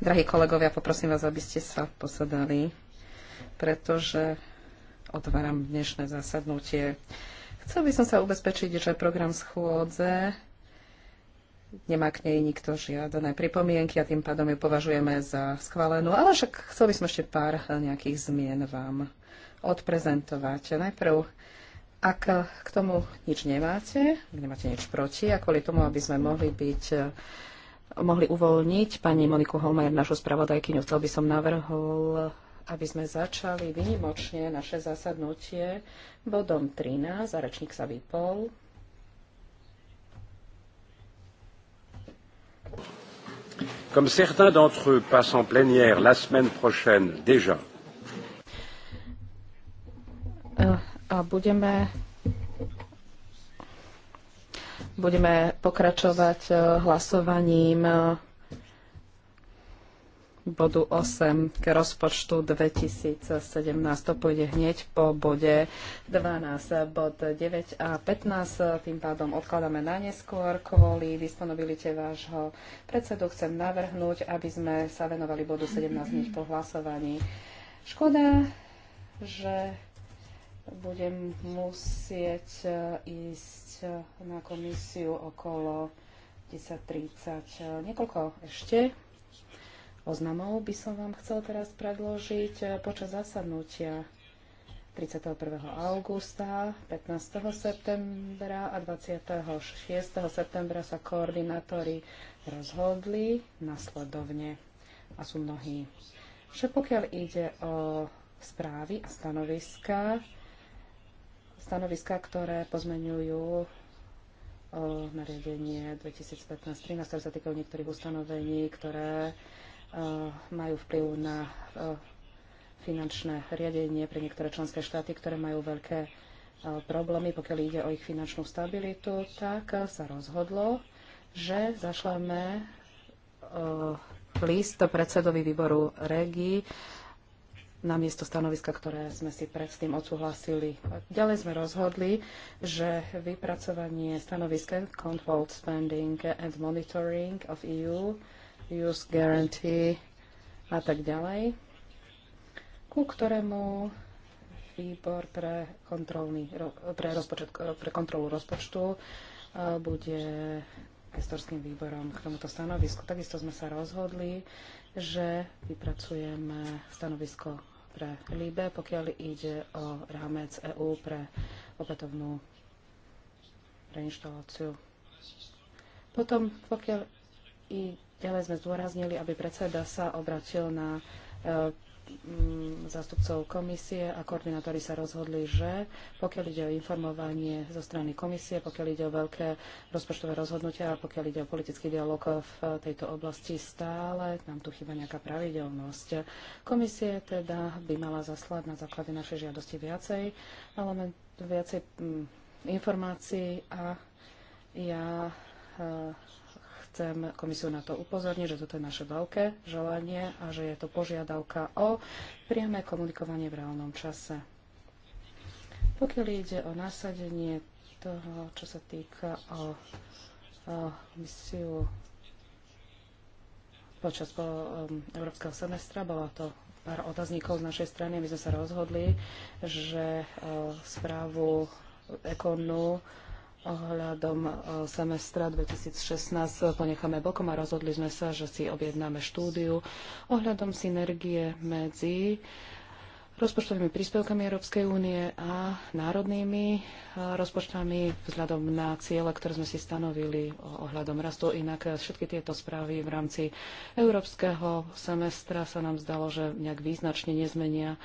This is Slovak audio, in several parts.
Drahí kolegovia, poprosím vás, aby ste sa posadali, pretože otváram dnešné zasadnutie. Chcel by som sa ubezpečiť, že program schôdze nemá k nej nikto žiadané pripomienky a tým pádom ju považujeme za schválenú. Ale však chcel by som ešte pár nejakých zmien vám odprezentovať. Najprv ak k tomu nič nemáte, nemáte nič proti, a kvôli tomu, aby sme mohli byť mohli uvoľniť pani Moniku Holmajer, našu spravodajkyňu. Chcel by som navrhol, aby sme začali vynimočne naše zasadnutie bodom 13. Zarečník sa vypol. Comme certains d'entre eux passent en plénière la semaine prochaine déjà. Uh, A budeme Budeme pokračovať e, hlasovaním e, bodu 8 k rozpočtu 2017. To pôjde hneď po bode 12, bod 9 a 15. E, tým pádom odkladáme na neskôr. Kvôli disponibilite vášho predsedu chcem navrhnúť, aby sme sa venovali bodu 17 hneď po hlasovaní. Škoda, že budem musieť e, ísť e, na komisiu okolo 10.30. E, niekoľko ešte oznamov by som vám chcel teraz predložiť počas zasadnutia 31. augusta, 15. septembra a 26. septembra sa koordinátori rozhodli nasledovne a sú mnohí. Všetko pokiaľ ide o správy a stanoviská, stanoviska, ktoré pozmenujú nariadenie 2015-13, ktoré sa týkajú niektorých ustanovení, ktoré majú vplyv na finančné riadenie pre niektoré členské štáty, ktoré majú veľké problémy, pokiaľ ide o ich finančnú stabilitu, tak sa rozhodlo, že zašleme list predsedovi výboru regii namiesto stanoviska, ktoré sme si predtým odsúhlasili. Ďalej sme rozhodli, že vypracovanie stanoviska Controlled Spending and Monitoring of EU, Use Guarantee a tak ďalej, ku ktorému výbor pre, kontrolný, pre, rozpočet, pre kontrolu rozpočtu e, bude gestorským výborom k tomuto stanovisku. Takisto sme sa rozhodli, že vypracujeme stanovisko pre LIBE, pokiaľ ide o rámec EÚ pre opätovnú reinštaláciu. Potom, pokiaľ i ďalej sme zdôraznili, aby predseda sa obratil na e, Mm, zástupcov komisie a koordinátori sa rozhodli, že pokiaľ ide o informovanie zo strany komisie, pokiaľ ide o veľké rozpočtové rozhodnutia a pokiaľ ide o politický dialog v tejto oblasti stále, nám tu chýba nejaká pravidelnosť. Komisie teda by mala zaslať na základe našej žiadosti viacej element, viacej mm, informácií a ja e, chcem komisiu na to upozorniť, že toto je naše veľké želanie a že je to požiadavka o priame komunikovanie v reálnom čase. Pokiaľ ide o nasadenie toho, čo sa týka o, o misiu počas po, um, európskeho semestra, bola to pár otáznikov z našej strany. My sme sa rozhodli, že o, správu ekonu ohľadom e, semestra 2016 ponecháme bokom a rozhodli sme sa, že si objednáme štúdiu ohľadom synergie medzi rozpočtovými príspevkami Európskej únie a národnými e, rozpočtami vzhľadom na ciele, ktoré sme si stanovili ohľadom rastu. Inak e, všetky tieto správy v rámci európskeho semestra sa nám zdalo, že nejak význačne nezmenia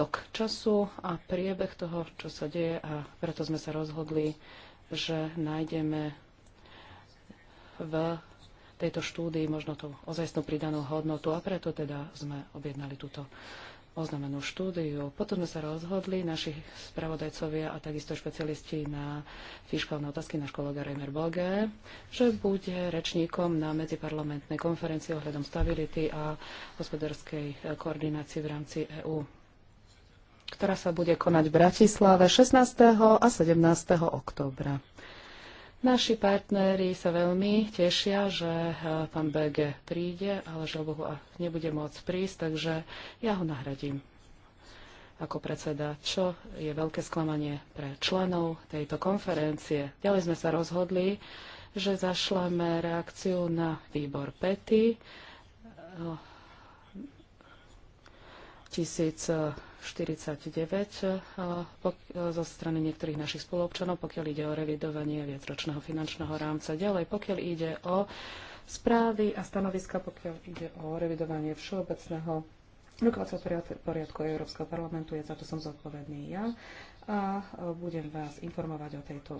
tok času a priebeh toho, čo sa deje a preto sme sa rozhodli že nájdeme v tejto štúdii možno tú ozajstnú pridanú hodnotu a preto teda sme objednali túto oznamenú štúdiu. Potom sme sa rozhodli, naši spravodajcovia a takisto špecialisti na fiskálne otázky, náš kolega Reimer Boge, že bude rečníkom na medziparlamentnej konferencii ohľadom stability a hospodárskej koordinácii v rámci EÚ ktorá sa bude konať v Bratislave 16. a 17. októbra. Naši partneri sa veľmi tešia, že eh, pán BG príde, ale že Bohu nebude môcť prísť, takže ja ho nahradím ako predseda, čo je veľké sklamanie pre členov tejto konferencie. Ďalej sme sa rozhodli, že zašleme reakciu na výbor PETI eh, 1049 eh, eh, zo strany niektorých našich spoluobčanov, pokiaľ ide o revidovanie viacročného finančného rámca. Ďalej, pokiaľ ide o správy a stanoviska, pokiaľ ide o revidovanie všeobecného rokovacieho poriadku Európskeho parlamentu, je za to som zodpovedný ja a eh, budem vás informovať o, tejto,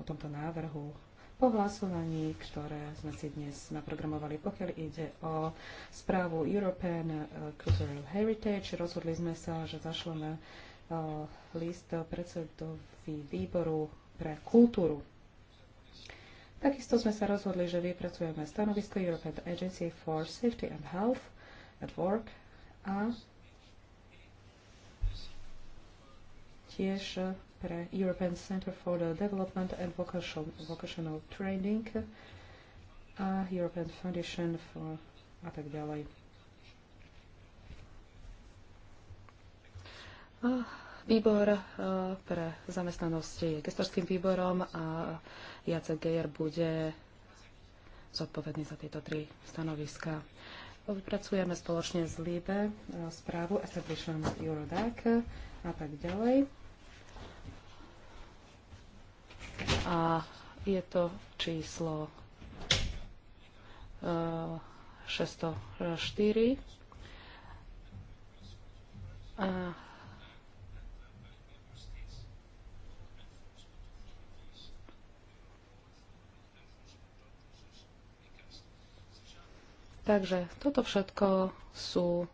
o tomto návrhu po hlasovaní, ktoré sme si dnes naprogramovali. Pokiaľ ide o správu European uh, Cultural Heritage, rozhodli sme sa, že zašleme uh, list predsedovi výboru pre kultúru. Takisto sme sa rozhodli, že vypracujeme stanovisko European Agency for Safety and Health at Work a tiež pre European Center for the Development and Vocational, Vocational Training a European Foundation for a tak ďalej. Výbor eh, pre zamestnanosti je gestorským výborom a Jacek Gejer bude zodpovedný za tieto tri stanoviska. Vypracujeme spoločne s LIBE eh, správu Establishment Eurodac a tak ďalej. a je to číslo 604. E, a Takže toto všetko sú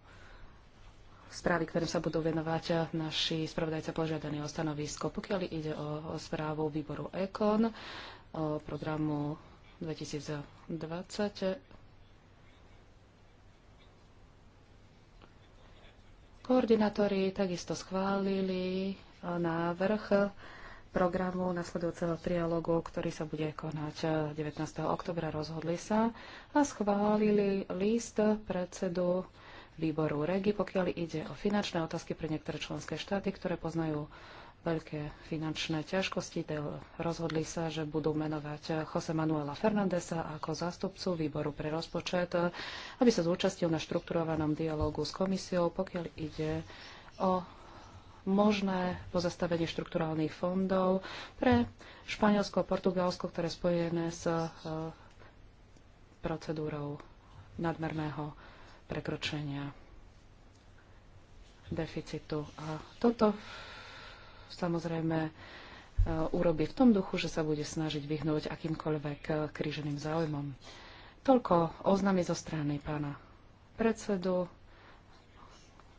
správy, ktorým sa budú venovať naši spravodajca požiadaní o stanovisko. Pokiaľ ide o, o správu výboru EKON, o programu 2020, koordinátori takisto schválili návrh programu nasledujúceho trialógu, ktorý sa bude konať 19. oktobra. Rozhodli sa a schválili list predsedu výboru REGI, pokiaľ ide o finančné otázky pre niektoré členské štáty, ktoré poznajú veľké finančné ťažkosti. Rozhodli sa, že budú menovať Jose Manuela Fernandesa ako zástupcu výboru pre rozpočet, aby sa zúčastil na štrukturovanom dialogu s komisiou, pokiaľ ide o možné pozastavenie štrukturálnych fondov pre Španielsko a Portugalsko, ktoré je spojené s eh, procedúrou nadmerného prekročenia deficitu. A toto samozrejme e, urobí v tom duchu, že sa bude snažiť vyhnúť akýmkoľvek e, kríženým záujmom. Toľko oznámy zo strany pána predsedu,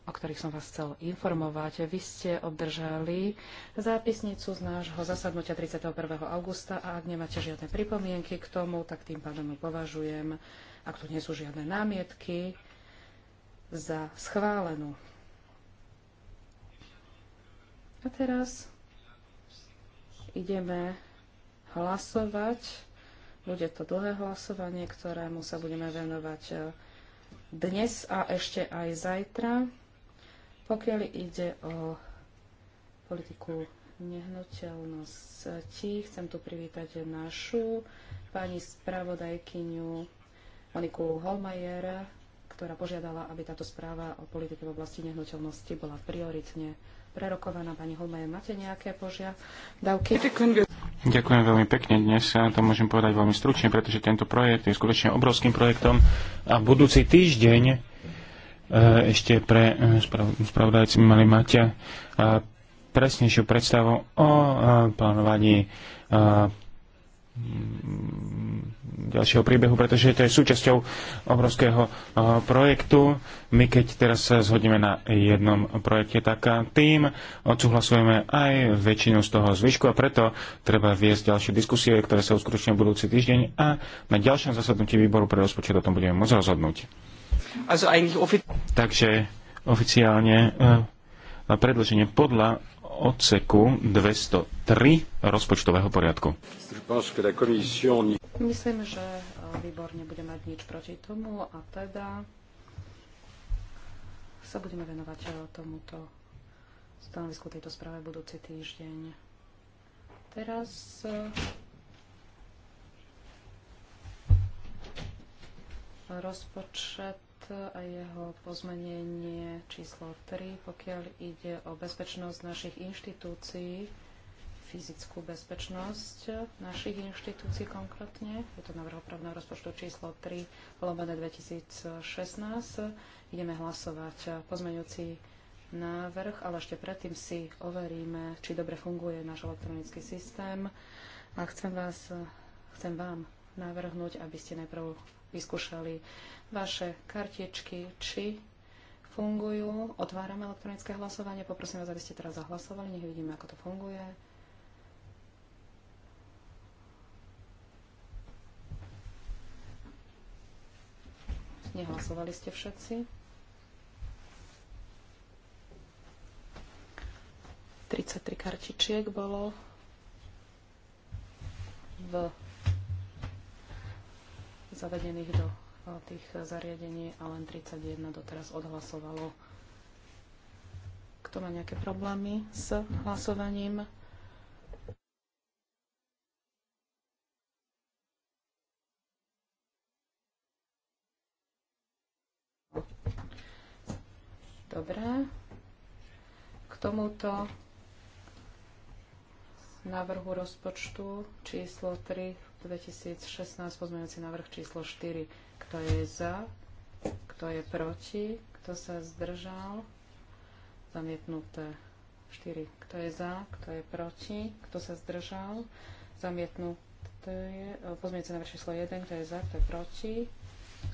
o ktorých som vás chcel informovať. Vy ste obdržali zápisnicu z nášho zasadnutia 31. augusta a ak nemáte žiadne pripomienky k tomu, tak tým pádom ju považujem, ak tu nie sú žiadne námietky, za schválenú. A teraz ideme hlasovať. Bude to dlhé hlasovanie, ktorému sa budeme venovať e, dnes a ešte aj zajtra. Pokiaľ ide o politiku nehnuteľnosti, chcem tu privítať našu pani spravodajkyňu Moniku Holmajera ktorá požiadala, aby táto správa o politike v oblasti nehnuteľnosti bola prioritne prerokovaná. Pani Holmajer, máte nejaké požiadavky? Ďakujem veľmi pekne. Dnes ja to môžem povedať veľmi stručne, pretože tento projekt je skutočne obrovským projektom a budúci týždeň e, ešte pre e, spravodajci mali mať e, presnejšiu predstavu o plánovaní Mm, ďalšieho príbehu, pretože to je súčasťou obrovského eh, projektu. My keď teraz sa zhodneme na jednom projekte, tak eh, tým odsúhlasujeme aj väčšinu z toho zvyšku a preto treba viesť ďalšie diskusie, ktoré sa uskutočnia budúci týždeň a na ďalšom zasadnutí výboru pre rozpočet o tom budeme môcť rozhodnúť. Takže oficiálne eh, predloženie podľa odseku 203 rozpočtového poriadku. Myslím, že e, výbor nebude mať nič proti tomu a teda sa budeme venovať e, tomuto stanovisku tejto správe budúci týždeň. Teraz e, rozpočet a jeho pozmenenie číslo 3, pokiaľ ide o bezpečnosť našich inštitúcií, fyzickú bezpečnosť našich inštitúcií konkrétne. Je to návrh opravného rozpočtu číslo 3, lomené 2016. Ideme hlasovať pozmeňujúci návrh, ale ešte predtým si overíme, či dobre funguje náš elektronický systém. A chcem vás, chcem vám navrhnúť, aby ste najprv vyskúšali vaše kartičky, či fungujú. Otvárame elektronické hlasovanie. Poprosím vás, aby ste teraz zahlasovali. Nech vidíme, ako to funguje. Nehlasovali ste všetci. 33 kartičiek bolo v zavedených do e, tých zariadení a len 31 doteraz odhlasovalo. Kto má nejaké problémy s hlasovaním? Dobre. K tomuto návrhu rozpočtu číslo 3 2016 pozmeňujúci návrh číslo 4. Kto je za? Kto je proti? Kto sa zdržal? Zamietnuté 4. E, Kto je za? Kto je proti? Kto sa zdržal? Zamietnuté pozmeňujúci návrh číslo 1. Kto je za? Kto je proti?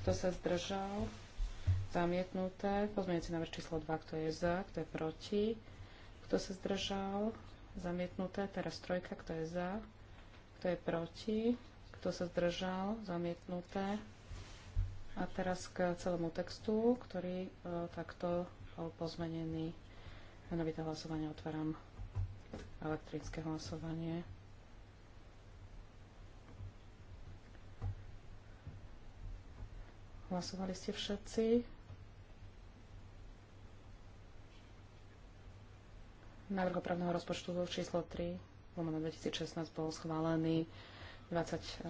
Kto sa zdržal? Zamietnuté. Pozmeňujúci návrh číslo 2. Kto je za? Kto je proti? Kto sa zdržal? Zamietnuté. Teraz trojka. Kto je za? Kto je proti? Kto sa zdržal? Zamietnuté. A teraz k celému textu, ktorý e, takto bol pozmenený. Menovité hlasovanie otváram elektrické hlasovanie. Hlasovali ste všetci? Návrh opravného rozpočtu číslo 3 lomeno 2016 bol schválený 23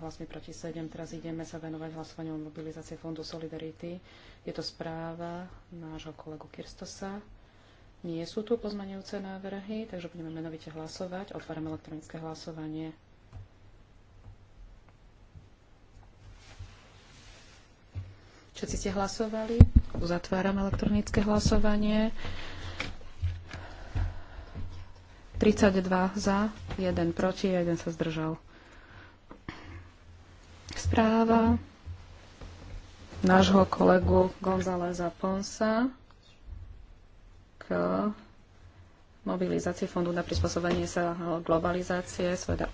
hlasmi proti 7. Teraz ideme sa venovať hlasovaniu o mobilizácie Fondu Solidarity. Je to správa nášho kolegu Kirstosa. Nie sú tu pozmenujúce návrhy, takže budeme menovite hlasovať. Otváram elektronické hlasovanie. Všetci ste hlasovali? Uzatváram elektronické hlasovanie. 32 za, 1 proti, 1 sa zdržal. Správa nášho kolegu Gonzáleza Ponsa k mobilizácii Fondu na prispôsobenie sa globalizácie sveda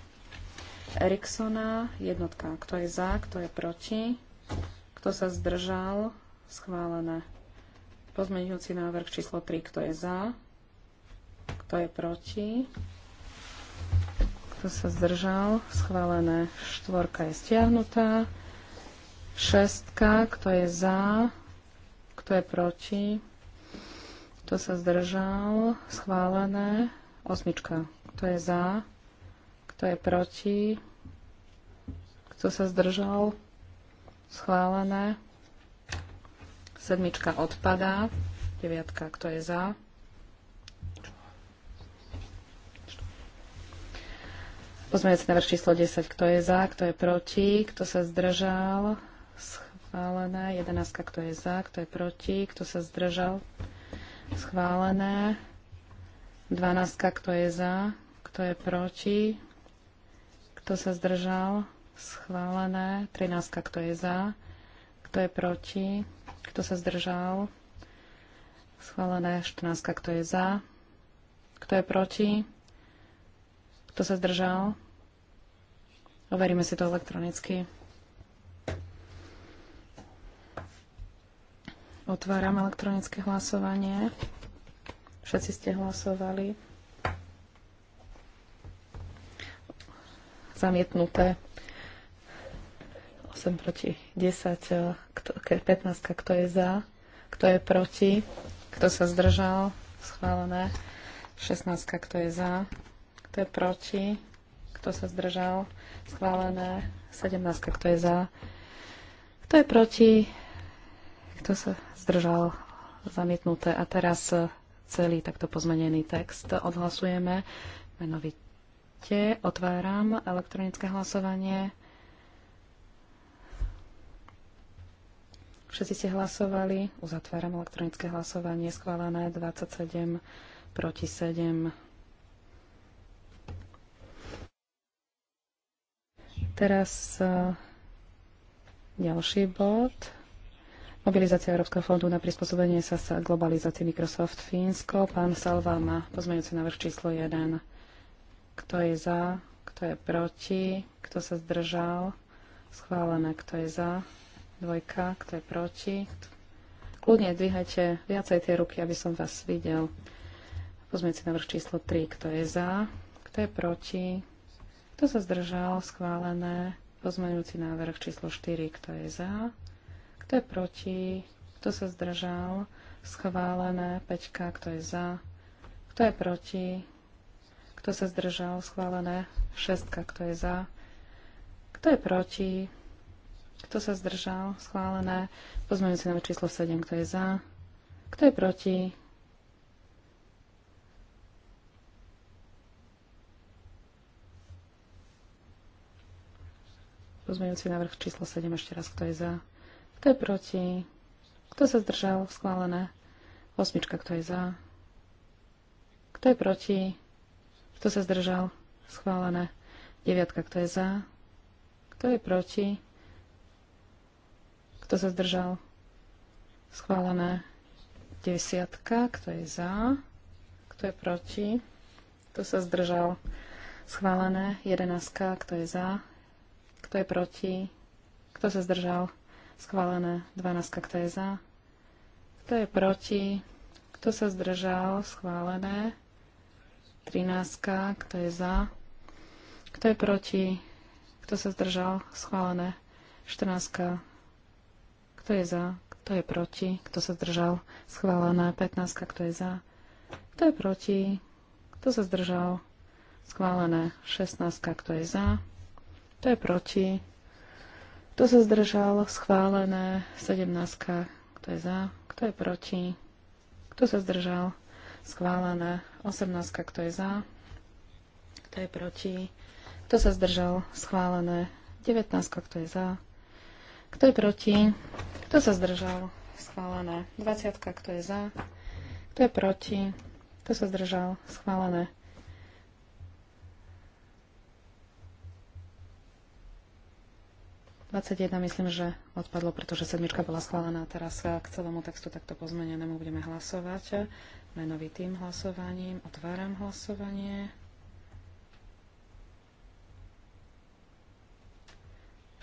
Eriksona. Jednotka, kto je za, kto je proti, kto sa zdržal, schválené. Pozmeňujúci návrh číslo 3, kto je za, kto je proti? Kto sa zdržal? Schválené. Štvorka je stiahnutá. Šestka. Kto je za? Kto je proti? Kto sa zdržal? Schválené. Osmička. Kto je za? Kto je proti? Kto sa zdržal? Schválené. Sedmička odpadá. Deviatka. Kto je za? Pozmeňujúci návrh číslo 10. Kto je za, kto je proti, kto sa zdržal? Schválené. 11. Kto je za, kto je proti, kto sa zdržal? Schválené. 12. Kto je za, kto je proti, kto sa zdržal? Schválené. 13. Kto je za, kto je proti, kto sa zdržal? Schválené. 14. Kto je za, kto je proti? Kto sa zdržal? Overíme si to elektronicky. Otváram elektronické hlasovanie. Všetci ste hlasovali. Zamietnuté. 8 proti 10. 15. Kto je za? Kto je proti? Kto sa zdržal? Schválené. 16. Kto je za? Kto je proti? Kto sa zdržal? Schválené. 17. Kto je za? Kto je proti? Kto sa zdržal? Zamietnuté. A teraz e, celý takto pozmenený text odhlasujeme. Menovite otváram elektronické hlasovanie. Všetci ste hlasovali. Uzatváram elektronické hlasovanie. Schválené 27 proti 7. Teraz e, ďalší bod. Mobilizácia Európskeho fondu na prispôsobenie sa sa globalizácii Microsoft Fínsko. Pán Salva má pozmeňujúci návrh číslo 1. Kto je za? Kto je proti? Kto sa zdržal? Schválené. Kto je za? Dvojka. Kto je proti? Kľudne dvíhajte viacej tie ruky, aby som vás videl. Pozmeňujúci návrh číslo 3. Kto je za? Kto je proti? Kto sa zdržal? Schválené. Pozmeňujúci návrh číslo 4. Kto je za? Kto je proti? Kto sa zdržal? Schválené. peťka, Kto je za? Kto je proti? Kto sa zdržal? Schválené. Šestka, Kto je za? Kto je proti? Kto sa zdržal? Schválené. Pozmeňujúci návrh číslo 7. Kto je za? Kto je proti? Pozmeňujúci návrh číslo 7 ešte raz, kto je za, kto je proti, kto sa zdržal, schválené. Osmička, kto je za, kto je proti, kto sa zdržal, schválené. Deviatka, kto je za, kto je proti, kto sa zdržal, schválené. Desiatka, kto je za, kto je proti, kto sa zdržal, schválené. Jedenáctka, kto je za, kto je proti? Kto sa zdržal? Schválené. 12. Kto je za? Kto je proti? Kto sa zdržal? Schválené. 13. Kto je za? Kto je proti? Kto sa zdržal? Schválené. 14. Kto je za? Kto je proti? Kto sa zdržal? Schválené. 15. Kto je za? Kto je proti? Kto sa zdržal? Schválené. 16. Kto je za? To je proti. Kto sa zdržal? Schválené. 17. Kto je za? Kto je proti? Kto sa zdržal? Schválené. 18. Kto je za? Kto je proti? Kto sa zdržal? Schválené. 19. Kto je za? Kto je proti? Kto sa zdržal? Schválené. 20. Kto je za? Kto je proti? Kto sa zdržal? Schválené. 21 myslím, že odpadlo, pretože sedmička bola schválená. Teraz eh, k celému textu takto pozmenenému budeme hlasovať. Menovitým hlasovaním otváram hlasovanie.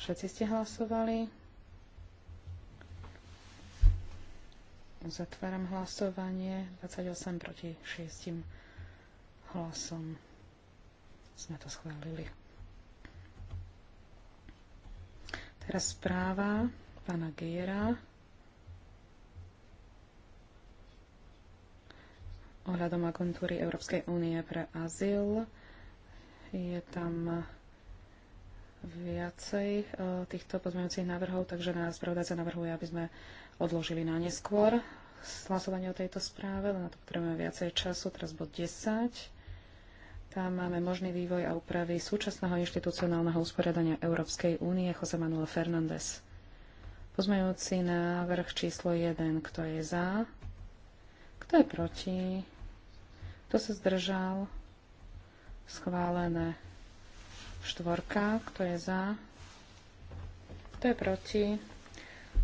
Všetci ste hlasovali. Zatváram hlasovanie. 28 proti 6 hlasom. Sme to schválili. Teraz správa pána Gejera ohľadom agentúry Európskej únie pre azyl. Je tam viacej e, týchto pozmeňujúcich návrhov, takže na spravodajca navrhuje, aby sme odložili na neskôr hlasovanie o tejto správe, len na to potrebujeme viacej času, teraz bod 10. Tam máme možný vývoj a úpravy súčasného inštitucionálneho usporiadania Európskej únie Jose Manuel Fernández. Pozmejúci návrh číslo 1. Kto je za? Kto je proti? Kto sa zdržal? Schválené. Štvorka. Kto je za? Kto je proti?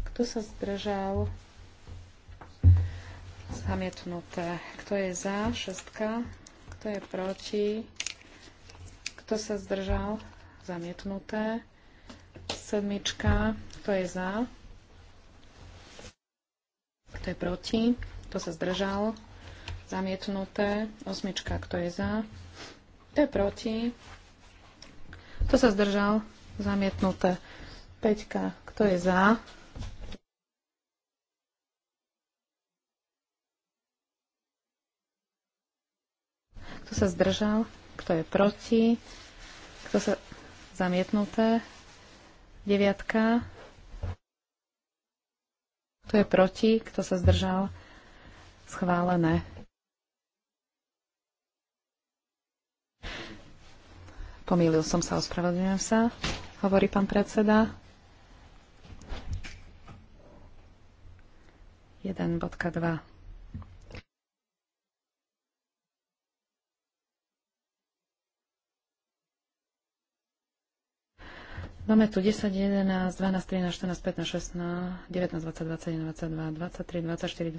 Kto sa zdržal? Zamietnuté. Kto je za? Šestka. Kto je proti? Kto sa zdržal? Zamietnuté. Sedmička. Kto je za? Kto je proti? Kto sa zdržal? Zamietnuté. Osmička. Kto je za? Kto je proti? Kto sa zdržal? Zamietnuté. Peťka. Kto je za? Kto sa zdržal? Kto je proti? Kto sa zamietnuté? Deviatka. Kto je proti? Kto sa zdržal? Schválené. Pomýlil som sa, ospravedlňujem sa, hovorí pán predseda. dva. Máme tu 10, 11, 12, 13, 14, 15, 16, 19, 20, 21, 22, 23, 24,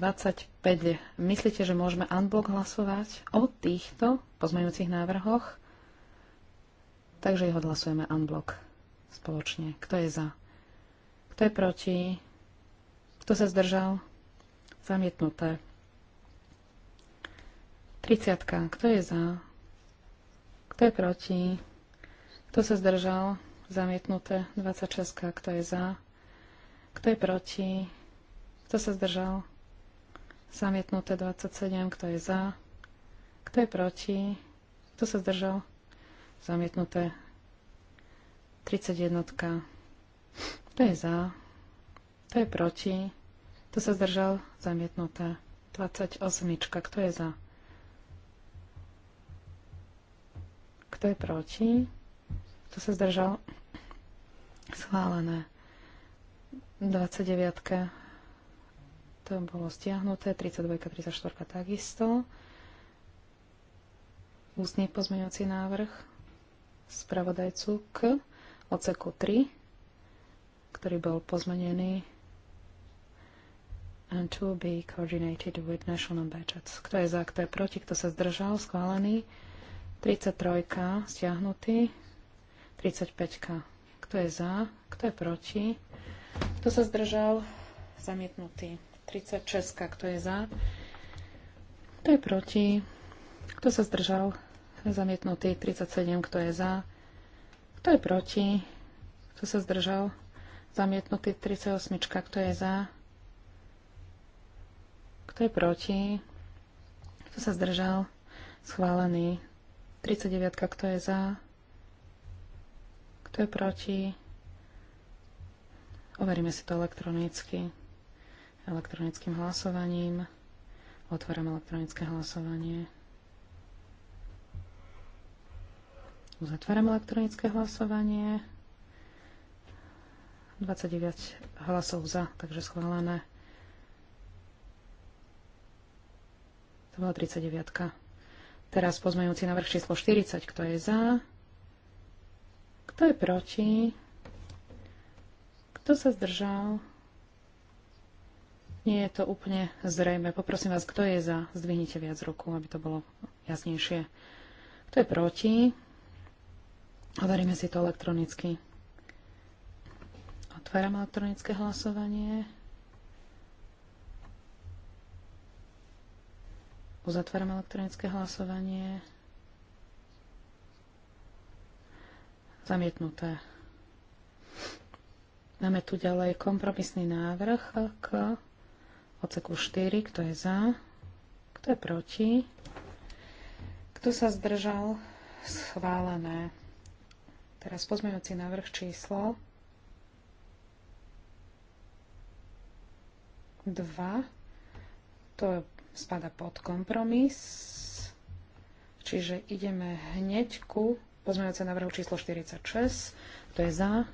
25. Myslíte, že môžeme unblock hlasovať o týchto pozmeňujúcich návrhoch? Takže ich odhlasujeme unblock spoločne. Kto je za? Kto je proti? Kto sa zdržal? Zamietnuté. 30. Kto je za? Kto je proti? Kto sa zdržal? zamietnuté. 26, kto je za, kto je proti, kto sa zdržal, zamietnuté. 27, kto je za, kto je proti, kto sa zdržal, zamietnuté. 31, kto je za, kto je proti, kto sa zdržal, zamietnuté. 28, kto je za, kto je proti, kto sa zdržal? Schválené. 29. To bolo stiahnuté. 32. 34. takisto. Ústny pozmeňovací návrh spravodajcu k oceku 3, ktorý bol pozmenený and to be coordinated with national budgets. Kto je za, kto je proti, kto sa zdržal, schválený. 33. stiahnutý. 35. Kto je za? Kto je proti? Kto sa zdržal? Zamietnutý. 36. Kto je za? Kto je proti? Kto sa zdržal? Zamietnutý. 37. Kto je za? Kto je proti? Kto sa zdržal? Zamietnutý. 38. Kto je za? Kto je proti? Kto sa zdržal? Schválený. 39. Kto je za? Kto je proti? Overíme si to elektronicky. Elektronickým hlasovaním. Otvorím elektronické hlasovanie. Uzatváram elektronické hlasovanie. 29 hlasov za, takže schválené. To bola 39. Teraz pozmejúci návrh číslo 40. Kto je za? Kto je proti? Kto sa zdržal? Nie je to úplne zrejme. Poprosím vás, kto je za? Zdvihnite viac ruku, aby to bolo jasnejšie. Kto je proti? Overíme si to elektronicky. Otváram elektronické hlasovanie. Uzatváram elektronické hlasovanie. Zamietnuté. Máme tu ďalej kompromisný návrh k odseku 4, kto je za, kto je proti, kto sa zdržal, schválené. Teraz pozmejúci návrh číslo 2. To spada pod kompromis. Čiže ideme hneď ku pozmeňujúce návrhu číslo 46. Kto je za?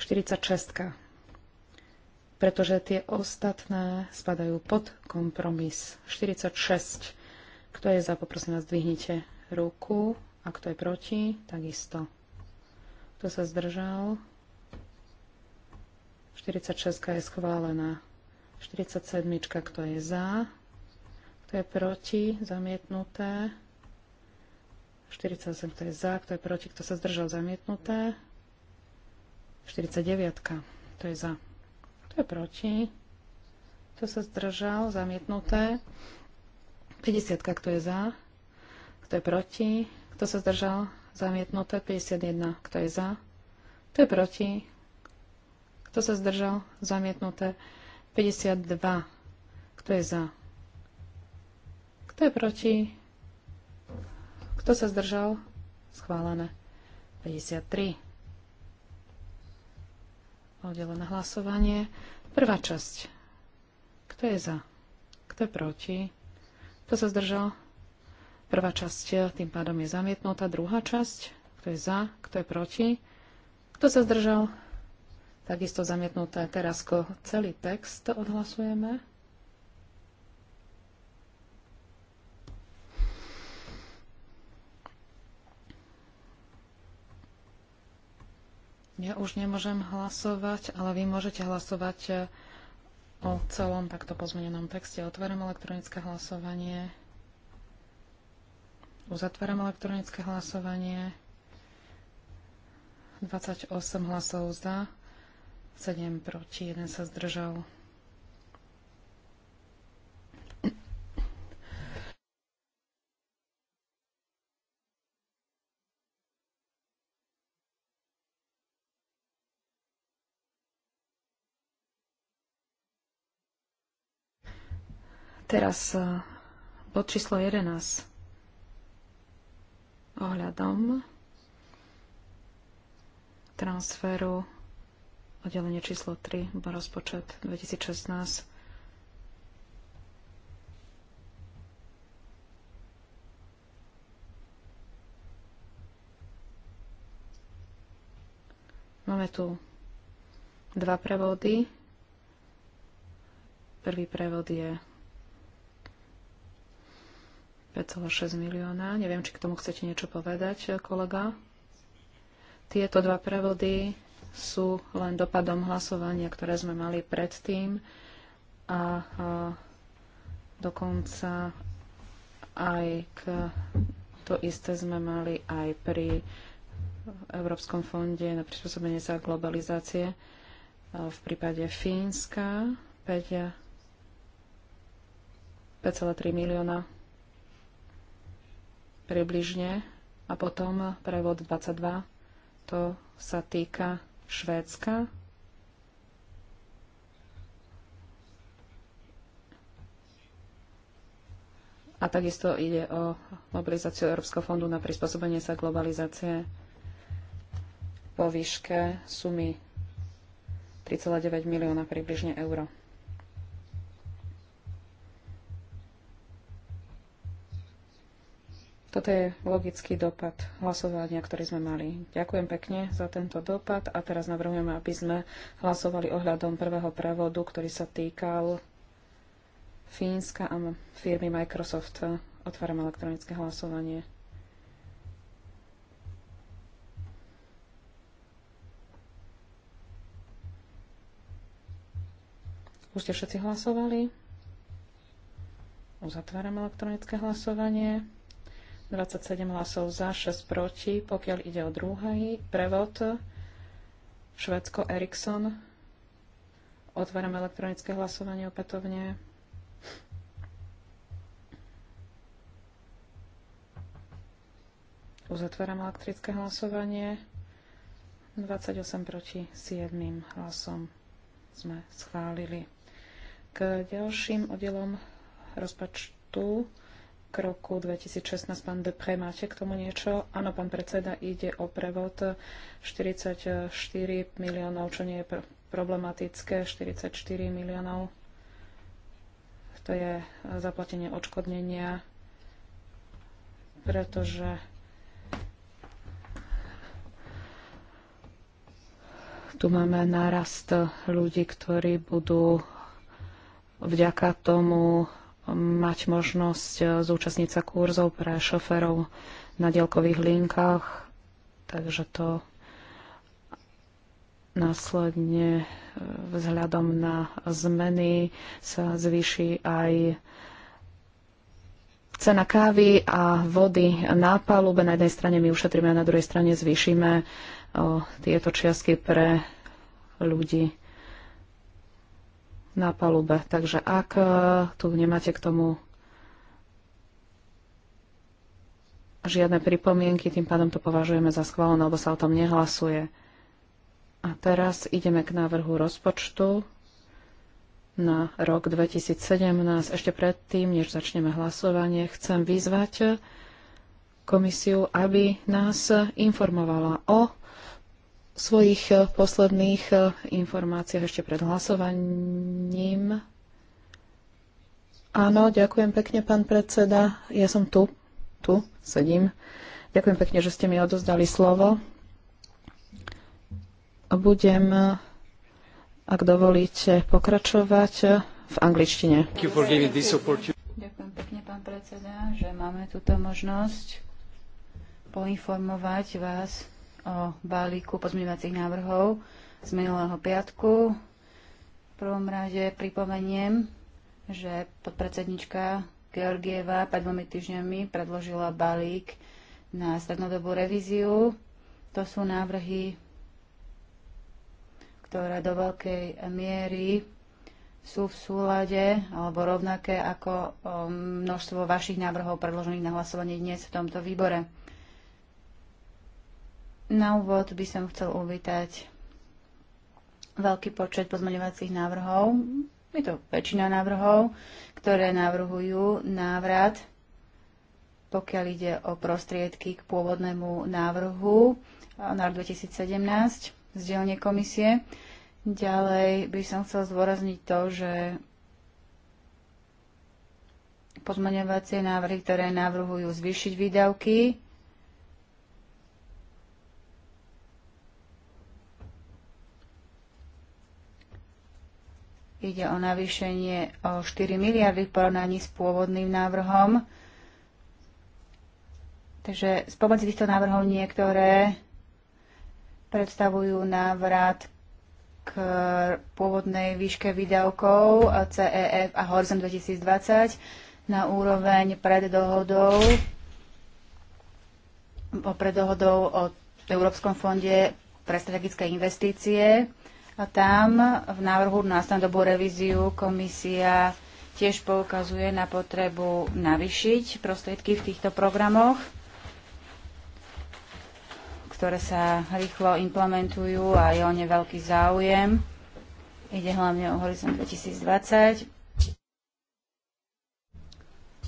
46. Pretože tie ostatné spadajú pod kompromis. 46. Kto je za, poprosím vás, dvihnite ruku. A kto je proti, takisto. Kto sa zdržal? 46 je schválená. 47, kto je za, kto je proti, zamietnuté. 48, kto je za, kto je proti, kto sa zdržal zamietnuté. 49, kto je za, kto je proti, kto sa zdržal zamietnuté. 50, kto je za, kto je proti, kto sa zdržal zamietnuté. 51, kto je za, kto je proti, kto sa zdržal zamietnuté. 52, kto je za, kto je proti, kto sa zdržal? Schválené. 53. Oddelené hlasovanie. Prvá časť. Kto je za? Kto je proti? Kto sa zdržal? Prvá časť eh, tým pádom je zamietnutá. Druhá časť. Kto je za? Kto je proti? Kto sa zdržal? Takisto zamietnuté. Teraz celý text odhlasujeme. Ja už nemôžem hlasovať, ale vy môžete hlasovať eh, o celom takto pozmenenom texte. Otváram elektronické hlasovanie. Uzatváram elektronické hlasovanie. 28 hlasov za, 7 proti, 1 sa zdržal. Teraz e, bod číslo 11 ohľadom transferu oddelenie číslo 3, rozpočet 2016. Máme tu dva prevody. Prvý prevod je 5,6 milióna. Neviem, či k tomu chcete niečo povedať, kolega. Tieto dva prevody sú len dopadom hlasovania, ktoré sme mali predtým a, a dokonca aj k, to isté sme mali aj pri Európskom fonde na prispôsobenie sa globalizácie v prípade Fínska 5,3 milióna približne a potom prevod 22. To sa týka Švédska. A takisto ide o mobilizáciu Európskeho fondu na prispôsobenie sa globalizácie po výške sumy 3,9 milióna približne euro. Toto je logický dopad hlasovania, ktorý sme mali. Ďakujem pekne za tento dopad a teraz navrhujem, aby sme hlasovali ohľadom prvého prevodu, ktorý sa týkal Fínska a firmy Microsoft. Otváram elektronické hlasovanie. Už ste všetci hlasovali? Uzatváram elektronické hlasovanie. 27 hlasov za, 6 proti. Pokiaľ ide o druhý prevod, Švedsko Eriksson. Otváram elektronické hlasovanie opätovne. Uzatváram elektrické hlasovanie. 28 proti 7 hlasom sme schválili. K ďalším oddelom rozpočtu k roku 2016. Pán Depre, máte k tomu niečo? Áno, pán predseda, ide o prevod 44 miliónov, čo nie je pr- problematické, 44 miliónov. To je zaplatenie odškodnenia, pretože tu máme nárast ľudí, ktorí budú vďaka tomu mať možnosť e, zúčastniť sa kurzov pre šoferov na dielkových linkách, takže to následne e, vzhľadom na zmeny sa zvýši aj cena kávy a vody na palube. Na jednej strane my ušetríme a na druhej strane zvýšime o, e, tieto čiastky pre ľudí na palube. Takže ak e, tu nemáte k tomu žiadne pripomienky, tým pádom to považujeme za schválené, alebo sa o tom nehlasuje. A teraz ideme k návrhu rozpočtu na rok 2017. Ešte predtým, než začneme hlasovanie, chcem vyzvať komisiu, aby nás informovala o svojich eh, posledných eh, informáciách ešte pred hlasovaním. Áno, ďakujem pekne, pán predseda. Ja som tu, tu sedím. Ďakujem pekne, že ste mi odozdali slovo. Budem, eh, ak dovolíte, pokračovať v angličtine. Ďakujem pekne, pán predseda, že máme túto možnosť poinformovať vás o balíku pozmeňovacích návrhov z minulého piatku. V prvom rade pripomeniem, že podpredsednička Georgieva pred dvomi týždňami predložila balík na strednodobú revíziu. To sú návrhy, ktoré do veľkej miery sú v súlade alebo rovnaké ako množstvo vašich návrhov predložených na hlasovanie dnes v tomto výbore. Na úvod by som chcel uvítať veľký počet pozmeňovacích návrhov. Je to väčšina návrhov, ktoré navrhujú návrat, pokiaľ ide o prostriedky k pôvodnému návrhu na 2017 z dielne komisie. Ďalej by som chcel zdôrazniť to, že pozmaňovacie návrhy, ktoré navrhujú zvýšiť výdavky, Ide o navýšenie o 4 miliardy v porovnaní s pôvodným návrhom. Takže spomedzi týchto návrhov niektoré predstavujú návrat k pôvodnej výške výdavkov CEF a Horizon 2020 na úroveň pred dohodou, pred dohodou o Európskom fonde pre strategické investície. A tam v návrhu na dobu revíziu komisia tiež poukazuje na potrebu navyšiť prostriedky v týchto programoch, ktoré sa rýchlo implementujú a je o ne veľký záujem. Ide hlavne o Horizon 2020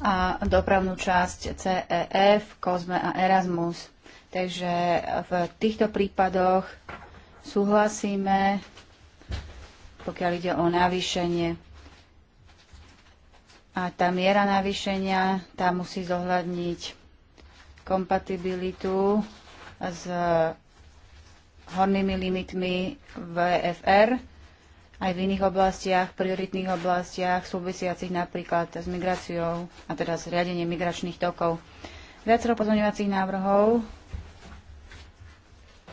a dopravnú časť CEF, COSME a Erasmus. Takže v týchto prípadoch súhlasíme, pokiaľ ide o navýšenie. A tá miera navýšenia, tá musí zohľadniť kompatibilitu s hornými limitmi VFR aj v iných oblastiach, prioritných oblastiach, súvisiacich napríklad s migráciou a teda s riadením migračných tokov. Viacero pozorňovacích návrhov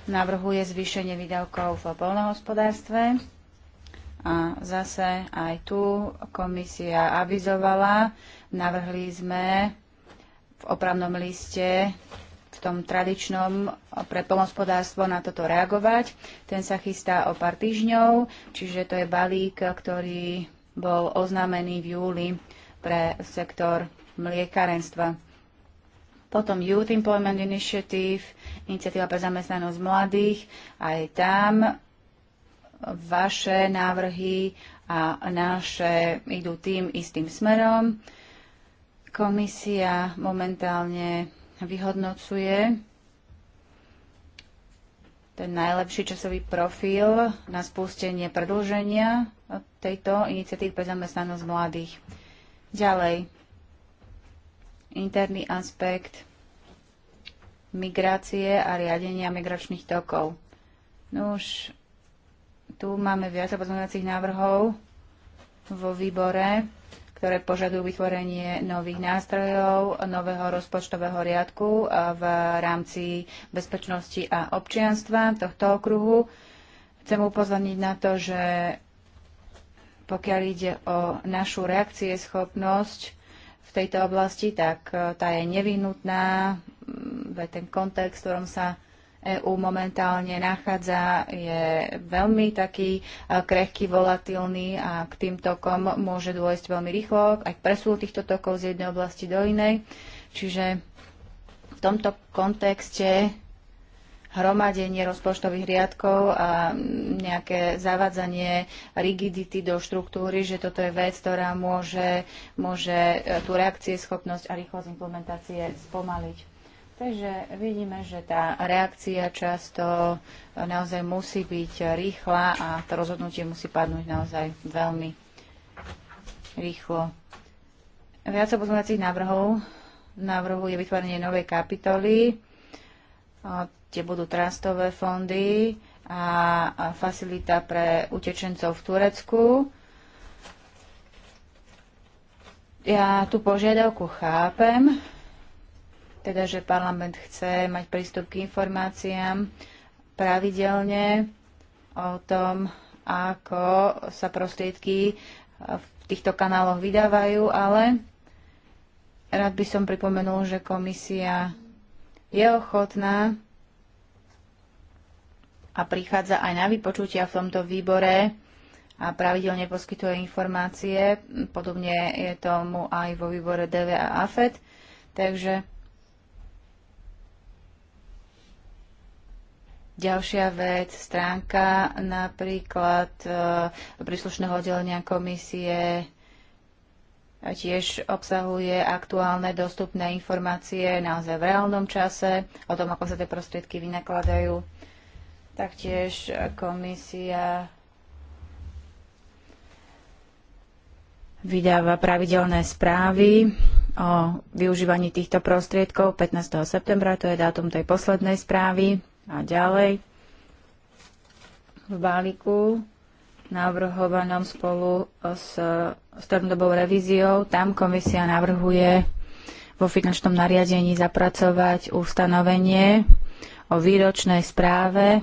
navrhuje zvýšenie výdavkov v polnohospodárstve. A zase aj tu komisia avizovala, navrhli sme v opravnom liste v tom tradičnom pre polnospodárstvo na toto reagovať. Ten sa chystá o pár týždňov, čiže to je balík, ktorý bol oznámený v júli pre sektor mliekarenstva. Potom Youth Employment Initiative, iniciatíva pre zamestnanosť mladých, aj tam vaše návrhy a naše idú tým istým smerom. Komisia momentálne vyhodnocuje ten najlepší časový profil na spustenie predlženia tejto iniciatívy pre zamestnanosť mladých. Ďalej, interný aspekt migrácie a riadenia migračných tokov. No už tu máme viac pozmeňovacích návrhov vo výbore, ktoré požadujú vytvorenie nových nástrojov, nového rozpočtového riadku v rámci bezpečnosti a občianstva tohto okruhu. Chcem upozorniť na to, že pokiaľ ide o našu reakcie schopnosť, v tejto oblasti, tak e, tá je nevyhnutná, veď ten kontext, v ktorom sa EÚ momentálne nachádza, je veľmi taký e, krehký, volatilný a k tým tokom môže dôjsť veľmi rýchlo, aj k presunu týchto tokov z jednej oblasti do inej. Čiže v tomto kontexte hromadenie rozpočtových riadkov a nejaké zavadzanie rigidity do štruktúry, že toto je vec, ktorá môže, môže e, tú reakcie, schopnosť a rýchlosť implementácie spomaliť. Takže vidíme, že tá reakcia často e, naozaj musí byť rýchla a to rozhodnutie musí padnúť naozaj veľmi rýchlo. Viac pozmeňovacích návrhov. Návrhu je vytvorenie novej kapitoly. Tie budú trastové fondy a facilita pre utečencov v Turecku. Ja tú požiadavku chápem, teda že parlament chce mať prístup k informáciám pravidelne o tom, ako sa prostriedky v týchto kanáloch vydávajú, ale rád by som pripomenul, že komisia je ochotná a prichádza aj na vypočutia v tomto výbore a pravidelne poskytuje informácie. Podobne je tomu aj vo výbore DV a AFED. Takže Ďalšia vec, stránka napríklad e, príslušného oddelenia komisie tiež obsahuje aktuálne dostupné informácie naozaj v reálnom čase o tom, ako sa tie prostriedky vynakladajú. Taktiež komisia vydáva pravidelné správy o využívaní týchto prostriedkov 15. septembra, to je dátum tej poslednej správy a ďalej v balíku navrhovanom spolu s strednodobou revíziou. Tam komisia navrhuje vo finančnom nariadení zapracovať ustanovenie o výročnej správe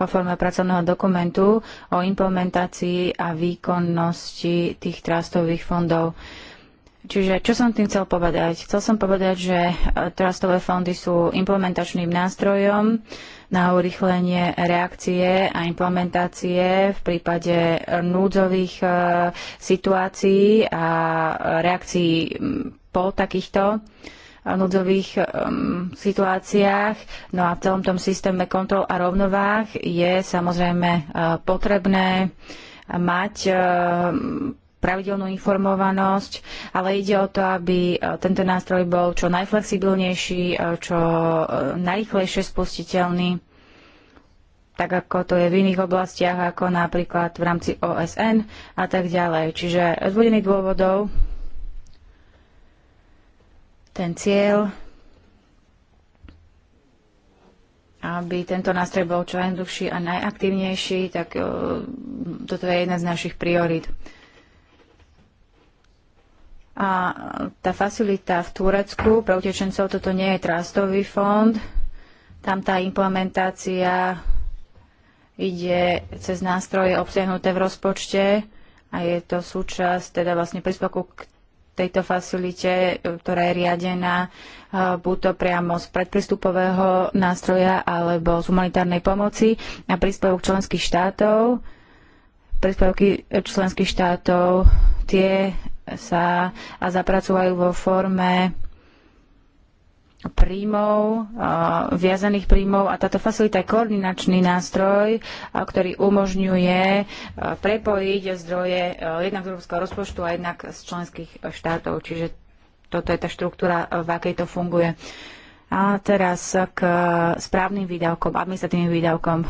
po forme pracovného dokumentu o implementácii a výkonnosti tých trastových fondov. Čiže čo som tým chcel povedať? Chcel som povedať, že e, trastové fondy sú implementačným nástrojom na urychlenie reakcie a implementácie v prípade e, núdzových e, situácií a reakcií po takýchto. Uh, núdzových um, situáciách. No a v celom tom systéme kontrol a rovnováh je samozrejme uh, potrebné mať uh, pravidelnú informovanosť, ale ide o to, aby e, tento nástroj bol čo najflexibilnejší, čo najrychlejšie spustiteľný tak ako to je v iných oblastiach, ako napríklad v rámci OSN a tak ďalej. Čiže z dôvodov ten cieľ, aby tento nástroj bol čo najdlhší a najaktívnejší, tak e, toto je jedna z našich priorít. A tá facilita v Turecku pre utečencov, toto nie je trastový fond, tam tá implementácia ide cez nástroje obsiahnuté v rozpočte a je to súčasť teda vlastne príspevku k tejto facilite, e, ktorá je riadená e, buď to priamo z predpristupového nástroja alebo z humanitárnej pomoci a príspevok členských štátov. Príspevky e, členských štátov tie sa zapracovajú vo forme príjmov, viazaných príjmov a táto facilita je koordinačný nástroj, ktorý umožňuje prepojiť zdroje jednak z európskeho rozpočtu a jednak z členských štátov. Čiže toto je tá štruktúra, v akej to funguje. A teraz k správnym výdavkom, administratívnym výdavkom.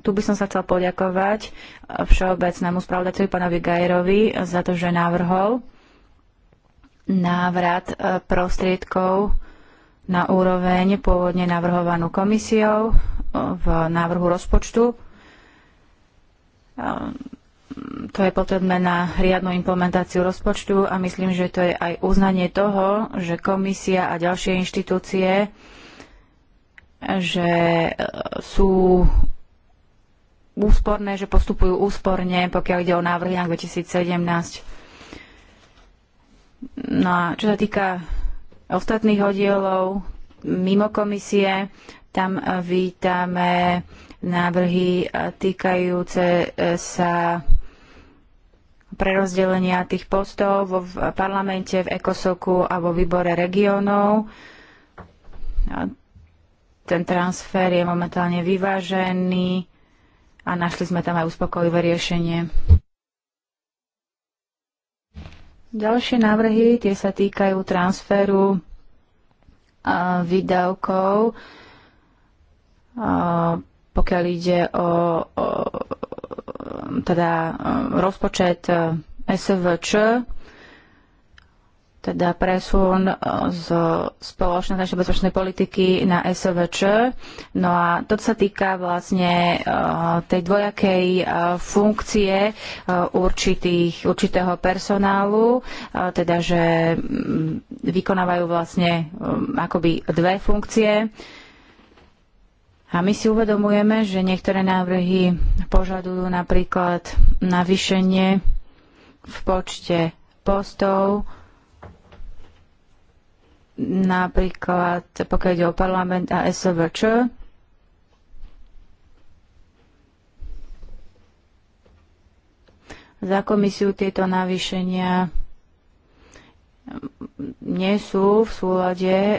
Tu by som sa chcel poďakovať všeobecnému spravodajcovi pánovi Gajerovi za to, že návrhol návrat prostriedkov na úroveň pôvodne navrhovanú komisiou e, v návrhu rozpočtu. E, to je potrebné na riadnu implementáciu rozpočtu a myslím, že to je aj uznanie toho, že komisia a ďalšie inštitúcie e, že sú úsporné, že postupujú úsporne, pokiaľ ide o návrhy na 2017. No a čo sa týka ostatných oddielov mimo komisie. Tam eh, vítame návrhy eh, týkajúce eh, sa prerozdelenia tých postov v parlamente, v ECOSOKu a vo výbore regiónov. Ten transfer je momentálne vyvážený a našli sme tam aj uspokojivé riešenie. Ďalšie návrhy, tie sa týkajú transferu a výdavkov, a pokiaľ ide o, o teda rozpočet e, SVČ, teda presun e, z spoločnej našej bezpečnej politiky na SVČ. No a to sa týka vlastne e, tej dvojakej e, funkcie určitých, určitého personálu, teda že mm, vykonávajú vlastne mm, akoby dve funkcie. A my si uvedomujeme, že niektoré návrhy požadujú napríklad navýšenie v počte postov, napríklad pokiaľ ide o parlament a SVČ, za komisiu tieto navýšenia nie sú v súlade e,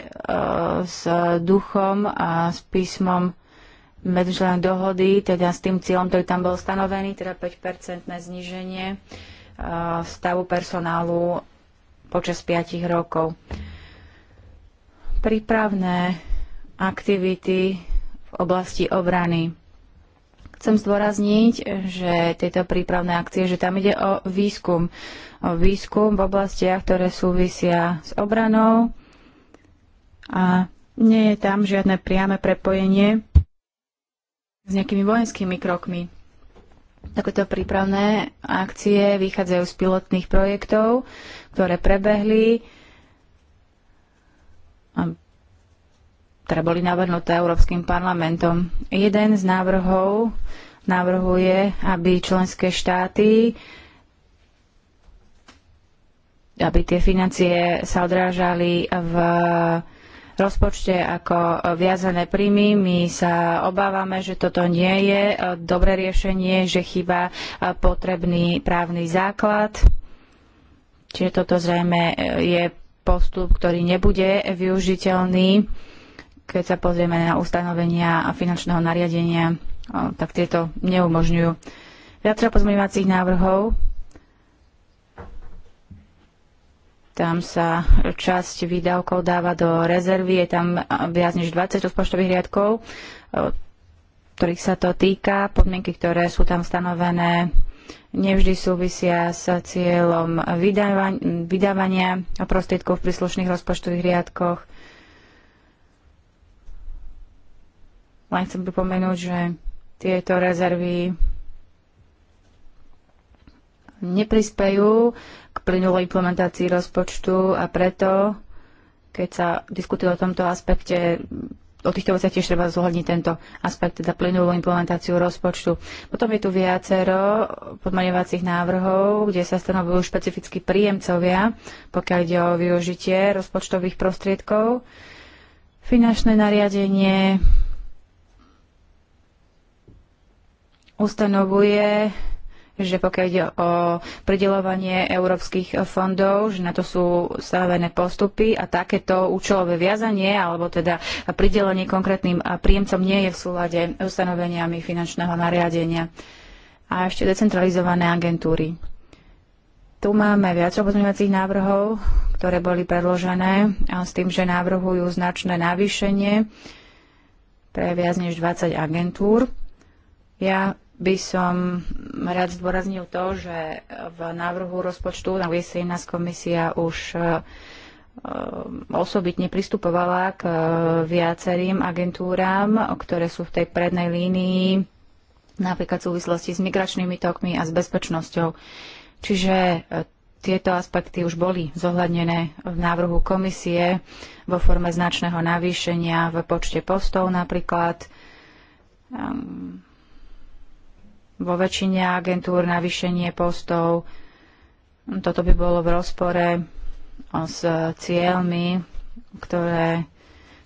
s duchom a s písmom medzičlenom dohody, teda s tým cieľom, ktorý tam bol stanovený, teda 5-percentné zníženie e, stavu personálu počas 5 rokov prípravné aktivity v oblasti obrany. Chcem zdôrazniť, že tieto prípravné akcie, že tam ide o výskum. O výskum v oblastiach, ktoré súvisia s obranou a nie je tam žiadne priame prepojenie s nejakými vojenskými krokmi. Takéto prípravné akcie vychádzajú z pilotných projektov, ktoré prebehli ktoré teda boli navrhnuté Európskym parlamentom. Jeden z návrhov navrhuje, aby členské štáty aby tie financie sa odrážali v rozpočte ako viazané príjmy. My sa obávame, že toto nie je dobré riešenie, že chýba potrebný právny základ. Čiže toto zrejme je postup, ktorý nebude využiteľný, keď sa pozrieme na ustanovenia a finančného nariadenia, tak tieto neumožňujú. Viacero pozmeňovacích návrhov. Tam sa časť výdavkov dáva do rezervy, je tam viac než 20 rozpočtových riadkov, ktorých sa to týka, podmienky, ktoré sú tam stanovené nevždy súvisia s cieľom vydávania prostriedkov v príslušných rozpočtových riadkoch. Len chcem pripomenúť, že tieto rezervy neprispejú k plynulej implementácii rozpočtu a preto, keď sa diskutuje o tomto aspekte, o týchto veciach tiež treba zohľadniť tento aspekt, teda plynulú implementáciu rozpočtu. Potom je tu viacero podmaňovacích návrhov, kde sa stanovujú špecificky príjemcovia, pokiaľ ide o využitie rozpočtových prostriedkov, finančné nariadenie, ustanovuje že pokiaľ ide o pridelovanie európskych fondov, že na to sú stavené postupy a takéto účelové viazanie alebo teda pridelenie konkrétnym príjemcom nie je v súlade ustanoveniami finančného nariadenia. A ešte decentralizované agentúry. Tu máme viac pozmeňovacích návrhov, ktoré boli predložené s tým, že návrhujú značné navýšenie pre viac než 20 agentúr. Ja by som rád zdôraznil to, že v návrhu rozpočtu na 2017 komisia už e, e, osobitne pristupovala k e, viacerým agentúram, ktoré sú v tej prednej línii, napríklad v súvislosti s migračnými tokmi a s bezpečnosťou. Čiže tieto aspekty už boli zohľadnené v návrhu komisie vo forme značného navýšenia v počte postov napríklad. Um, vo väčšine agentúr navýšenie postov. Toto by bolo v rozpore s cieľmi, ktoré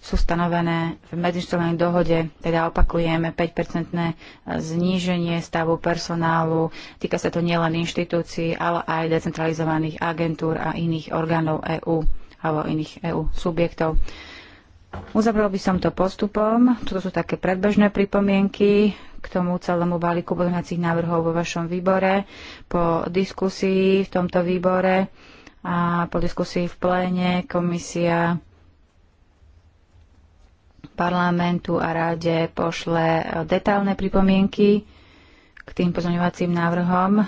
sú stanovené v medzištovnej dohode, teda opakujeme 5-percentné zníženie stavu personálu. Týka sa to nielen inštitúcií, ale aj decentralizovaných agentúr a iných orgánov EÚ alebo iných EÚ subjektov. Uzavrel by som to postupom. Toto sú také predbežné pripomienky, k tomu celému balíku pozmeňovacích návrhov vo vašom výbore, po diskusii v tomto výbore a po diskusii v pléne komisia parlamentu a ráde pošle eh, detálne pripomienky k tým pozmeňovacím návrhom,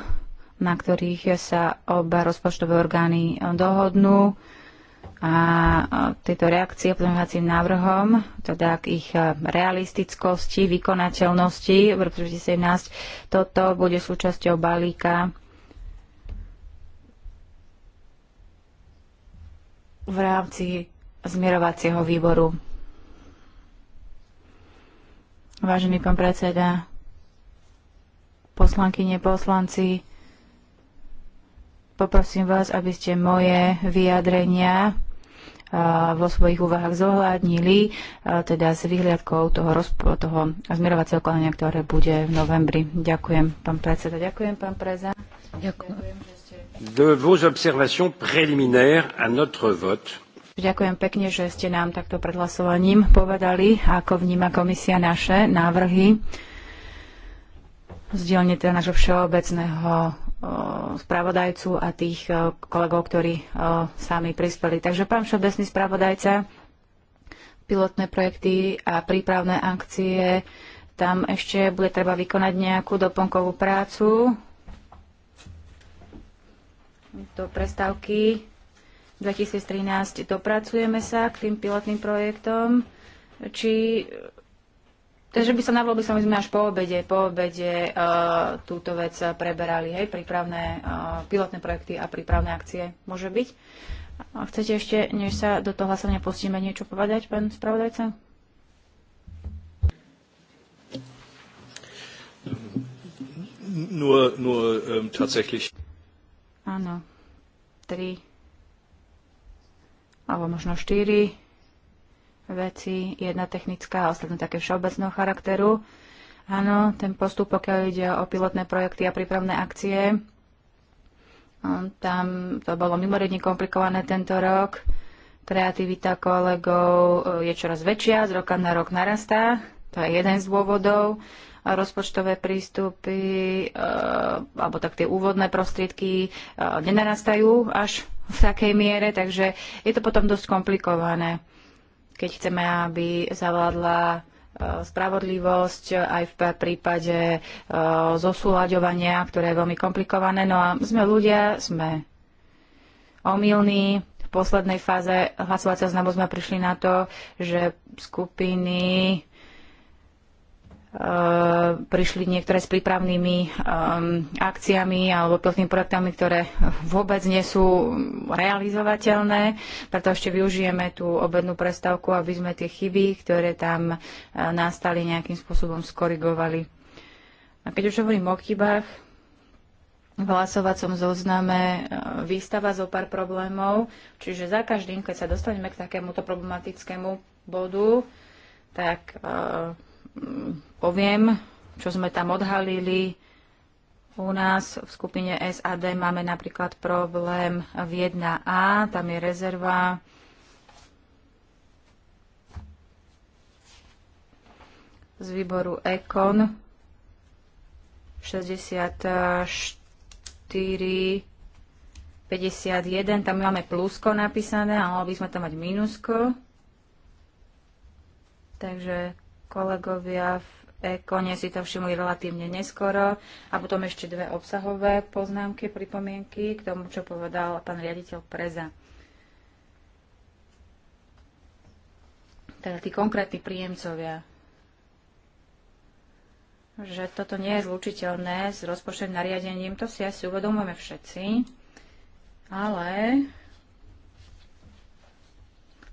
na ktorých sa oba rozpočtové orgány dohodnú a tieto reakcie pozmeňovacím návrhom, teda k ich realistickosti, vykonateľnosti v roku 2017, toto bude súčasťou balíka v rámci zmierovacieho výboru. Vážený pán predseda, poslankyne, poslanci, poprosím vás, aby ste moje vyjadrenia vo svojich úvahách zohľadnili, teda s vyhliadkou toho, rozpo, toho zmierovacieho konania, ktoré bude v novembri. Ďakujem, pán predseda. Ďakujem, pán preza. Ďakujem. Ďakujem pekne, že ste nám takto pred hlasovaním povedali, ako vníma komisia naše návrhy z dielne teda nášho všeobecného Eh, spravodajcu a tých eh, kolegov, ktorí eh, sami prispeli. Takže pán všeobecný spravodajca, pilotné projekty a prípravné akcie, tam ešte bude treba vykonať nejakú doplnkovú prácu do prestávky 2013. Dopracujeme sa k tým pilotným projektom, či Takže by sa na by sme až po obede, po obede uh, túto vec preberali, hej, prípravné uh, pilotné projekty a prípravné akcie. Môže byť? A chcete ešte, než sa do toho hlasovania pustíme, niečo povedať, pán spravodajca? Nur, nur um, tatsächlich. Áno. Tri. Alebo možno štyri veci, jedna technická a ostatné také všeobecného charakteru. Áno, ten postup, pokiaľ ide o pilotné projekty a prípravné akcie, tam to bolo mimoriadne komplikované tento rok. Kreativita kolegov e, je čoraz väčšia, z roka na rok narastá. To je jeden z dôvodov. A rozpočtové prístupy, e, alebo tak tie úvodné prostriedky e, nenarastajú až v takej miere, takže je to potom dosť komplikované keď chceme, aby zavládla e, spravodlivosť aj v prípade e, zosúľaďovania, ktoré je veľmi komplikované. No a sme ľudia, sme omylní. V poslednej fáze hlasovacia znamo sme prišli na to, že skupiny Eh, prišli niektoré s prípravnými ehm, akciami alebo pilotnými projektami, ktoré vôbec nie sú realizovateľné. Preto ešte využijeme tú obednú prestávku, aby sme tie chyby, ktoré tam eh, nastali, nejakým spôsobom skorigovali. A keď už hovorím o chybách, v hlasovacom zozname eh, výstava zo pár problémov, čiže za každým, keď sa dostaneme k takémuto problematickému bodu, tak poviem, čo sme tam odhalili. U nás v skupine SAD máme napríklad problém v 1A, tam je rezerva. z výboru EKON 64 51, tam máme plusko napísané a mohli by sme tam mať minusko. Takže kolegovia v kone si to všimli relatívne neskoro. A potom ešte dve obsahové poznámky, pripomienky k tomu, čo povedal pán riaditeľ Preza. Teda tí konkrétni príjemcovia. Že toto nie je zlučiteľné s rozpočtovým nariadením, to si asi uvedomujeme všetci. Ale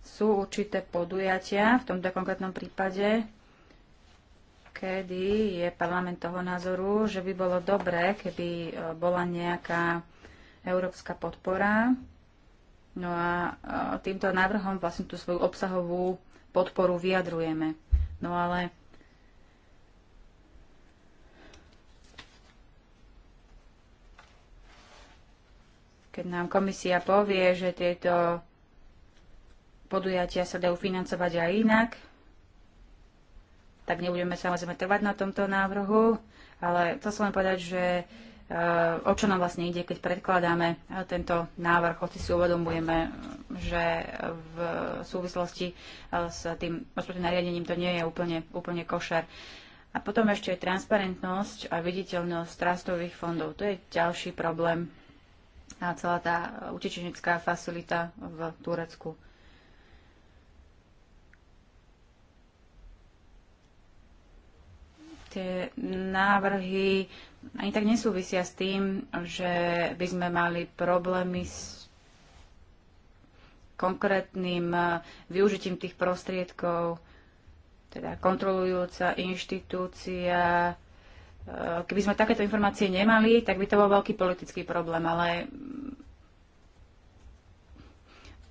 sú určité podujatia v tomto konkrétnom prípade, kedy je parlament toho názoru, že by bolo dobré, keby e, bola nejaká európska podpora. No a e, týmto návrhom vlastne tú svoju obsahovú podporu vyjadrujeme. No ale keď nám komisia povie, že tieto podujatia sa dajú financovať aj inak, tak nebudeme samozrejme trvať na tomto návrhu, ale chcel som len povedať, že e, o čo nám vlastne ide, keď predkladáme e, tento návrh, hoci si uvedomujeme, že v súvislosti e, s tým rozpočtovým nariadením to nie je úplne, úplne košer. A potom ešte je transparentnosť a viditeľnosť trastových fondov. To je ďalší problém a celá tá utečenická facilita v Turecku. tie návrhy ani tak nesúvisia s tým, že by sme mali problémy s konkrétnym eh, využitím tých prostriedkov, teda kontrolujúca inštitúcia. Eh, keby sme takéto informácie nemali, tak by to bol veľký politický problém, ale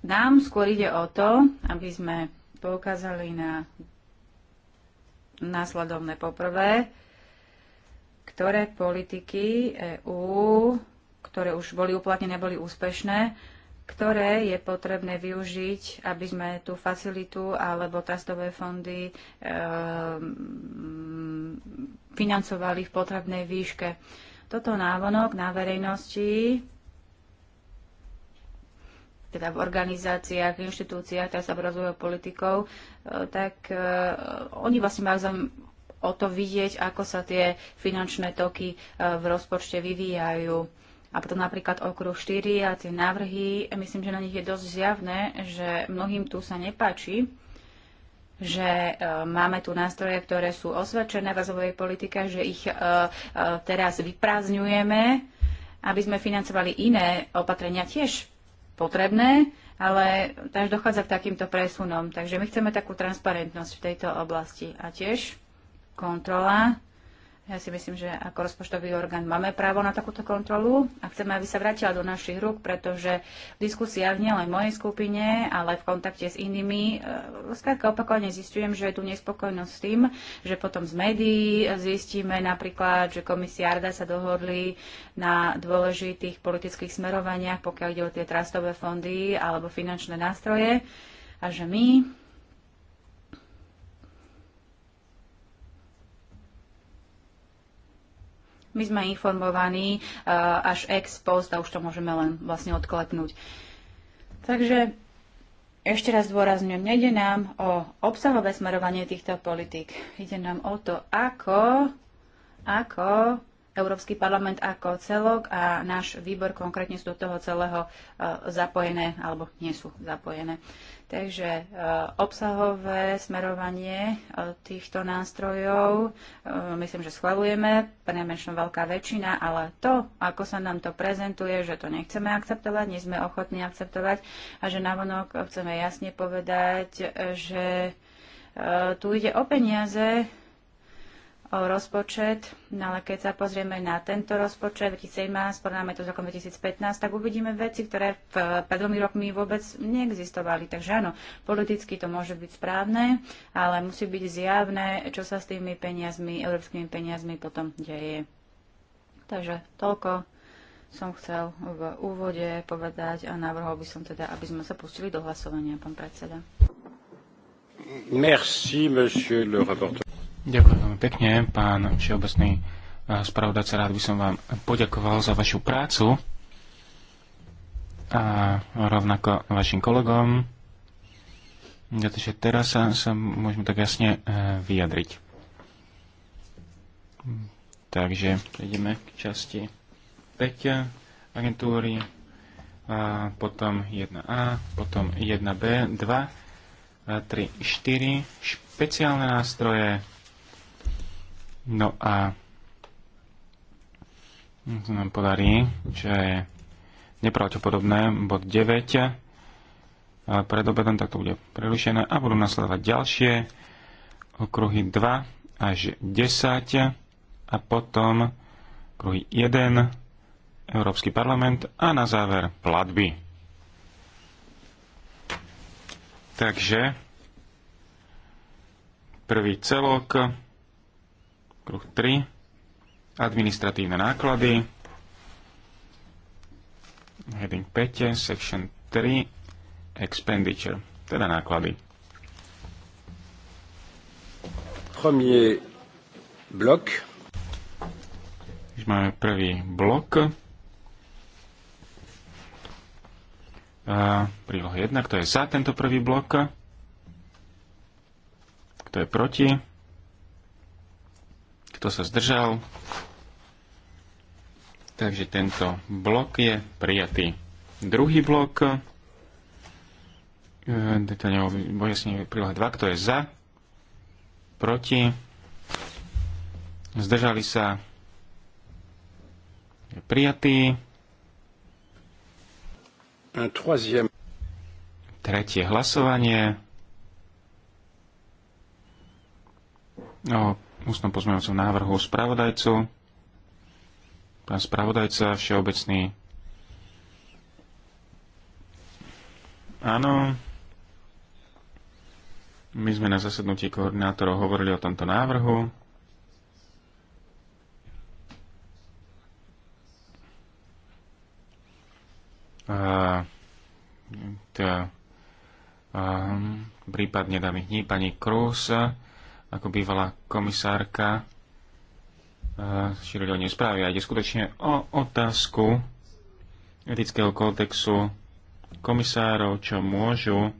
nám skôr ide o to, aby sme poukázali na následovné. Poprvé, ktoré politiky EÚ, ktoré už boli uplatnené, boli úspešné, ktoré je potrebné využiť, aby sme tú facilitu alebo trastové fondy e, financovali v potrebnej výške. Toto návonok na verejnosti teda v organizáciách, inštitúciách, teraz sa obrazujú politikou, e, tak e, oni vlastne majú zaujímavé o to vidieť, ako sa tie finančné toky e, v rozpočte vyvíjajú. A potom napríklad okruh 4 a tie návrhy, myslím, že na nich je dosť zjavné, že mnohým tu sa nepáči, že máme tu nástroje, ktoré sú osvedčené v rozvojovej politike, že ich teraz vyprázdňujeme, aby sme financovali iné opatrenia tiež potrebné, ale tam dochádza k takýmto presunom. Takže my chceme takú transparentnosť v tejto oblasti. A tiež kontrola ja si myslím, že ako rozpočtový orgán máme právo na takúto kontrolu a chceme, aby sa vrátila do našich rúk, pretože v diskusiách nielen v mojej skupine, ale v kontakte s inými, e, skrátka opakovane zistujem, že je tu nespokojnosť s tým, že potom z médií zistíme napríklad, že komisia Arda sa dohodli na dôležitých politických smerovaniach, pokiaľ ide o tie trastové fondy alebo finančné nástroje a že my My sme informovaní e, až ex post a už to môžeme len vlastne odklepnúť. Takže ešte raz dôrazňujem, nejde nám o obsahové smerovanie týchto politik. Ide nám o to, ako, ako Európsky parlament ako celok a náš výbor konkrétne sú do toho celého e, zapojené alebo nie sú zapojené. Takže e, obsahové smerovanie e, týchto nástrojov myslím, že schvalujeme, prenajmenšom veľká väčšina, ale to, ako sa nám to prezentuje, že to nechceme akceptovať, nie sme ochotní akceptovať a že navonok chceme jasne povedať, že tu ide o peniaze, rozpočet, no ale keď sa pozrieme na tento rozpočet 2017, porovnáme to s rokom 2015, tak uvidíme veci, ktoré v, pred dvomi rokmi vôbec neexistovali. Takže áno, politicky to môže byť správne, ale musí byť zjavné, čo sa s tými peniazmi, európskymi peniazmi potom deje. Takže toľko som chcel v úvode povedať a navrhol by som teda, aby sme sa pustili do hlasovania, pán predseda. Merci, monsieur le rapporteur. Ďakujem veľmi pekne, pán všeobecný eh, spravodajca. Rád by som vám poďakoval za vašu prácu a rovnako vašim kolegom. Pretože teraz sa, sa môžeme tak jasne eh, vyjadriť. Takže ideme k časti 5 agentúry, eh, a potom 1A, potom 1B, 2, 3, 4, špeciálne nástroje, No a to hm, nám podarí, čo je nepravdepodobné, bod 9 eh, pred obedom, tak to bude prerušené a budú nasledovať ďalšie okruhy 2 až 10 a potom okruhy 1 Európsky parlament a na záver platby. Takže prvý celok Kruh 3. Administratívne náklady. Heading 5. Section 3. Expenditure. Teda náklady. Premier blok. Máme prvý blok. príloha 1, kto je za tento prvý blok, kto je proti, kto sa zdržal? Takže tento blok je prijatý. Druhý blok, e, detaľne objasnenie príloha 2, kto je za, proti, zdržali sa, je prijatý. Tretie hlasovanie o ústnom pozmeňovacom návrhu spravodajcu. Pán spravodajca, všeobecný. Áno. My sme na zasadnutí koordinátorov hovorili o tomto návrhu. A, tá, a, prípad nedávnych dní pani Krúsa ako bývalá komisárka e, šírili správy a ide skutočne o otázku etického kódexu komisárov, čo môžu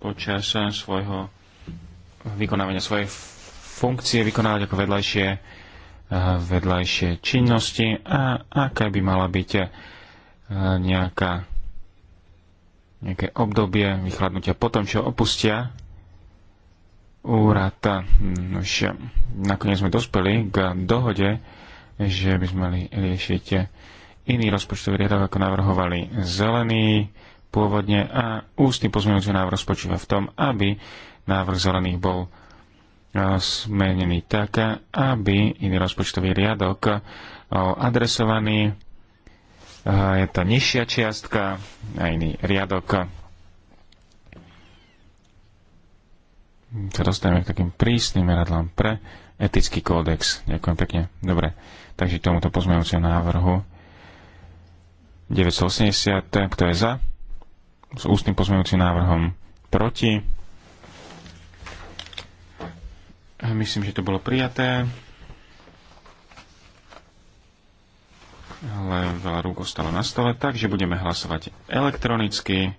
počas svojho vykonávania svojej funkcie vykonávať ako vedľajšie, e, vedľajšie činnosti a aká by mala byť e, nejaká, nejaké obdobie vychladnutia potom, čo opustia úrad. nakoniec sme dospeli k dohode, že by sme mali riešiť iný rozpočtový riadok, ako navrhovali zelený pôvodne a ústny pozmeňujúci návrh spočíva v tom, aby návrh zelených bol e, zmenený tak, aby iný rozpočtový riadok e, adresovaný e, je to nižšia čiastka a iný riadok sa dostaneme k takým prísnym meradlám pre etický kódex. Ďakujem pekne. Dobre, takže k tomuto pozmeňujúcemu návrhu 980, kto je za? S ústnym pozmeňujúcim návrhom proti. Myslím, že to bolo prijaté. Ale veľa rúk ostalo na stole, takže budeme hlasovať elektronicky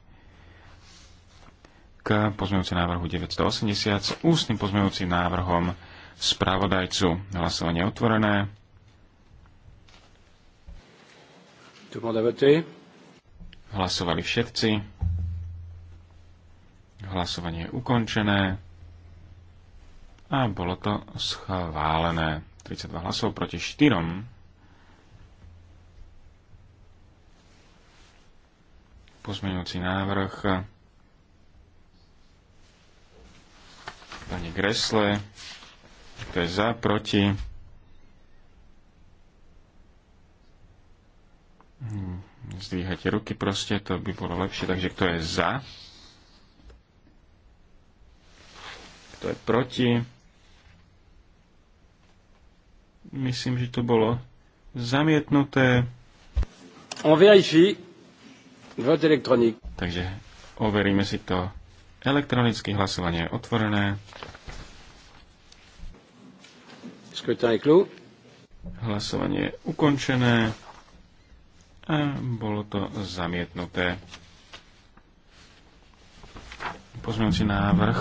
k pozmeňujúci návrhu 980 s ústnym pozmejúcim návrhom správodajcu. Hlasovanie otvorené. Hlasovali všetci. Hlasovanie je ukončené. A bolo to schválené. 32 hlasov proti 4. Pozmeňujúci návrh pani Gresle. Kto je za, proti? Zdvíhajte ruky proste, to by bolo lepšie. Takže kto je za? Kto je proti? Myslím, že to bolo zamietnuté. On vérifie. Vote Takže overíme si to Elektronické hlasovanie je otvorené. Hlasovanie je ukončené a bolo to zamietnuté. Pozmeňujúci návrh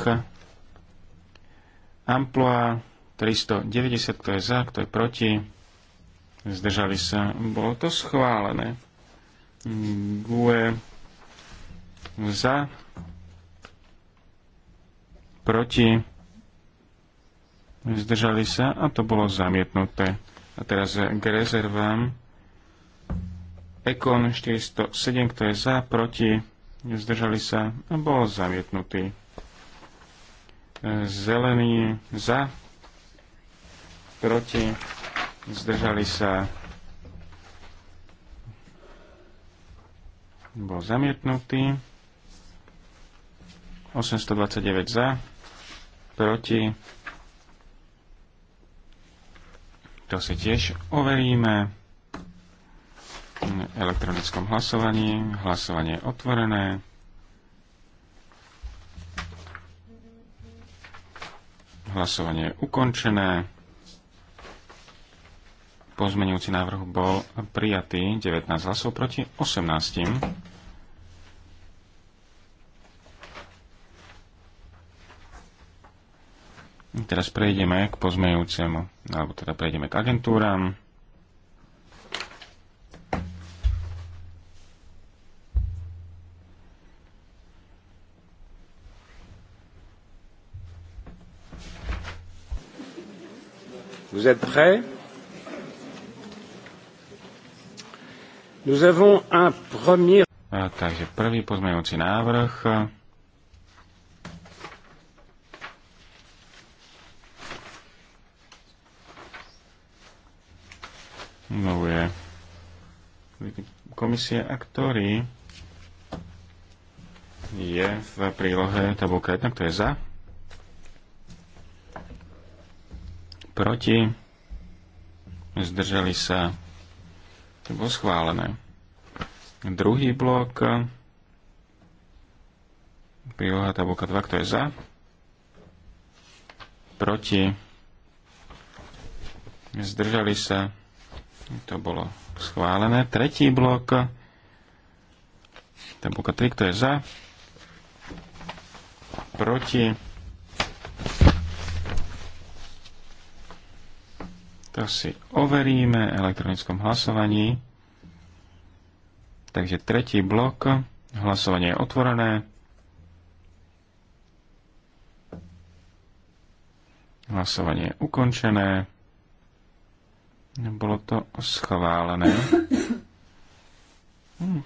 Amploa 390, kto je za, kto je proti. Zdržali sa. Bolo to schválené. Hm, GUE za, proti, zdržali sa a to bolo zamietnuté. A teraz k rezervám. Ekon 407, kto je za, proti, zdržali sa a bol zamietnutý. E, Zelený za, proti, zdržali sa, bol zamietnutý. 829 za, proti. To si tiež overíme v elektronickom hlasovaní. Hlasovanie je otvorené. Hlasovanie je ukončené. Pozmenujúci návrh bol prijatý 19 hlasov proti 18. Teraz prejdeme k pozmejúcemu, alebo teda prejdeme k agentúram. Vous êtes prêts Nous avons un premier... takže prvý pozmejúci návrh. nové komisie a ktorý je v prílohe tabulka 1, kto je za, proti, zdržali sa, to bolo schválené. Druhý blok, príloha tabulka 2, kto je za, proti, zdržali sa, to bolo schválené. Tretí blok. Tabulka 3, kto je za? Proti? To si overíme v elektronickom hlasovaní. Takže tretí blok. Hlasovanie je otvorené. Hlasovanie je ukončené. Nebolo to schválené. Hm.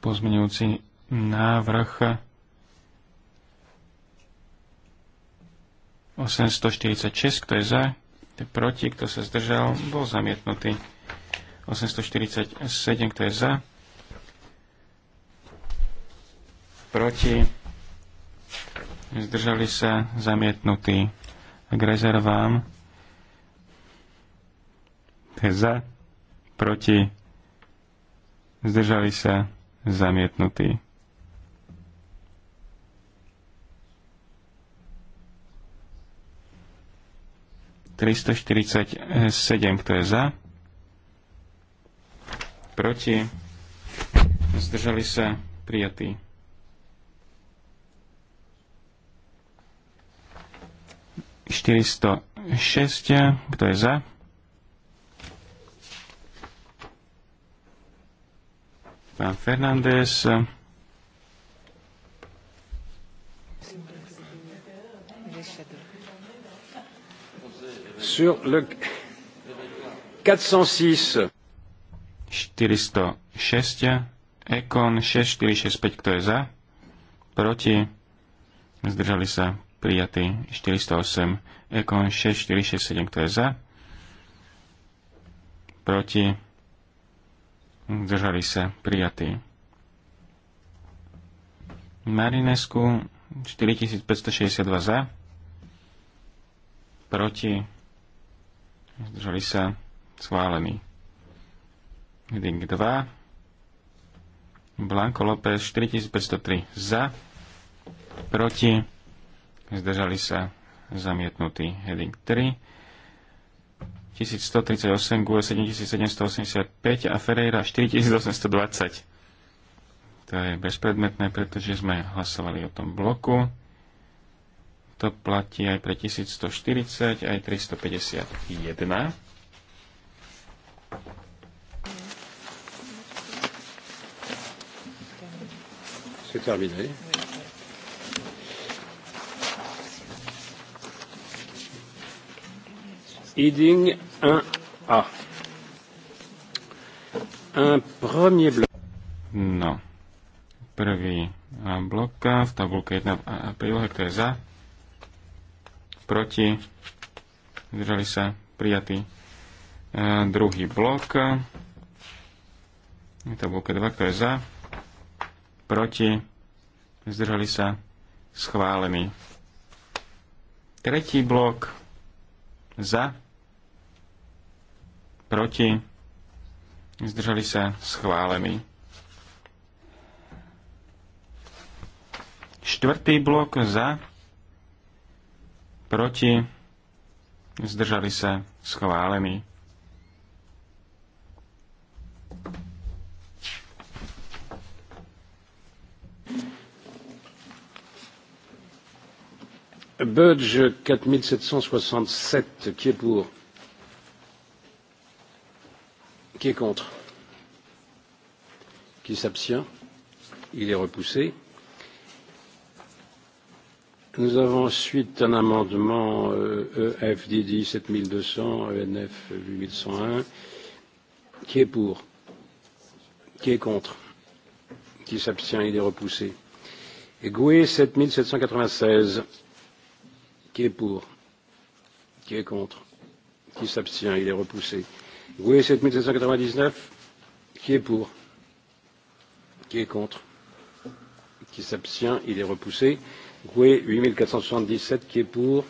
Pozmeňujúci návrh 846, kto je za, kto je proti, kto sa zdržal, bol zamietnutý. 847, kto je za, proti, zdržali sa zamietnutí. K rezervám za, proti, zdržali sa zamietnutí. sedem, kto je za, proti, zdržali sa prijatí. 406. Kto je za? Pán Fernández. Sur le 406. 406. Ekon 6465. Kto je za? Proti? Zdržali sa prijatý 408, Ekon 6467, kto je za, proti, zdržali sa, prijatý. Marinesku 4562 za, proti, zdržali sa, schválený. Hiding 2, Blanco López 4503 za, proti, zdržali sa zamietnutý. Heading 3, 1138, GUE 7785 a Ferreira 4820. To je bezpredmetné, pretože sme hlasovali o tom bloku. To platí aj pre 1140, aj 351. C'est terminé. Heading 1A. Un premier bloc. No. Prvý blok v tabulke 1 a prílohe, kto je za, proti, zdržali sa, prijatý. E, druhý blok, v tabulke 2, kto je za, proti, zdržali sa, schválený. Tretí blok, za, proti, zdržali sa schválení. Štvrtý blok za, proti, zdržali sa schválení. Budge quatre sept cent soixante-sept, qui est pour Qui est contre Qui s'abstient Il est repoussé. Nous avons ensuite un amendement euh, EFDD 7200, ENF 8101. Qui est pour Qui est contre Qui s'abstient Il est repoussé. Et Goué 7796. Qui est pour Qui est contre Qui s'abstient Il est repoussé. Goué 7799. Qui est pour Qui est contre Qui s'abstient Il est repoussé. Goué 8477. Qui est pour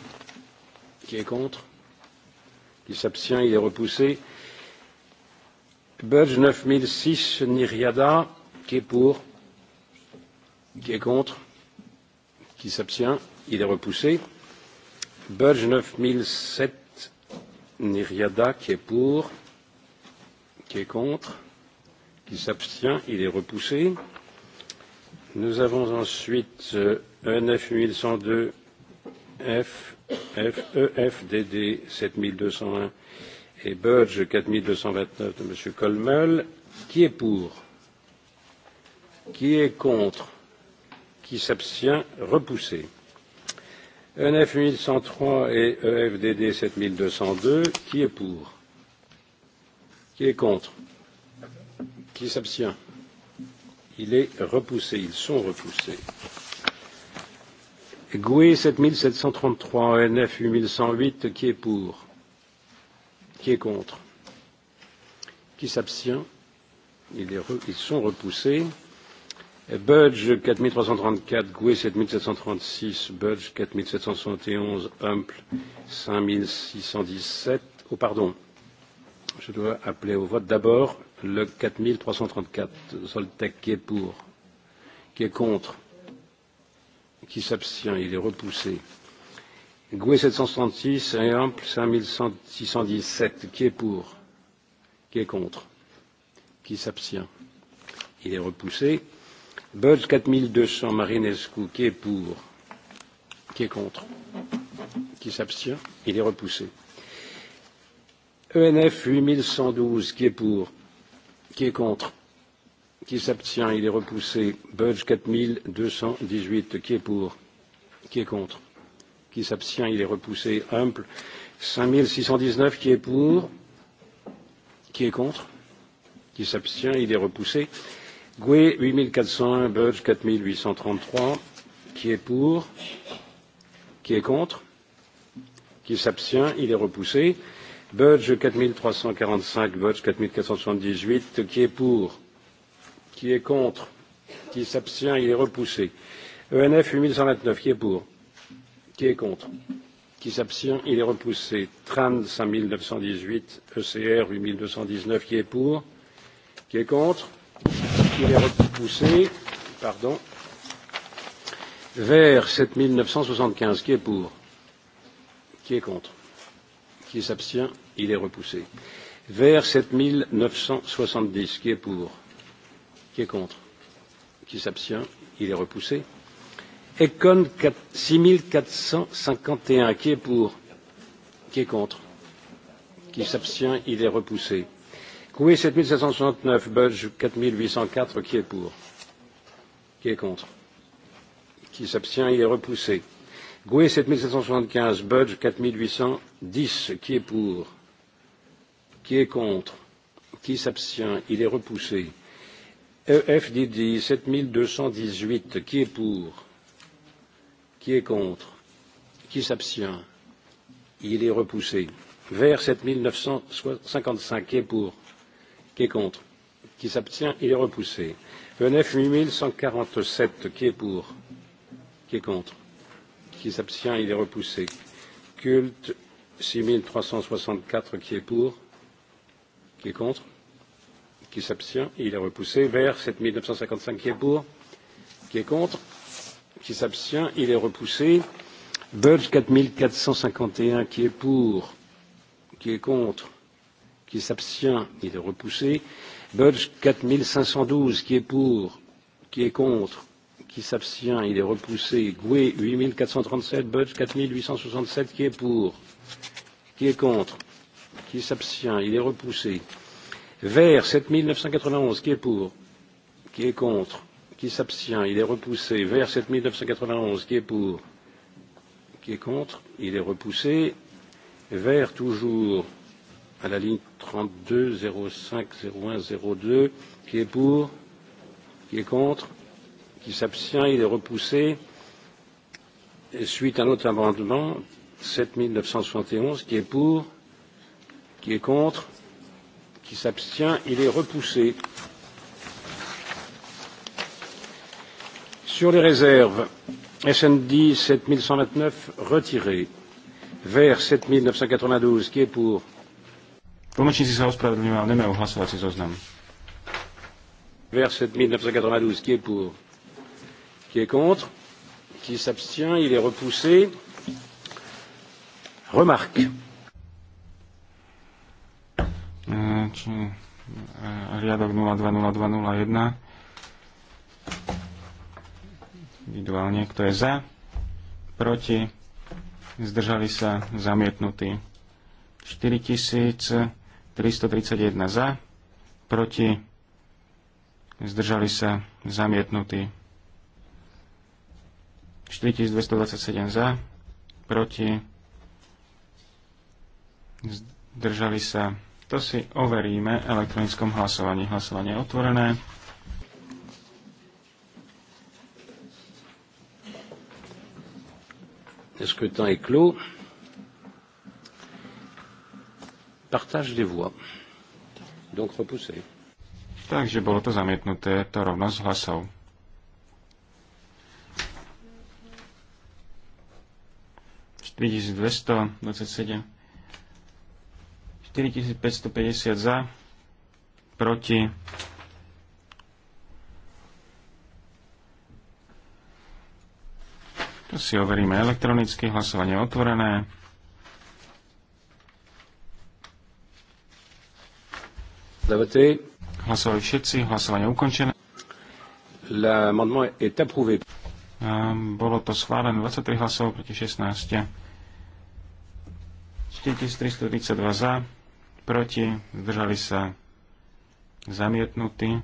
Qui est contre Qui s'abstient Il est repoussé. Budge 9006. Niriada. Qui est pour Qui est contre Qui s'abstient Il est repoussé. Burge 9007, Niriada, qui est pour, qui est contre, qui s'abstient, il est repoussé. Nous avons ensuite euh, e ENF 1102, F, F, e, D DD 7201 et Budge 4229 de M. Colmel. Qui est pour Qui est contre Qui s'abstient Repoussé. E ENF 1103 et EFDD 7202. Qui est pour Qui est contre Qui s'abstient Il est repoussé. Ils sont repoussés. GUE 7733, ENF 8108. Qui est pour Qui est contre Qui s'abstient Ils sont repoussés. Budge 4334, Goué 7736, Budge 4771, Humple 5617. Oh pardon, je dois appeler au vote d'abord le 4334, Zoltek qui est pour, qui est contre, qui s'abstient, il est repoussé. Goué 766 et Humple 5617, qui est pour, qui est contre, qui s'abstient, il est repoussé. Budge cents Marinescu, qui est pour Qui est contre Qui s'abstient Il est repoussé. ENF huit cent douze qui est pour Qui est contre Qui s'abstient Il est repoussé. Budge huit, qui est pour Qui est contre Qui s'abstient Il est repoussé. Humble neuf qui est pour Qui est contre Qui s'abstient Il est repoussé. Goué, 8401, Budge, 4833. Qui est pour Qui est contre Qui s'abstient Il est repoussé. Budge 4345, Budge 4478. Qui est pour Qui est contre Qui s'abstient Il est repoussé. E ENF 8129, qui est pour Qui est contre Qui s'abstient Il est repoussé. TRAN 5918, ECR 8219, qui est pour Qui est contre il est repoussé pardon, vers 7975. Qui est pour Qui est contre Qui s'abstient Il est repoussé. Vers 7970. Qui est pour Qui est contre Qui s'abstient Il est repoussé. Econ 6451. Qui est pour Qui est contre Qui s'abstient Il est repoussé. Coué 7769, Budge 4804, qui est pour Qui est contre Qui s'abstient Il est repoussé. Goué 7775, Budge 4810, qui est pour Qui est contre Qui s'abstient Il est repoussé. EF Didi 7218, qui est pour Qui est contre Qui s'abstient Il est repoussé. Vert 7955, qui est pour Qui est contre Qui s'abstient Il est repoussé. Le 9 8147, qui est pour Qui est contre Qui s'abstient Il est repoussé. Culte 6364, qui est pour Qui est contre Qui s'abstient Il est repoussé. Vert 7955, qui est pour Qui est contre Qui s'abstient Il est repoussé. Budge 4451, qui est pour Qui est contre qui s'abstient, il est repoussé. Budge 4512, qui est pour, qui est contre, qui s'abstient, il est repoussé. Goué 8437, Budge 4867, qui est pour, qui est contre, qui s'abstient, il est repoussé. Vert 7991, qui est pour, qui est contre, qui s'abstient, il est repoussé. Vert 7991, qui est pour, qui est contre, il est repoussé. Vert toujours à la ligne 32050102. Qui est pour Qui est contre Qui s'abstient Il est repoussé. Et suite à notre amendement, 7971, qui est pour Qui est contre Qui s'abstient Il est repoussé. Sur les réserves, SND 7129 retiré. Vert 7992, qui est pour Tlmočníci sa ospravedlňujú, ale nemajú hlasovací zoznam. Vers 7992, qui est pour, qui est contre, qui s'abstient, il est repoussé. Remarque. E, či, e, riadok 020201 individuálne, kto je za, proti, zdržali sa, zamietnutí. 4000 331 za, proti, zdržali sa zamietnutí. 4227 za, proti, zdržali sa. To si overíme v elektronickom hlasovaní. Hlasovanie je otvorené. Le scrutin est clos. Partage des voix. Donc repoussé. Takže bolo to zamietnuté, to rovnosť hlasov. Vidíš 227. 4550 za, proti. To si overíme elektronicky, hlasovanie otvorené. Hlasovali všetci, hlasovanie ukončené. L'amendement est approuvé. Ehm, bolo to schválené 23 hlasov proti 16. 4332 za, proti, zdržali sa zamietnutí.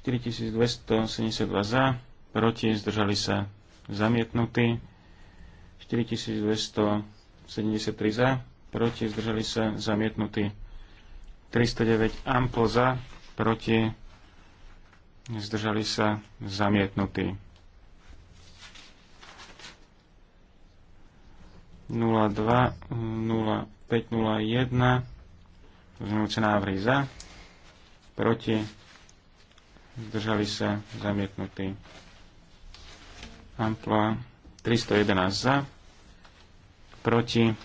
4272 za, proti, zdržali sa zamietnutí. 4273 za, proti, zdržali sa zamietnutí. 309 ampl za, proti, zdržali sa, zamietnutí. 02, 05, 01, návrhy za, proti, zdržali sa, zamietnutí. Ampla 311 za, proti,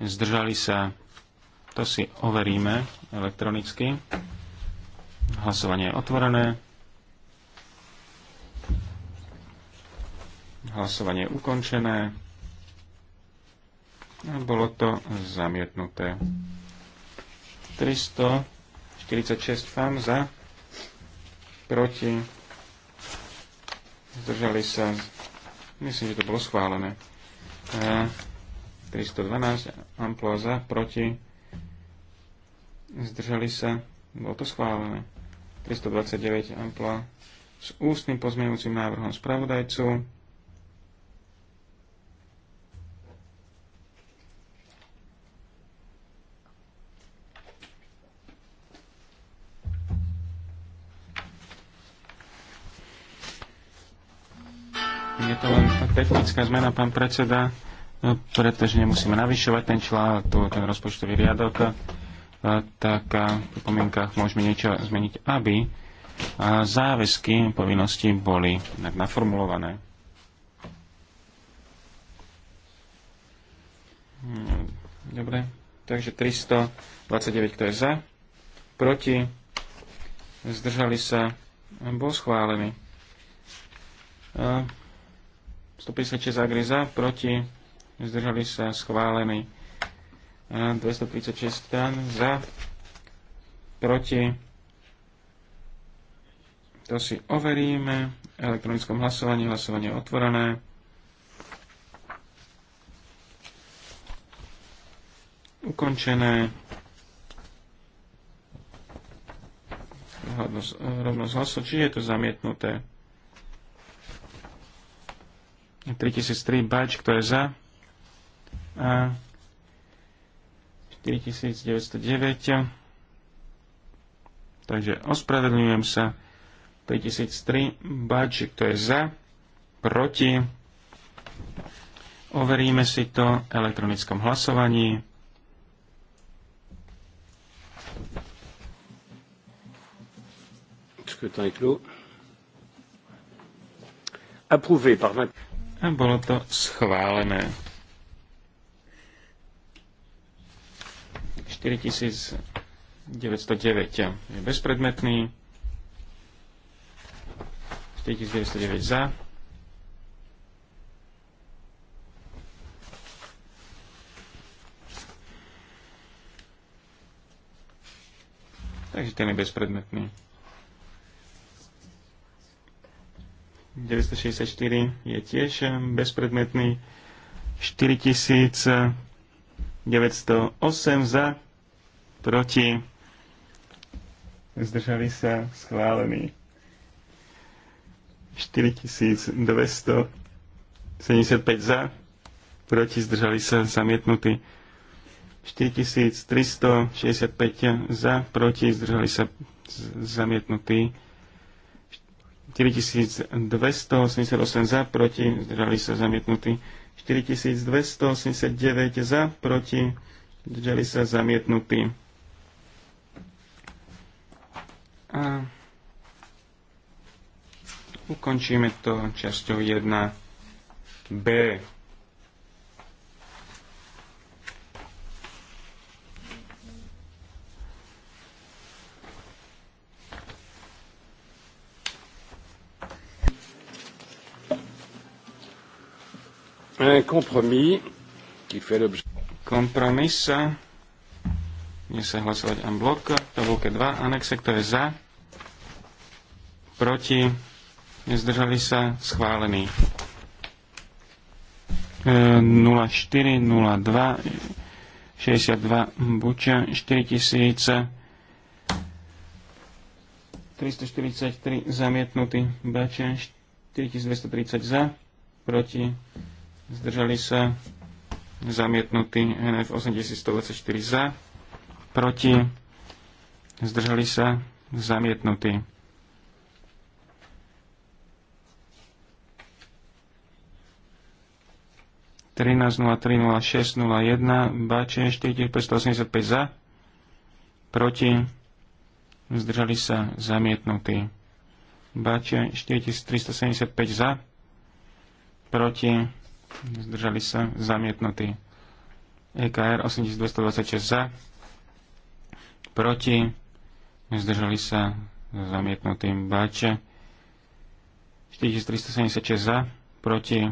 zdržali sa, to si overíme elektronicky. Hlasovanie je otvorené. Hlasovanie je ukončené. A bolo to zamietnuté. 346 fam za, proti, zdržali sa, myslím, že to bolo schválené. A 312 amplóza za, proti, zdržali sa, bolo to schválené. 329 ampla s ústnym pozmeňujúcim návrhom spravodajcu. Je to len technická zmena, pán predseda, no, pretože nemusíme navyšovať ten člán, ten rozpočtový riadok tak v pripomienkach môžeme niečo zmeniť, aby záväzky, povinnosti boli naformulované. Dobre, takže 329, kto je za, proti, zdržali sa, bol schválený. 156 agri za, proti, zdržali sa, schválený. 236 strán za, proti. To si overíme. Elektronickom hlasovaní, hlasovanie otvorené. Ukončené. Rovnosť hlasov, či je to zamietnuté. 3003 bač, kto je za. A 4909. Takže ospravedlňujem sa. 3003. Bač, kto je za, proti. Overíme si to v elektronickom hlasovaní. Approuvé par 20. A bolo to schválené. 4909 je bezpredmetný. 4909 za. 964 je tiež eh, bezpredmetný. 4908 za proti, zdržali sa schválení. 4275 za, proti zdržali sa zamietnutí. 4365 za, proti zdržali sa zamietnutí. 4288 za, proti zdržali sa zamietnutí. 4289 za, proti zdržali sa zamietnutí. A ukončíme to časťou 1b. Un compromis qui fait l'objet. Compromis, Dnes eh, sa hlasovať en bloc. Tabulke 2. Anexe, kto je za? proti, nezdržali sa, schválený. 04, 02, 62, Buča, 4000, 343 zamietnutý, Bača, 4230 za, proti, zdržali sa, zamietnutý, NF 8124 za, proti, zdržali sa, zamietnutý. 13.03.06.01 Bače 4585 za proti zdržali sa zamietnutí Bače 4375 za proti zdržali sa zamietnutí EKR 8226 za proti zdržali sa zamietnutým Báče 4376 za proti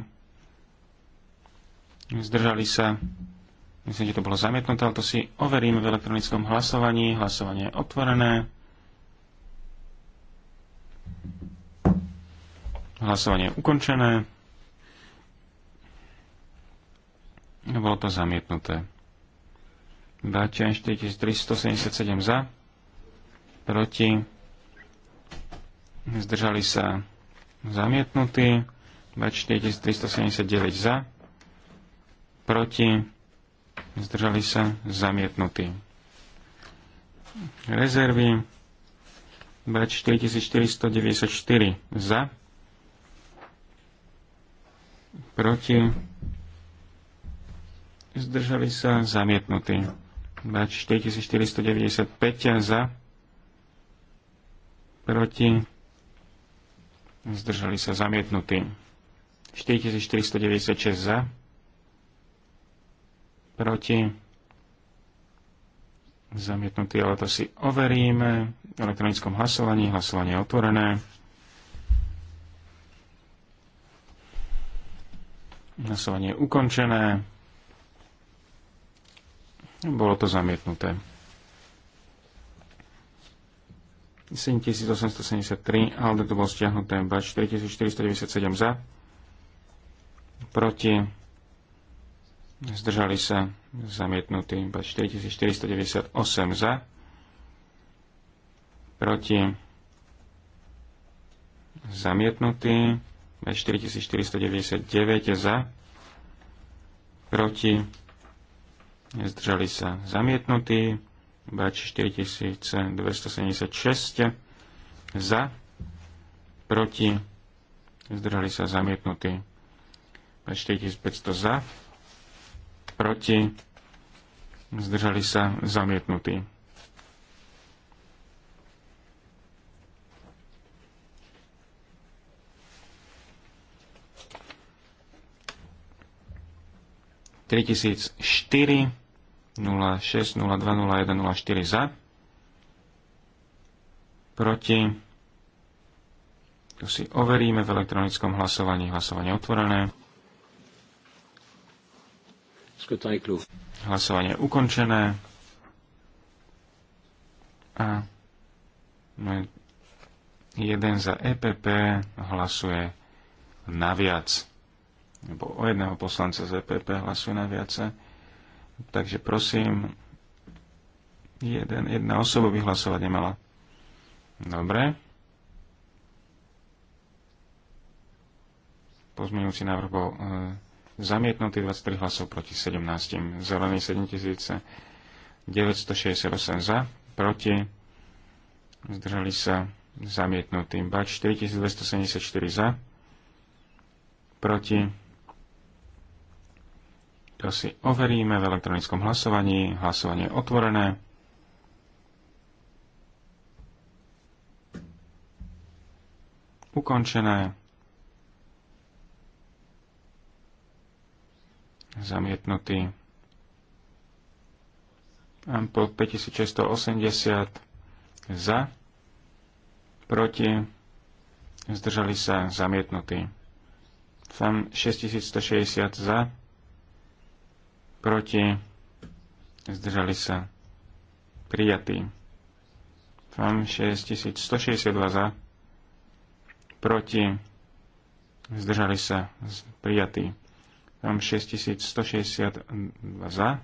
zdržali sa, myslím, že to bolo zamietnuté, ale to si overíme v elektronickom hlasovaní. Hlasovanie je otvorené. Hlasovanie je ukončené. Bolo to zamietnuté. Dáte 4377 za, proti, zdržali sa zamietnutí, 4379 za, proti, zdržali sa, zamietnutí. Rezervy 4494 za, proti, zdržali sa, zamietnutí. 4495 za, proti, zdržali sa, zamietnutí. 4496 za, proti, zamietnutý, ale to si overíme v elektronickom hlasovaní, hlasovanie je otvorené. Hlasovanie je ukončené. Bolo to zamietnuté. 7873, ale to bolo stiahnuté, bač 4497 za, proti zdržali sa zamietnutí, 4498 za, proti zamietnutí, 4499 za, proti zdržali sa zamietnutí, iba 4276 za, proti zdržali sa zamietnutí, 4500 za, proti, zdržali sa zamietnutí. Tri tisíc štyri, nula šesť, za, proti, to si overíme v elektronickom hlasovaní, hlasovanie otvorené. Hlasovanie je ukončené. A jeden za EPP hlasuje naviac. Nebo o jedného poslanca z EPP hlasuje naviac. Takže prosím, jeden, jedna osoba by hlasovať nemala. Dobre. Pozmeňujúci návrh bol e, zamietnutý 23 hlasov proti 17, zelený 7968 za, proti, zdržali sa zamietnutý, bač 4274 za, proti, to si overíme v elektronickom hlasovaní, hlasovanie je otvorené, ukončené, zamietnutý. Ampl 5680 za, proti, zdržali sa zamietnutí. FAM 6160 za, proti, zdržali sa prijatí. FAM 6162 za, proti, zdržali sa prijatí tam 6162 za,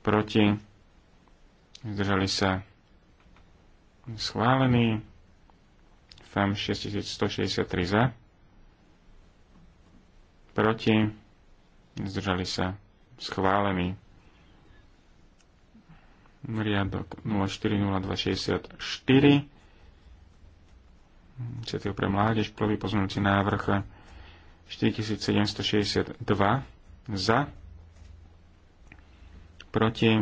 proti, zdržali sa schválení. tam 6163 za, proti, zdržali sa schválený. Riadok 040264 Cietil pre mládež, prvý pozmenujúci návrh 4762 za, proti,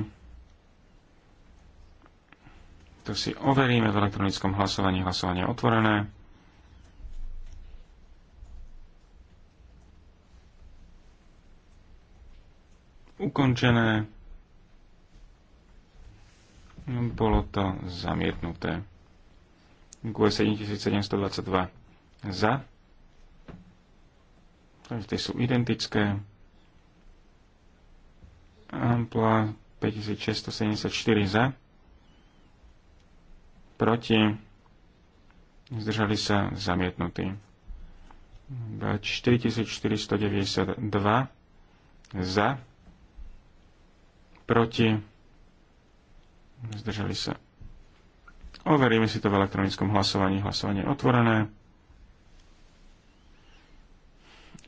to si overíme v elektronickom hlasovaní, hlasovanie otvorené. Ukončené. Bolo to zamietnuté. q 7722 za Takže tie sú identické. Ampla 5674 za. Proti. Zdržali sa zamietnutí. 4492 za. Proti. Zdržali sa. Overíme si to v elektronickom hlasovaní. Hlasovanie je otvorené.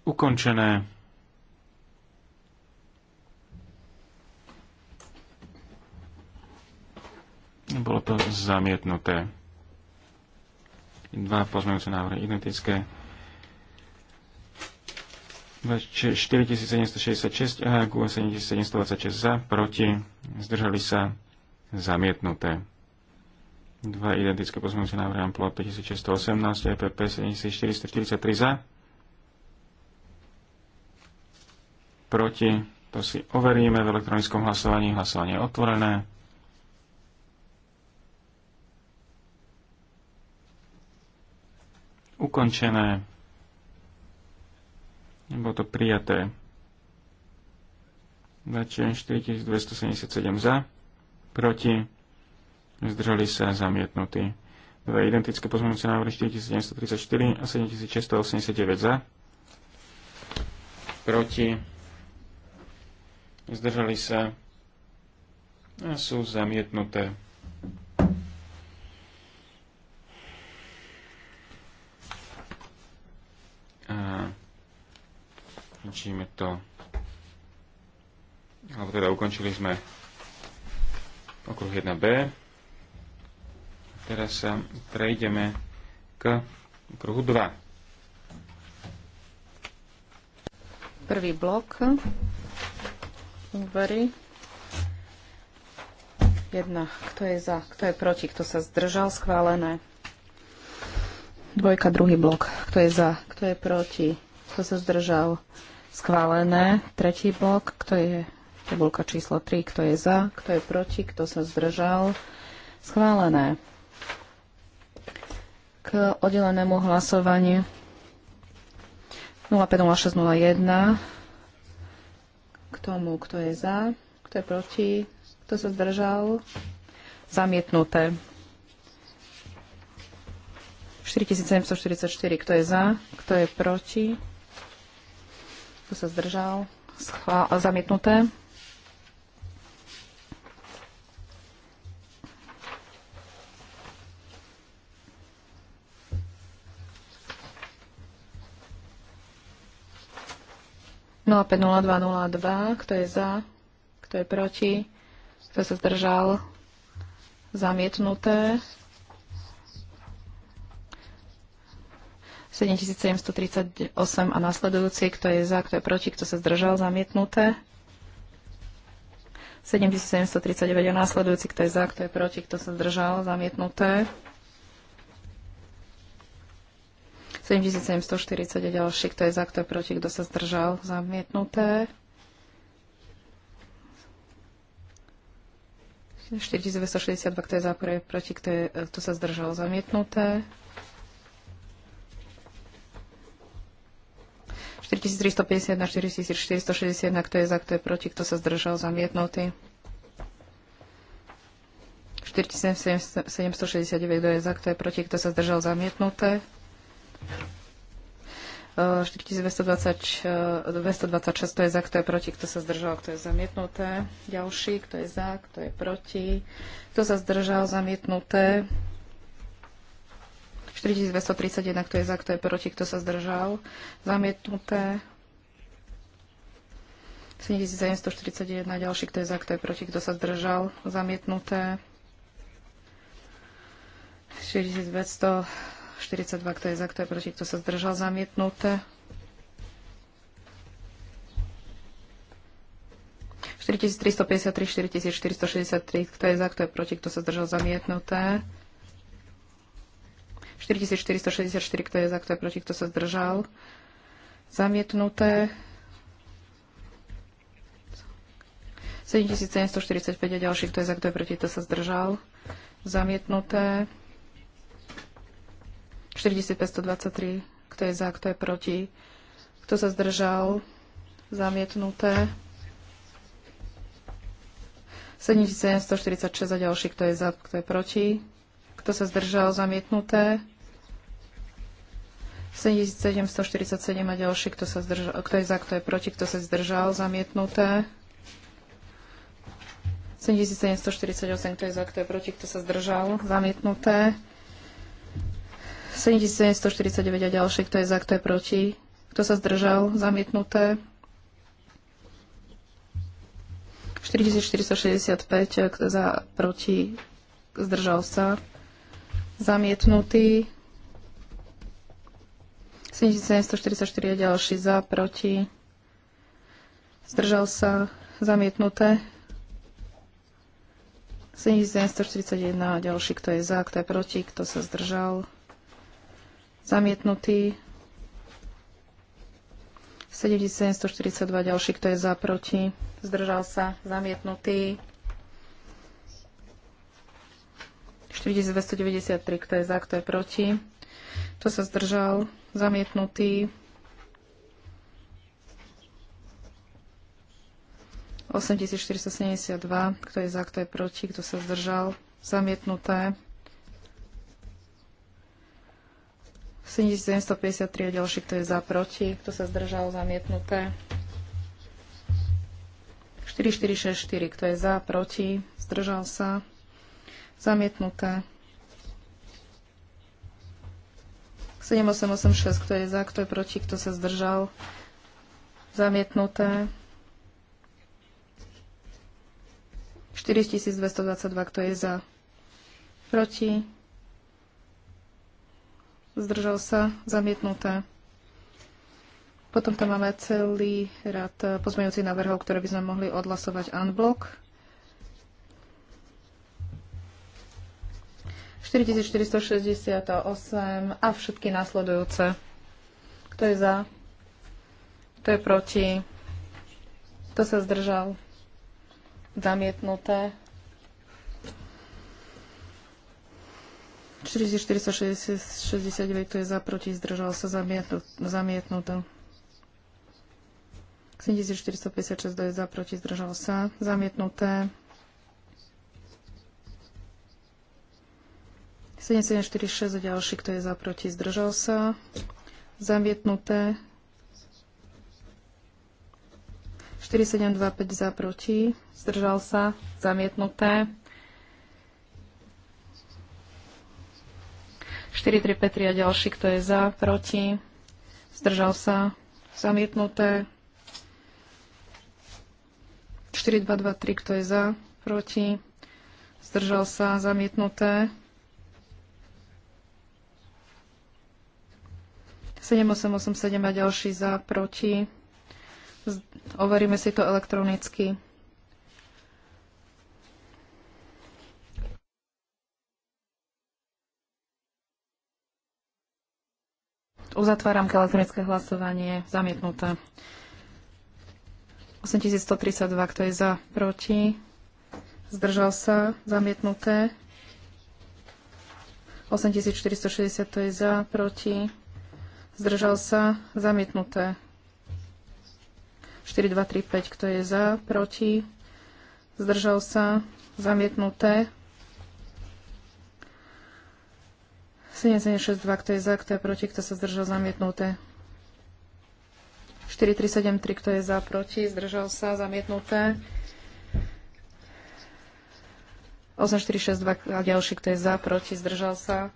ukončené. Bolo to zamietnuté. Dva pozmeňujúce návrhy identické. 4766 a 7726 e za, proti, zdržali sa, zamietnuté. Dva identické pozmeňujúce návrhy Amplot 5618 a EPP 7443 za, proti, to si overíme v elektronickom hlasovaní, hlasovanie je otvorené. Ukončené. Nebolo to prijaté. 4277 za, proti, zdržali sa zamietnutí. Dve identické pozmeňujúce návrhy 4734 a 7689 za, proti, zdržali sa a sú zamietnuté. A končíme to. Alebo teda ukončili sme okruh 1b. Teraz sa prejdeme k kruhu 2. Prvý blok úvery. Jedna, kto je za, kto je proti, kto sa zdržal, schválené. Dvojka, druhý blok, kto je za, kto je proti, kto sa zdržal, schválené. Tretí blok, kto je tabulka číslo 3, kto je za, kto je proti, kto sa zdržal, schválené. K oddelenému hlasovaniu 050601 k tomu, kto je za, kto je proti, kto sa zdržal. Zamietnuté. 4744, kto je za, kto je proti, kto sa zdržal. Schvál- zamietnuté. 050202, kto je za, kto je proti, kto sa zdržal, zamietnuté. 7738 a nasledujúci, kto je za, kto je proti, kto sa zdržal, zamietnuté. 7739 a nasledujúci, kto je za, kto je proti, kto sa zdržal, zamietnuté. 7740 a ďalší, kto je za, kto je proti, kto sa zdržal, zamietnuté. 4262, kto je za, kto je proti, kto, je, kto sa zdržal, zamietnuté. 4351, 4461, kto je za, kto je proti, kto sa zdržal, zamietnutý. 4769, kto je za, kto je proti, kto sa zdržal, zamietnuté. 4226, ehm, eh, to je za, kto je proti, kto sa zdržal, kto je zamietnuté. Ďalší, kto je za, kto je proti, kto sa zdržal, zamietnuté. 4231, kto je za, kto je proti, kto sa zdržal, zamietnuté. 7741, ďalší, kto je za, kto je proti, kto sa zdržal, zamietnuté. 4200 42, kto je za, kto je proti, kto sa zdržal, zamietnuté. 4353, 4463, kto je za, kto je proti, kto sa zdržal, zamietnuté. 4464, kto je za, kto je proti, kto sa zdržal, zamietnuté. 7745 a ďalší, kto je za, kto je proti, kto sa zdržal, zamietnuté. 4523, kto je za, kto je proti, kto sa zdržal, zamietnuté. 7746 a ďalší, kto je za, kto je proti, kto sa zdržal, zamietnuté. 7747 a ďalší, kto, sa zdržal, kto je za, kto je proti, kto sa zdržal, zamietnuté. 7748, kto je za, kto je proti, kto sa zdržal, zamietnuté. 7749 a ďalšie, kto je za, kto je proti, kto sa zdržal, zamietnuté. 4465, kto za, proti, zdržal sa, zamietnutý. 7744 a ďalší za, proti, zdržal sa, zamietnuté. 7741 a ďalší, kto je za, kto je proti, kto sa zdržal, Zamietnutý. 7742 ďalší, kto je za, proti. Zdržal sa. Zamietnutý. 4293, kto je za, kto je proti. Kto sa zdržal? Zamietnutý. 8472, kto je za, kto je proti, kto sa zdržal, zamietnuté. 7753 a ďalší, kto je za, proti, kto sa zdržal, zamietnuté. 4464, kto je za, proti, zdržal sa, zamietnuté. 7886, kto je za, kto je proti, kto sa zdržal, zamietnuté. 4222, kto je za, proti, zdržal sa, zamietnuté. Potom tam máme celý rad pozmeňujúcich návrhov, ktoré by sme mohli odhlasovať unblock. 4468 a všetky následujúce. Kto je za? Kto je proti? Kto sa zdržal? Zamietnuté. 4469 to je za, proti, zdržal sa, zamietnuté. 7456 to je za, proti, zdržal sa, zamietnuté. 7746 ďalší, kto je za, proti, zdržal sa, zamietnuté. 4725 za, proti, zdržal sa, zamietnuté. 4, 3, 5, 3 a ďalší, kto je za, proti, zdržal sa, zamietnuté. 4, 2, 2, 3, kto je za, proti, zdržal sa, zamietnuté. 7, 8, 8, 7 a ďalší za, proti. Overíme si to elektronicky. Uzatváram elektronické hlasovanie. Zamietnuté. 8132, kto je za, proti. Zdržal sa. Zamietnuté. 8460, to je za, proti. Zdržal sa. Zamietnuté. 4235, kto je za, proti. Zdržal sa. Zamietnuté. 7762, kto je za, kto je proti, kto sa zdržal zamietnuté. 4373, kto je za, proti, zdržal sa, zamietnuté. 8462 a ďalší, kto je za, proti, zdržal sa,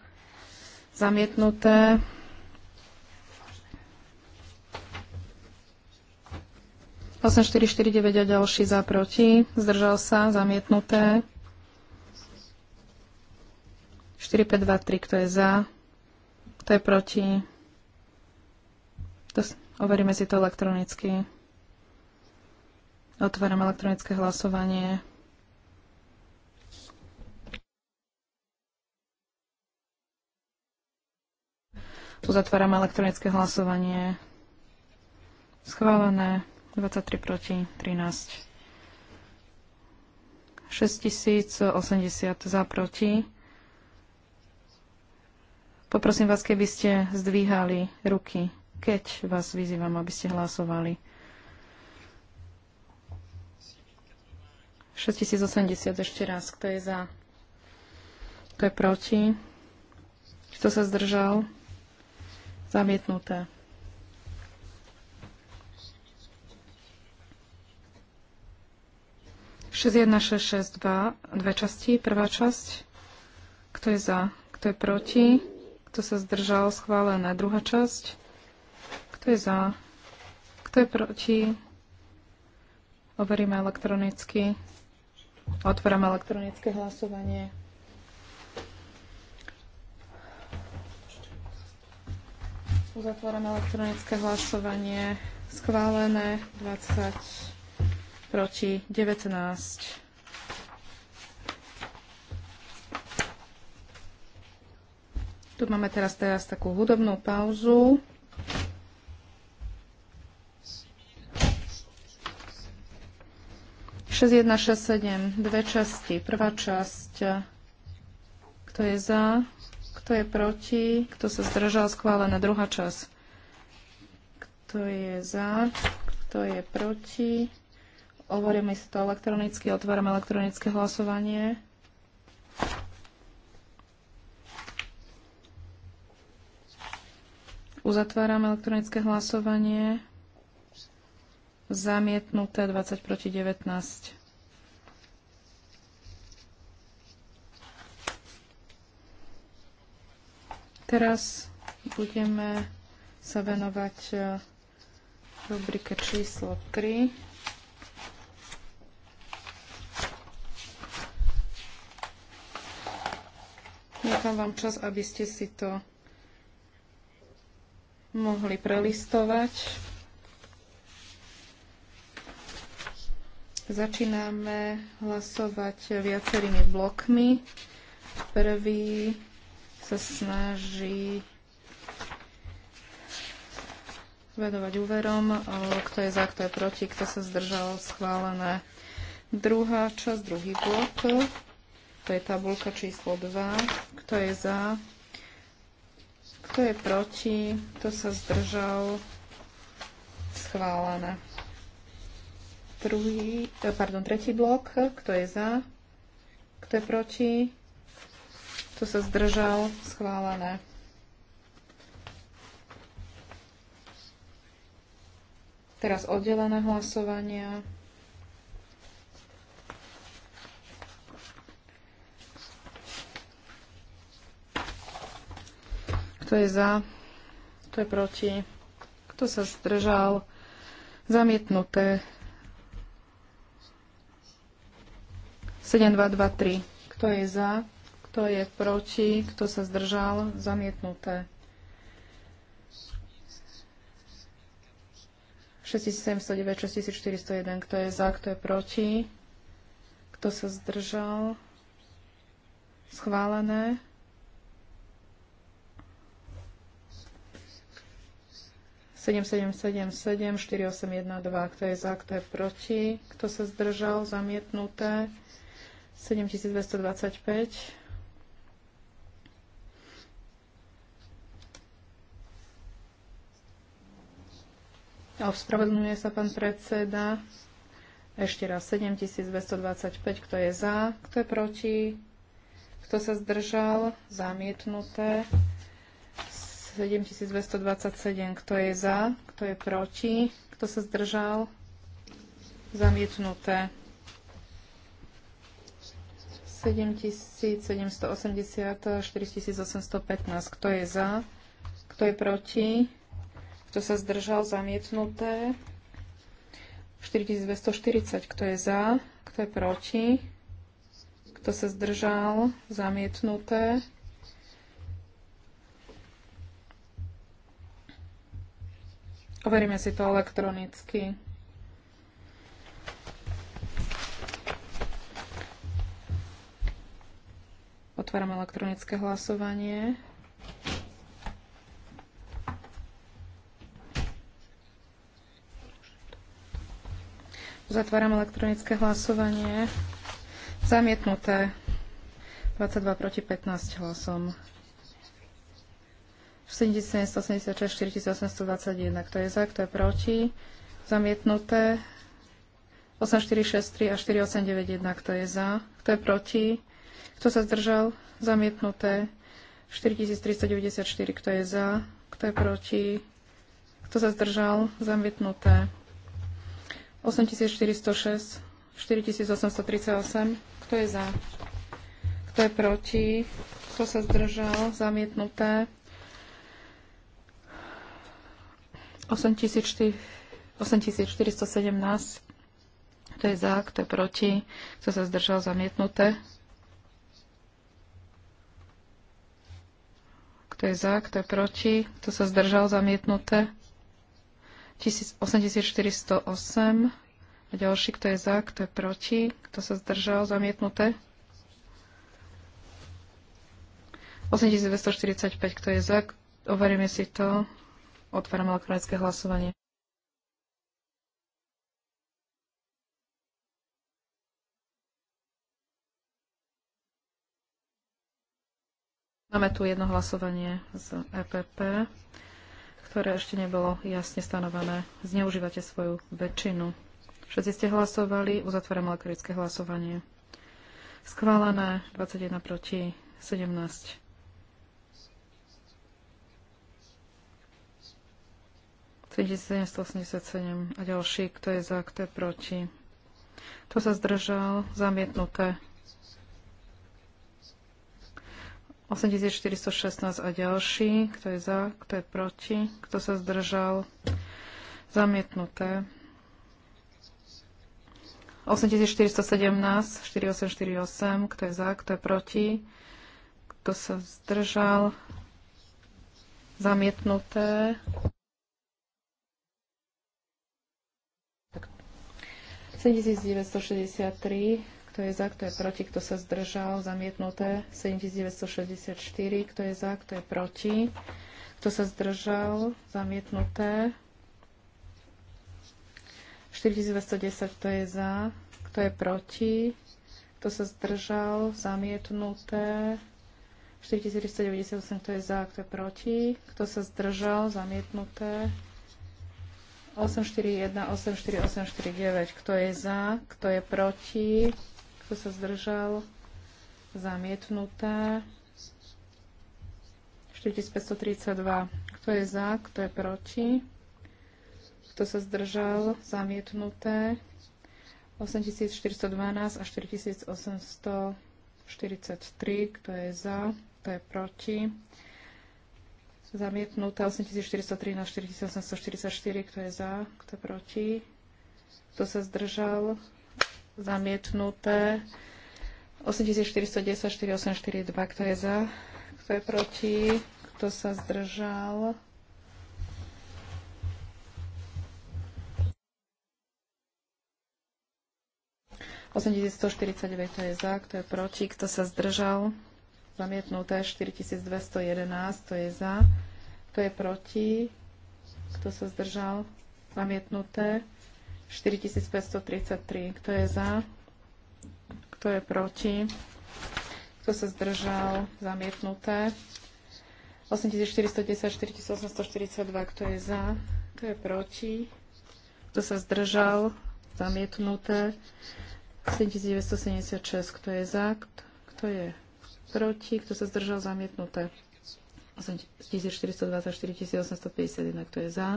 zamietnuté. Osem, a ďalší za proti, zdržal sa, zamietnuté. 4, 5, 2, 3, kto je za, kto je proti. To, overíme si to elektronicky. Otváram elektronické hlasovanie. Uzatváram elektronické hlasovanie. Schválené 23 proti 13. 6080 za proti. Poprosím vás, keby ste zdvíhali ruky, keď vás vyzývam, aby ste hlasovali. 6080 ešte raz. Kto je za? Kto je proti? Kto sa zdržal? Zamietnuté. Šesť jedna, šesť, šesť, dva, dve časti. Prvá časť. Kto je za? Kto je proti? Kto sa zdržal? schválená Druhá časť. Kto je za? Kto je proti? Overíme elektronicky. Otváram elektronické hlasovanie. Uzatváram elektronické hlasovanie. Schválené 20 proti 19. Tu máme teraz, teraz takú hudobnú pauzu. Šesť, jedna, šesť, sedem. Dve časti. Prvá časť. Kto je za? Kto je proti? Kto sa zdržal? Schválená druhá časť. Kto je za? Kto je proti? Overíme si to elektronicky. Otvárame elektronické hlasovanie. Uzatváram elektronické hlasovanie. Zamietnuté 20 proti 19. Teraz budeme sa venovať e, rubrike číslo 3. Nechám vám čas, aby ste si to mohli prelistovať. Začíname hlasovať viacerými blokmi. Prvý sa snaží vedovať úverom, kto je za, kto je proti, kto sa zdržal schválené. Druhá časť, druhý blok, to je tabulka číslo 2, kto je za, kto je proti? Kto sa zdržal? Schválené. Druhý, eh, pardon, tretí blok. Kto je za? Kto je proti? Kto sa zdržal? Schválené. Teraz oddelené hlasovania. Kto je za? Kto je proti? Kto sa zdržal? Zamietnuté. 7223. Kto je za? Kto je proti? Kto sa zdržal? Zamietnuté. 6709, 6401. Kto je za? Kto je proti? Kto sa zdržal? Schválené. 777 4812, kto je za, kto je proti, kto sa zdržal, zamietnuté 7225. Ospravedlňuje sa pán predseda. Ešte raz 7225, kto je za, kto je proti, kto sa zdržal, zamietnuté 7227. Kto je za? Kto je proti? Kto sa zdržal? Zamietnuté. 7780 a 4815. Kto je za? Kto je proti? Kto sa zdržal? Zamietnuté. 4240. Kto je za? Kto je proti? Kto sa zdržal? Zamietnuté. Overíme si to elektronicky. Otváram elektronické hlasovanie. Zatváram elektronické hlasovanie. Zamietnuté. 22 proti 15 hlasom. 77, 4821. Kto je za, kto je proti? Zamietnuté. 8463 a 4891. Kto je za, kto je proti? Kto sa zdržal? Zamietnuté. 4394. Kto je za, kto je proti? Kto sa zdržal? Zamietnuté. 8406, 4838. Kto je za? Kto je proti? Kto sa zdržal? Zamietnuté. 8417, kto je za, kto je proti, kto sa zdržal zamietnuté. Kto je za, kto je proti, kto sa zdržal zamietnuté. 8408 a ďalší, kto je za, kto je proti, kto sa zdržal zamietnuté. 8245, kto je za, overíme si to. Otváram elektronické hlasovanie. Máme tu jedno hlasovanie z EPP, ktoré ešte nebolo jasne stanovené. Zneužívate svoju väčšinu. Všetci ste hlasovali, uzatvorím elektrické hlasovanie. Schválené 21 proti 17. 1787 a ďalší, kto je za, kto je proti. Kto sa zdržal? Zamietnuté. 8416 a ďalší, kto je za, kto je proti, kto sa zdržal, zamietnuté. 8417, 4848, kto je za, kto je proti, kto sa zdržal, zamietnuté. 7963, kto je za, kto je proti, kto sa zdržal, zamietnuté. 7964, kto je za, kto je proti, kto sa zdržal, zamietnuté. 4210, kto je za, kto je proti, kto sa zdržal, zamietnuté. 4498, kto je za, kto je proti, kto sa zdržal, zamietnuté. 841, Kto je za? Kto je proti? Kto sa zdržal? Zamietnuté. 4532. Kto je za? Kto je proti? Kto sa zdržal? Zamietnuté. 8412 a 4843. Kto je za? Kto je proti? Zamietnutá 8413, 4844, kto je za, kto proti, kto sa zdržal. Zamietnuté 8410, 4842, kto je za, kto je proti, kto sa zdržal. Osemdesiat to je za, kto je proti, kto sa zdržal zamietnuté 4211, to je za, kto je proti, kto sa zdržal, zamietnuté 4533, kto je za, kto je proti, kto sa zdržal, zamietnuté 8410, 4842, kto je za, kto je proti, kto sa zdržal, zamietnuté 7976, kto je za, kto je proti, kto sa zdržal, zamietnuté. 1424, 1851, kto je za,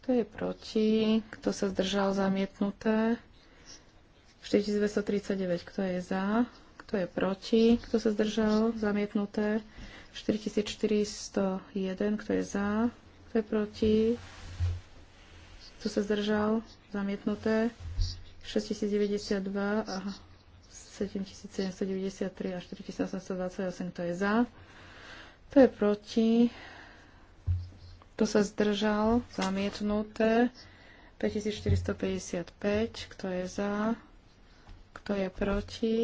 kto je proti, kto sa zdržal, zamietnuté. 4239, kto je za, kto je proti, kto sa zdržal, zamietnuté. 4401, kto je za, kto je proti, kto sa zdržal, zamietnuté. 6092, aha, 7793 a 4828, kto je za, kto je proti, kto sa zdržal, zamietnuté, 5455, kto je za, kto je proti,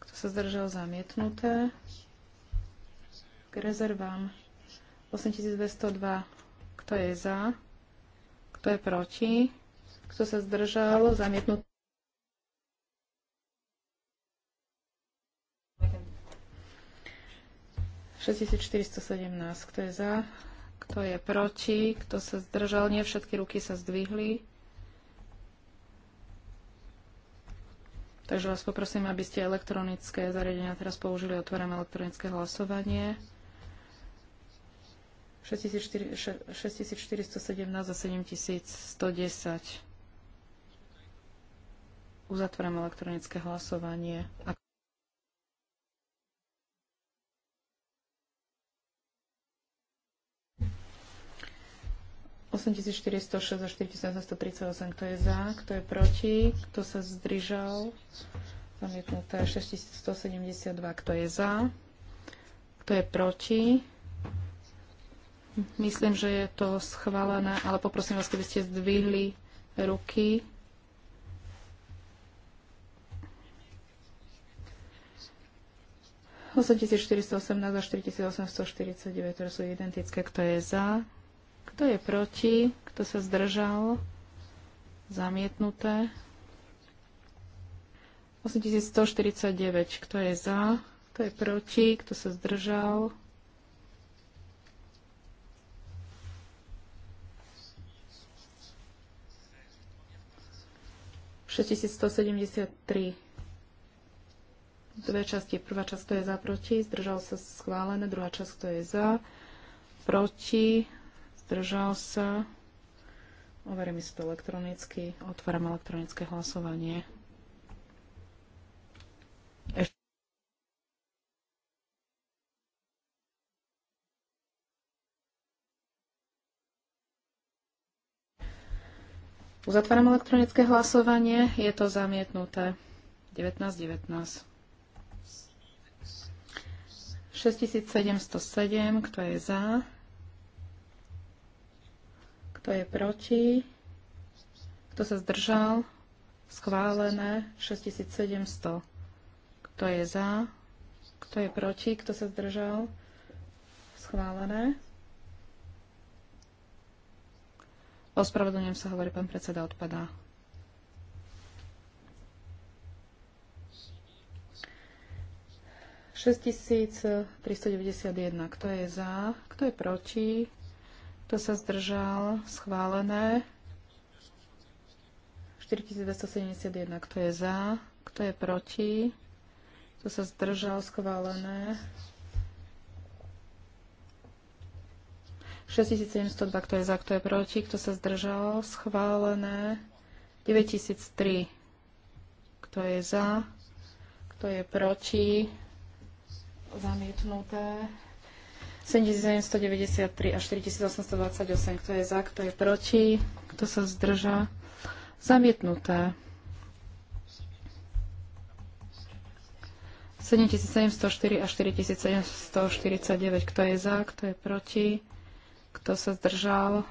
kto sa zdržal, zamietnuté, k rezervám 8202, kto je za, kto je proti, kto sa zdržal, zamietnuté. 6417. Kto je za? Kto je proti? Kto sa zdržal? Nie všetky ruky sa zdvihli. Takže vás poprosím, aby ste elektronické zariadenia teraz použili. Otvorím elektronické hlasovanie. 6417 a 7110. Uzatvorím elektronické hlasovanie. 8406 a 4738, Kto je za? Kto je proti? Kto sa zdržal? Zamietnuté 6172. Kto je za? Kto je proti? Myslím, že je to schválené, ale poprosím vás, keby ste zdvihli ruky. Osemtisíc štyristo osemnásť a štyritisíc osemsto ktoré sú identické. Kto je za? Kto je proti? Kto sa zdržal? Zamietnuté. 8149. Kto je za? Kto je proti? Kto sa zdržal? ...6173. Dve časti. Prvá časť, kto je za, proti. Zdržal sa schválené. Druhá časť, kto je za, proti zdržal sa. Overím si to elektronicky. Otváram elektronické hlasovanie. Uzatváram elektronické hlasovanie. Je to zamietnuté. 19, 19. 6707, kto je za? Kto je proti? Kto sa zdržal? Schválené 6700. Kto je za? Kto je proti? Kto sa zdržal? Schválené. Ospravedlňujem sa, hovorí pán predseda, odpadá. Šesťtisíc tristodeväťdesiatjeden. Kto je za? Kto je proti? Kto sa zdržal? Schválené. 4271. Kto je za? Kto je proti? Kto sa zdržal? Schválené. 6702. Kto je za? Kto je proti? Kto sa zdržal? Schválené. 9003. Kto je za? Kto je proti? Zamietnuté. 7793 a 4828. Kto je za, kto je proti, kto sa zdrža? Zamietnuté. 7704 a 4749. Kto je za, kto je proti, kto sa zdržal?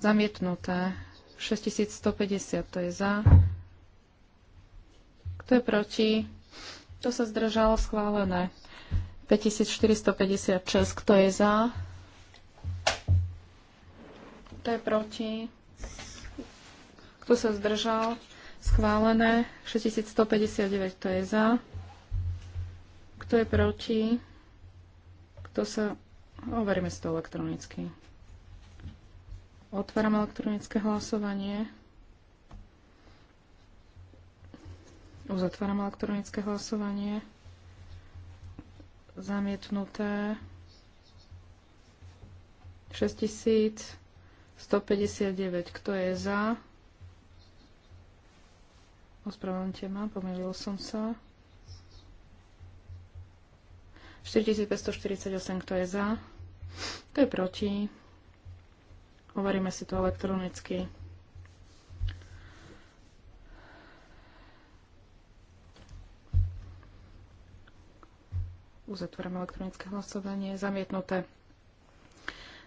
Zamietnuté. 6150. To je za. Kto je proti? Kto sa zdržal? Schválené. 5456, kto je za? Kto je proti? Kto sa zdržal? Schválené. 6159, kto je za? Kto je proti? Kto sa... Overíme si to elektronicky. Otváram elektronické hlasovanie. Uzatváram elektronické hlasovanie zamietnuté 6159. Kto je za? Ospravedlňte ma, pomýlil som sa. 4548. Kto je za? Kto je proti? Overíme si to elektronicky. Uzatváram elektronické hlasovanie. Zamietnuté.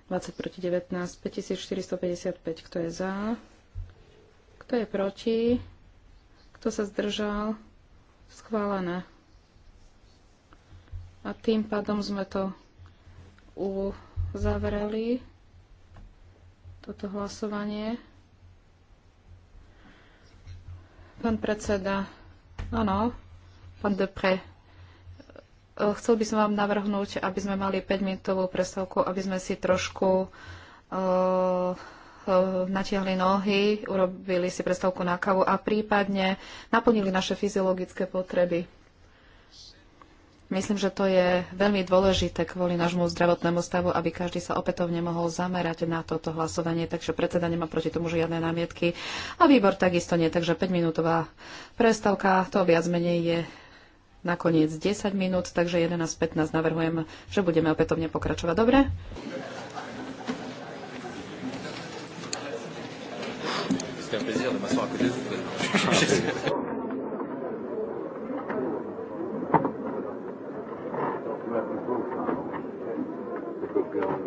20 proti 19, 5455. Kto je za? Kto je proti? Kto sa zdržal? Schválené. A tým pádom sme to uzavreli, toto hlasovanie. Pán predseda, áno, pán Depre. E, chcel by som vám navrhnúť, aby sme mali 5-minútovú prestávku, aby sme si trošku e, e, natiahli nohy, urobili si prestávku na kávu a prípadne naplnili naše fyziologické potreby. Myslím, že to je veľmi dôležité kvôli nášmu zdravotnému stavu, aby každý sa opätovne mohol zamerať na toto hlasovanie, takže predseda nemá proti tomu žiadne námietky a výbor takisto nie, takže 5-minútová prestávka, to viac menej je nakoniec 10 minút, takže 11.15 navrhujem, že budeme opätovne pokračovať. Dobre? Thank you.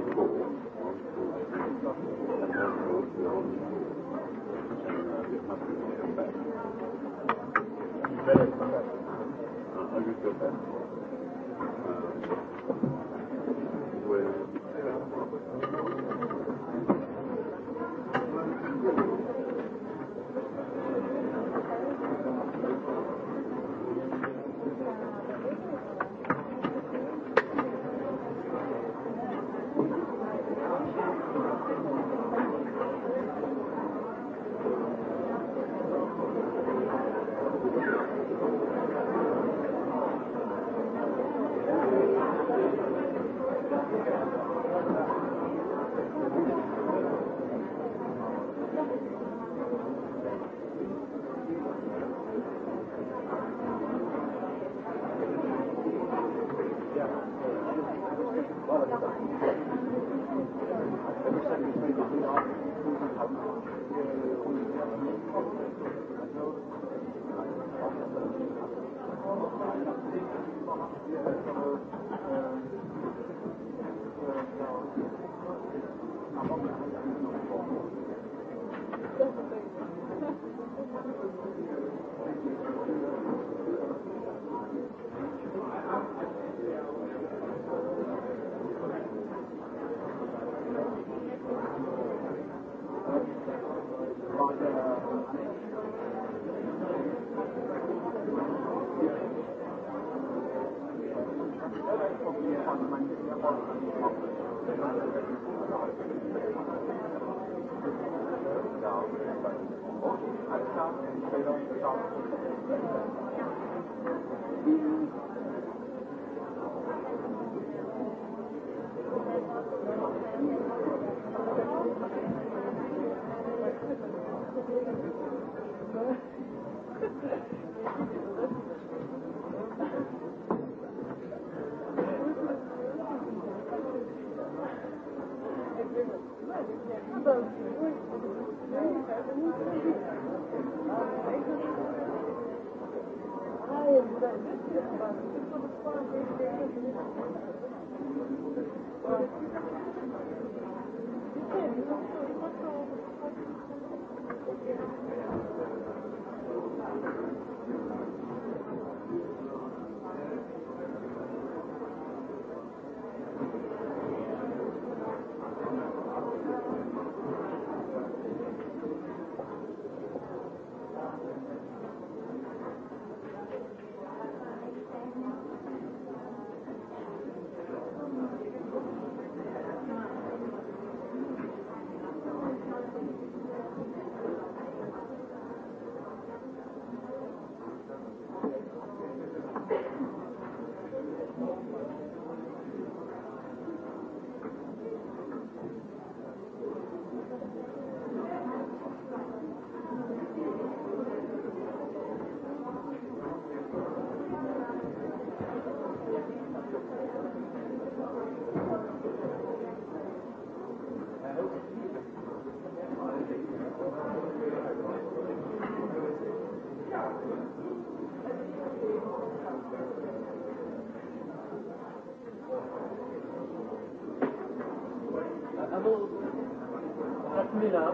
Sabina.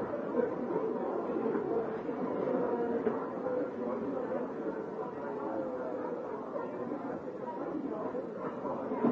Thank you.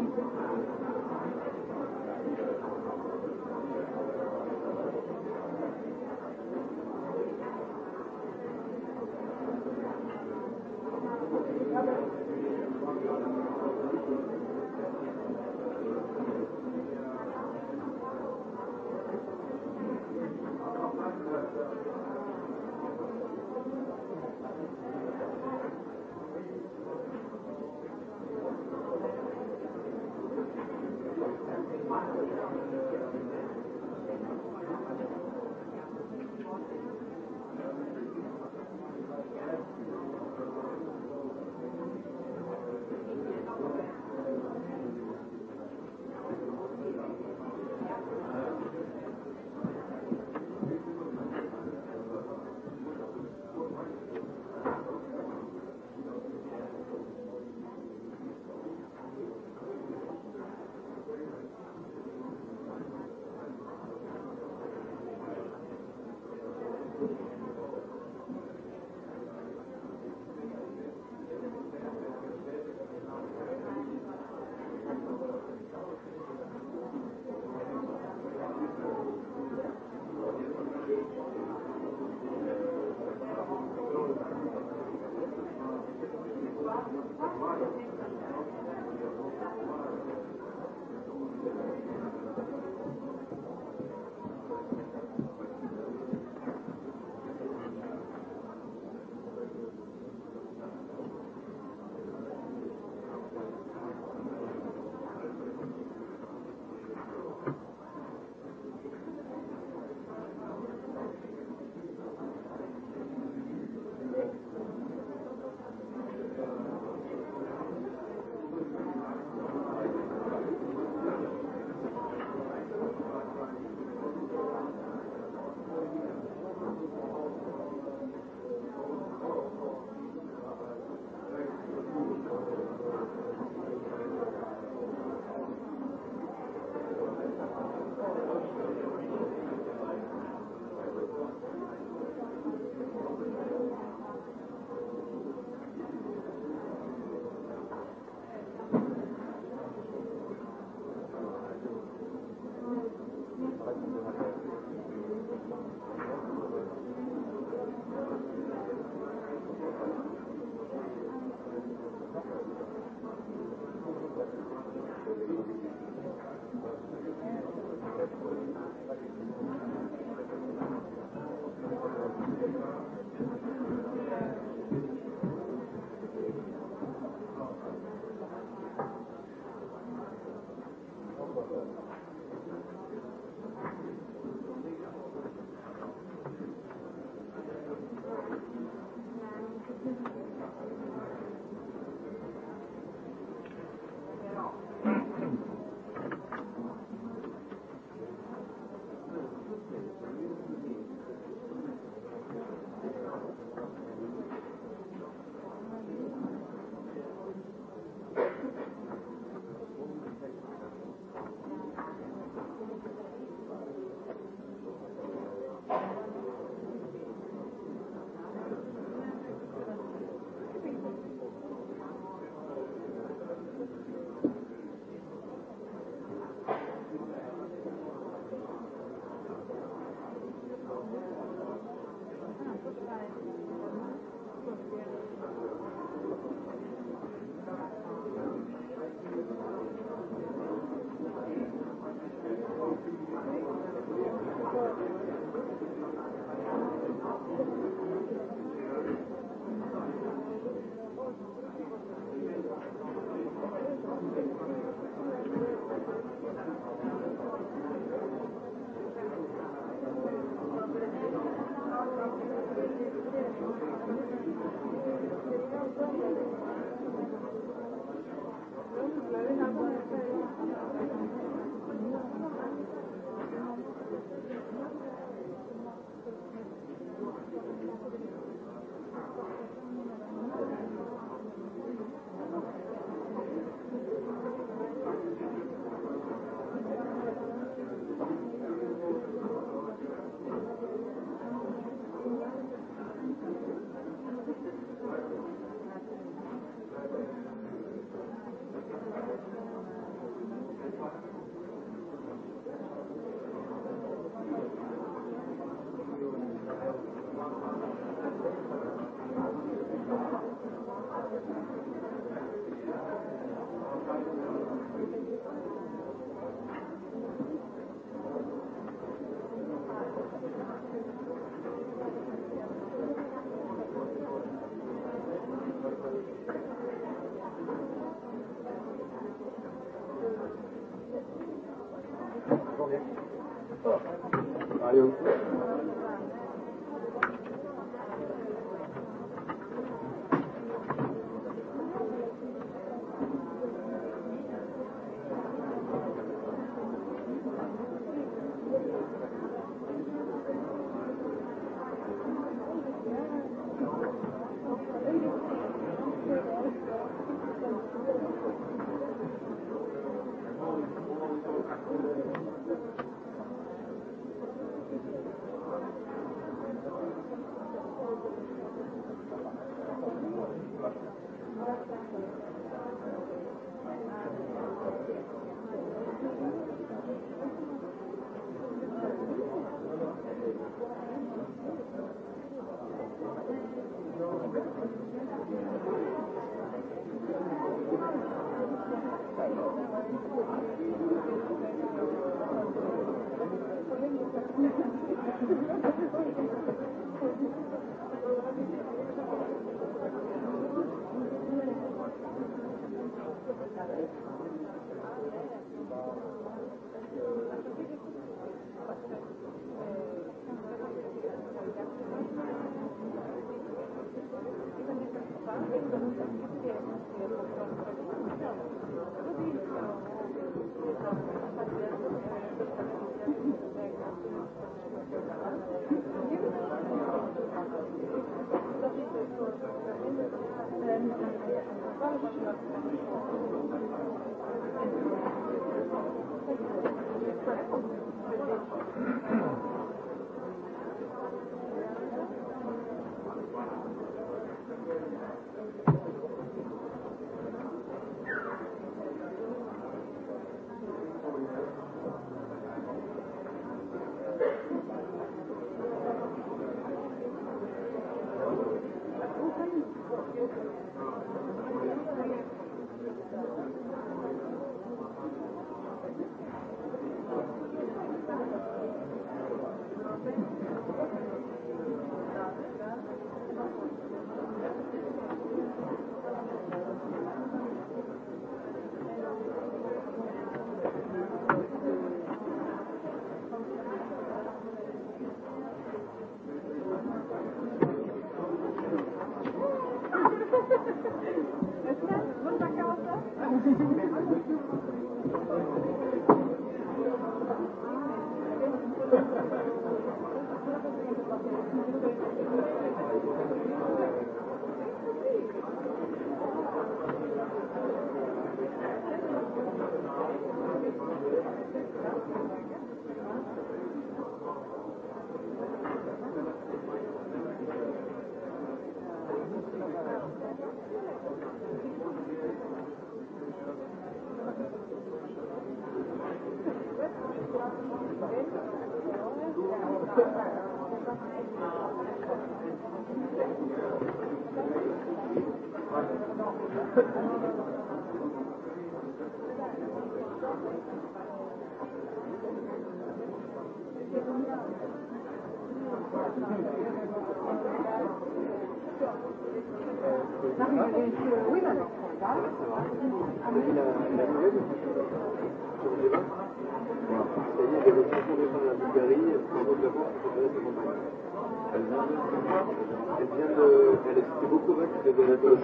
Alors,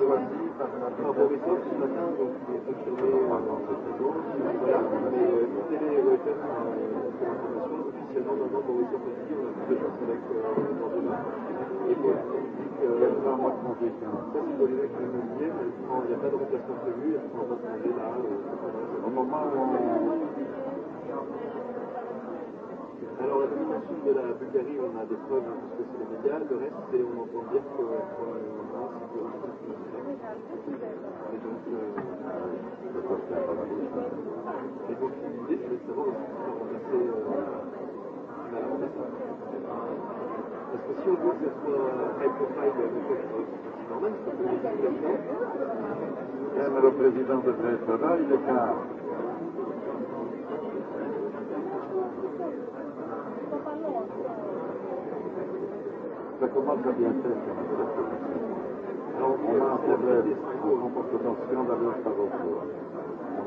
la dimension de la Bulgarie, on a des preuves, hein, parce que c'est les médias. Le reste, c'est, on entend dire que pour, euh, si on veut que ça soit profile c'est normal, c'est pas les Même le président devrait être là, il est là. Ça commence à bien faire, Donc on a un problème, un comportement scandaleux par emploi.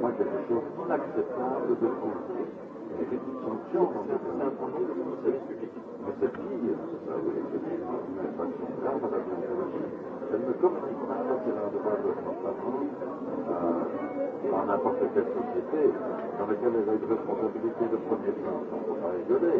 On a quelque chose d'acceptable de fond. Et c'est une sanction dans le cas. Mais c'est pire, ça, oui, une infraction grave à la déontologie. Elle ne communique pas, ça c'est un droit de transparence, euh, n'importe quelle société, dans laquelle elle a une responsabilité de premier plan. On ne peut pas rigoler.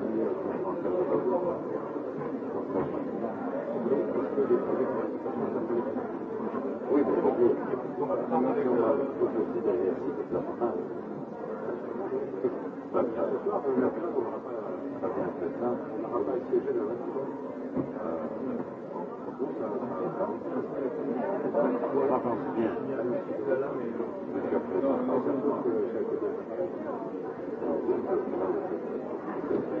Oui, mais bon, Ça pense bien.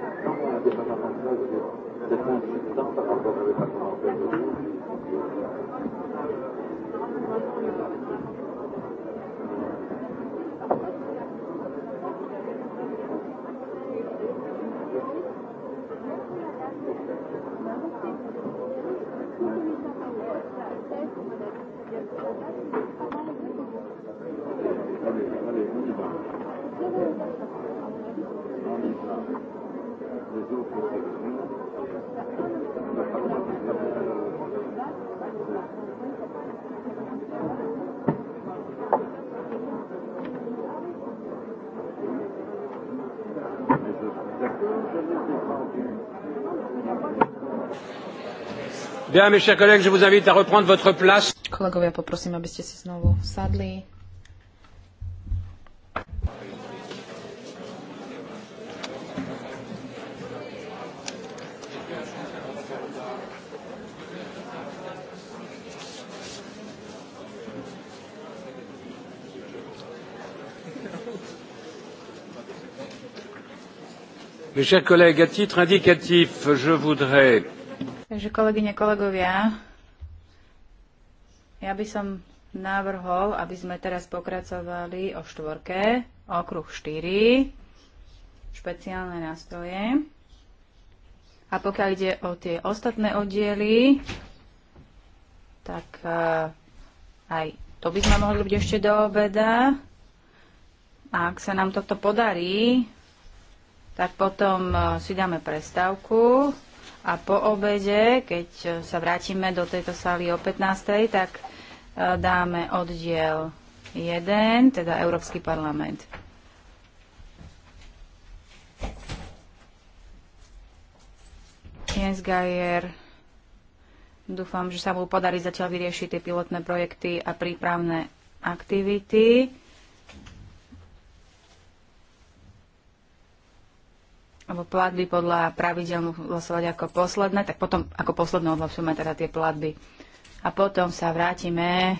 Kolegovia, poprosím, aby ste si znovu sadli. Mes chers collègues, à titre indicatif, je voudrais Takže kolegyne, kolegovia, ja by som návrhol, aby sme teraz pokracovali o štvorke, okruh 4, špeciálne nástroje. A pokiaľ ide o tie ostatné oddiely, tak e, aj to by sme mohli byť ešte do obeda. A ak sa nám toto podarí, tak potom e, si dáme prestávku. A po obede, keď sa vrátime do tejto sály o 15. tak e, dáme oddiel 1, teda Európsky parlament. Jens Geier, dúfam, že sa mu podarí zatiaľ vyriešiť tie pilotné projekty a prípravné aktivity. alebo platby podľa pravidel hlasovať ako posledné, tak potom ako posledné odhlasujeme teda tie platby. A potom sa vrátime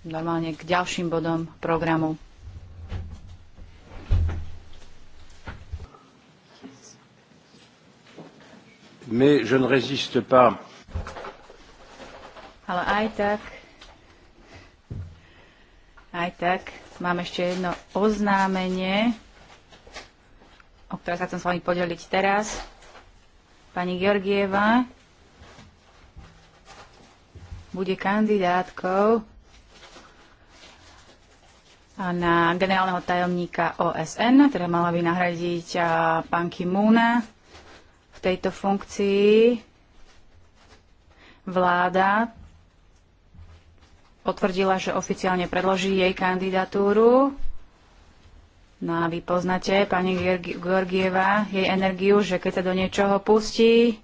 normálne k ďalším bodom programu. Mais je ne résiste pas. Ale aj tak, aj tak, mám ešte jedno oznámenie o ktoré sa chcem s vami podeliť teraz. Pani Georgieva bude kandidátkou na generálneho tajomníka OSN, teda mala by nahradiť pán Kimúna v tejto funkcii. Vláda potvrdila, že oficiálne predloží jej kandidatúru No a vy poznáte pani Georgieva, jej energiu, že keď sa do niečoho pustí,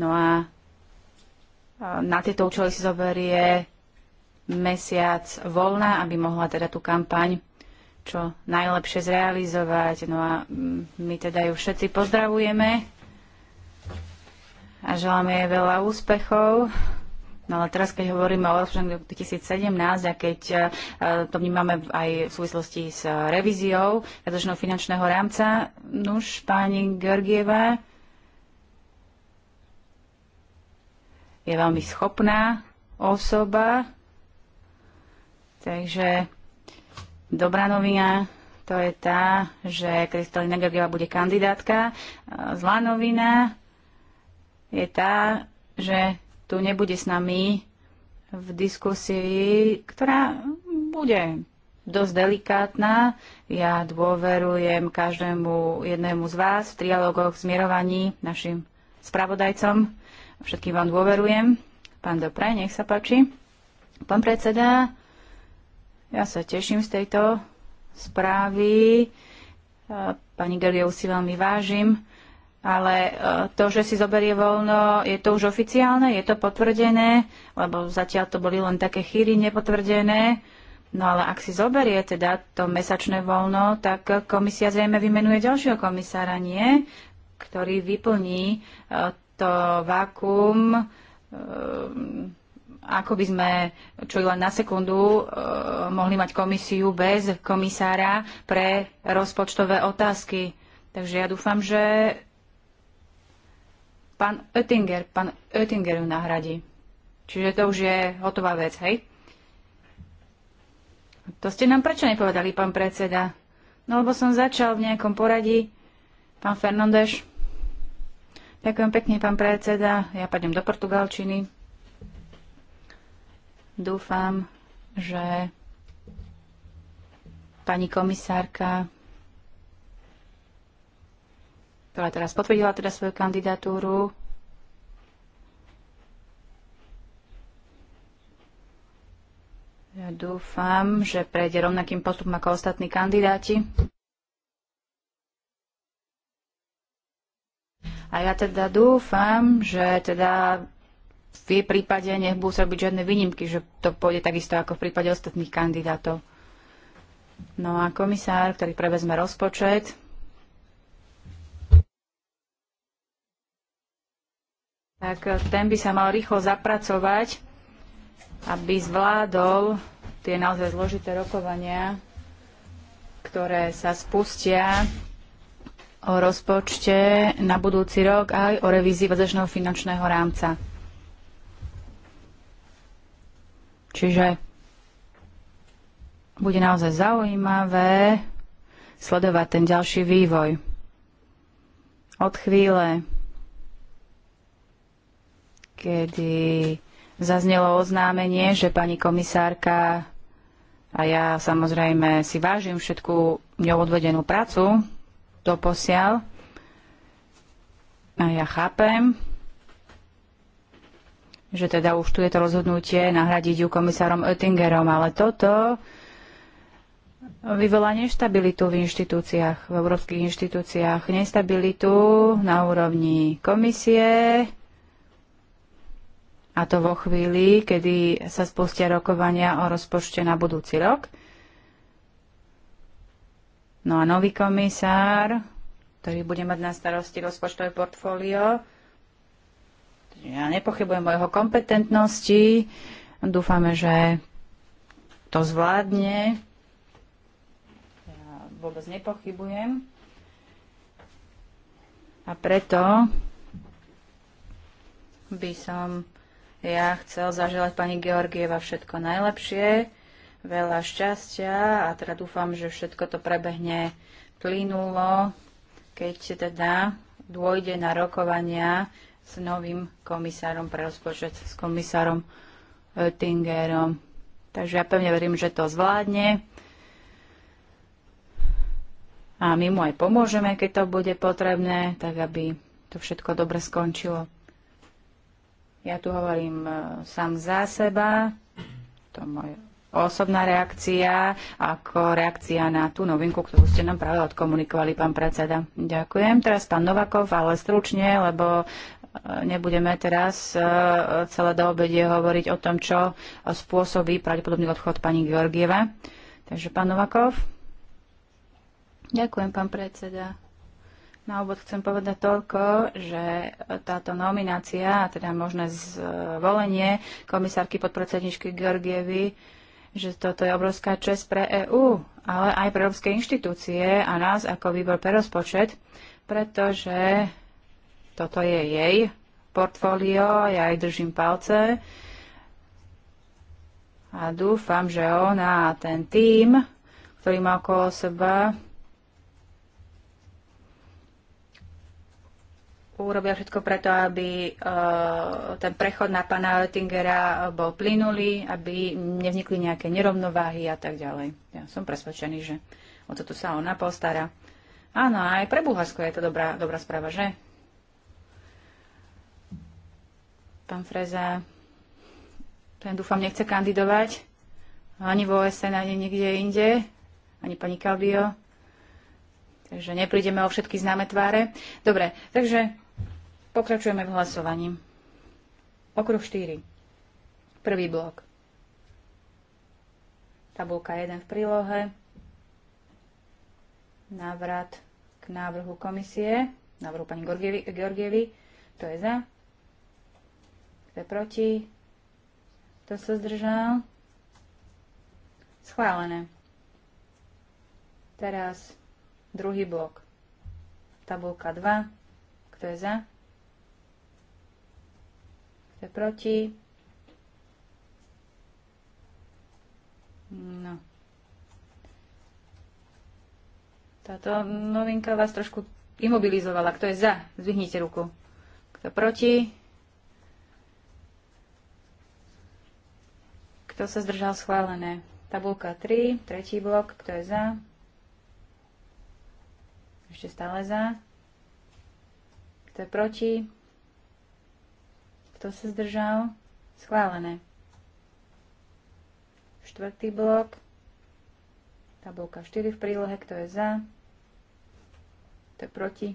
no a na tieto účely si zoberie mesiac voľna, aby mohla teda tú kampaň čo najlepšie zrealizovať. No a my teda ju všetci pozdravujeme a želáme jej veľa úspechov. No ale teraz, keď hovoríme o Európskom 2017 a keď e, to vnímame aj v súvislosti s e, revíziou viacročného finančného rámca, nuž, pani Georgieva je veľmi schopná osoba, takže dobrá novina to je tá, že Kristalina Georgieva bude kandidátka. E, zlá novina je tá, že tu nebude s nami v diskusii, ktorá bude dosť delikátna. Ja dôverujem každému jednému z vás v trialógoch, zmierovaní našim spravodajcom. Všetkým vám dôverujem. Pán dopre, nech sa páči. Pán predseda, ja sa teším z tejto správy. Pani Gergiev si veľmi vážim ale e, to, že si zoberie voľno, je to už oficiálne, je to potvrdené, lebo zatiaľ to boli len také chýry nepotvrdené. No ale ak si zoberie teda to mesačné voľno, tak komisia zrejme vymenuje ďalšieho komisára, nie? Ktorý vyplní e, to vákum, e, ako by sme, čo len na sekundu, mohli mať komisiu bez komisára pre rozpočtové otázky. Takže ja dúfam, že pán Oettinger, pán Oettinger ju nahradí. Čiže to už je hotová vec, hej? To ste nám prečo nepovedali, pán predseda? No lebo som začal v nejakom poradí. Pán Fernandes, Ďakujem pekne, pán predseda. Ja padnem do Portugalčiny. Dúfam, že pani komisárka ktorá teraz potvrdila teda svoju kandidatúru. Ja dúfam, že prejde rovnakým postupom ako ostatní kandidáti. A ja teda dúfam, že teda v jej prípade nebudú sa robiť žiadne výnimky, že to pôjde takisto ako v prípade ostatných kandidátov. No a komisár, ktorý prevezme rozpočet, tak eh, ten by sa mal rýchlo zapracovať, aby zvládol tie naozaj zložité rokovania, ktoré sa spustia o rozpočte na budúci rok aj o revízii vedzečného finančného rámca. Čiže bude naozaj zaujímavé sledovať ten ďalší vývoj. Od chvíle, kedy zaznelo oznámenie, že pani komisárka a ja samozrejme si vážim všetku ňou odvedenú prácu do posiaľ. A ja chápem, že teda už tu je to rozhodnutie nahradiť ju komisárom Oettingerom, ale toto vyvolá neštabilitu v inštitúciách, v európskych inštitúciách, nestabilitu na úrovni komisie, a to vo chvíli, kedy sa spustia rokovania o rozpočte na budúci rok. No a nový komisár, ktorý bude mať na starosti rozpočtové portfólio, ja nepochybujem o jeho kompetentnosti, dúfame, že to zvládne, ja vôbec nepochybujem. A preto by som ja chcel zaželať pani Georgieva všetko najlepšie, veľa šťastia a teda dúfam, že všetko to prebehne plynulo, keď teda dôjde na rokovania s novým komisárom pre rozpočet, s komisárom Oettingerom. Takže ja pevne verím, že to zvládne a my mu aj pomôžeme, keď to bude potrebné, tak aby to všetko dobre skončilo. Ja tu hovorím e, sám za seba, to moja osobná reakcia, ako reakcia na tú novinku, ktorú ste nám práve odkomunikovali, pán predseda. Ďakujem. Teraz pán Novakov, ale stručne, lebo e, nebudeme teraz e, celé do obede hovoriť o tom, čo spôsobí pravdepodobný odchod pani Georgieva. Takže pán Novakov. Ďakujem, pán predseda. Na úvod chcem povedať toľko, že táto nominácia, a teda možné zvolenie komisárky podpredsedničky Georgievy, že toto je obrovská čest pre EÚ, ale aj pre európske inštitúcie a nás ako výbor pre rozpočet, pretože toto je jej portfólio, ja jej držím palce a dúfam, že ona a ten tím, ktorý má okolo seba, urobia všetko preto, aby eh, ten prechod na pána Oettingera eh, bol plynulý, aby nevznikli nejaké nerovnováhy a tak ďalej. Ja som presvedčený, že o toto sa ona postará. Áno, aj pre Bulharsko je to dobrá, dobrá správa, že? Pán Freza, ten dúfam nechce kandidovať. Ani vo OSN, ani nikde inde. Ani pani Kalbio. Takže neprídeme o všetky známe tváre. Dobre, takže Pokračujeme v hlasovaní. Okruh 4. Prvý blok. Tabulka 1 v prílohe. Návrat k návrhu komisie. Návrhu pani Georgievi. Kto je za? Kto je proti? Kto sa zdržal? Schválené. Teraz druhý blok. Tabulka 2. Kto je za? Kto je proti? No. Táto novinka vás trošku imobilizovala. Kto je za? Zvihnite ruku. Kto proti? Kto sa zdržal schválené? Tabulka 3, tretí blok. Kto je za? Ešte stále za. Kto je proti? Kto sa zdržal? Schválené. Štvrtý blok. Tabulka 4 v prílohe. Kto je za? Kto je proti?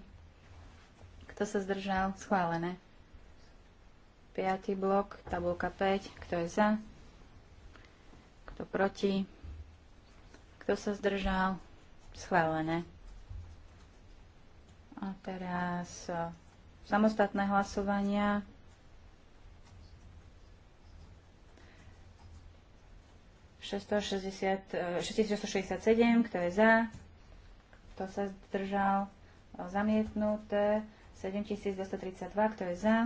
Kto sa zdržal? Schválené. Piatý blok. Tabulka 5. Kto je za? Kto proti? Kto sa zdržal? Schválené. A teraz eh, samostatné hlasovania. 667, 6667, e, kto je za, kto sa zdržal, e, zamietnuté, 7232, kto je za,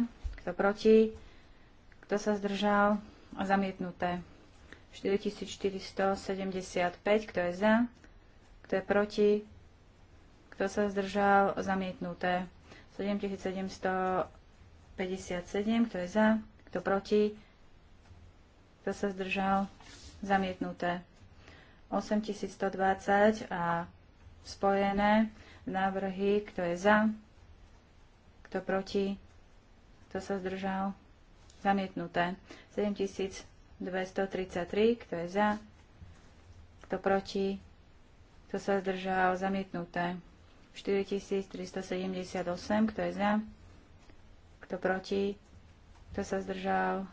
kto proti, kto sa zdržal, zamietnuté, 4475, kto je za, kto je proti, kto sa zdržal, zamietnuté, 7757, kto je za, kto proti, kto sa zdržal, zamietnuté. 8120 a spojené návrhy, kto je za, kto proti, kto sa zdržal, zamietnuté. 7233, kto je za, kto proti, kto sa zdržal, zamietnuté. 4378, kto je za, kto proti, kto sa zdržal,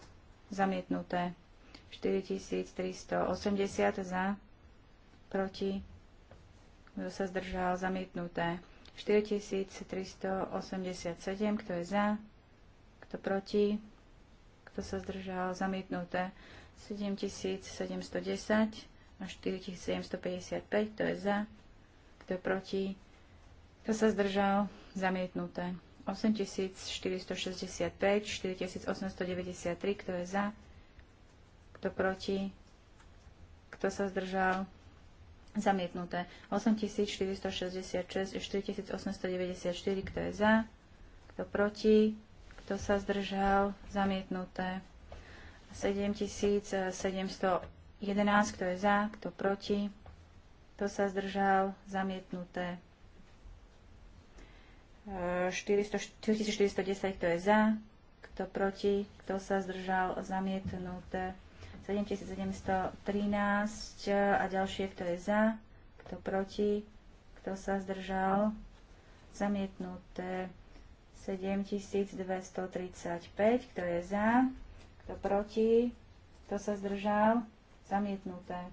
zamietnuté. 4380 za, proti, kto sa zdržal, zamietnuté. 4387, kto je za, kto proti, kto sa zdržal, zamietnuté. 7710 a 4755, kto je za, kto je proti, kto sa zdržal, zamietnuté. 8465, 4893, kto je za, kto proti? Kto sa zdržal? Zamietnuté. 8466 4894. Kto je za? Kto proti? Kto sa zdržal? Zamietnuté. 7711. Kto je za? Kto proti? Kto sa zdržal? Zamietnuté. 4410, kto je za, kto proti, kto sa zdržal, zamietnuté. 7713 eh, a ďalšie, kto je za, kto proti, kto sa zdržal, zamietnuté 7235, kto je za, kto proti, kto sa zdržal, zamietnuté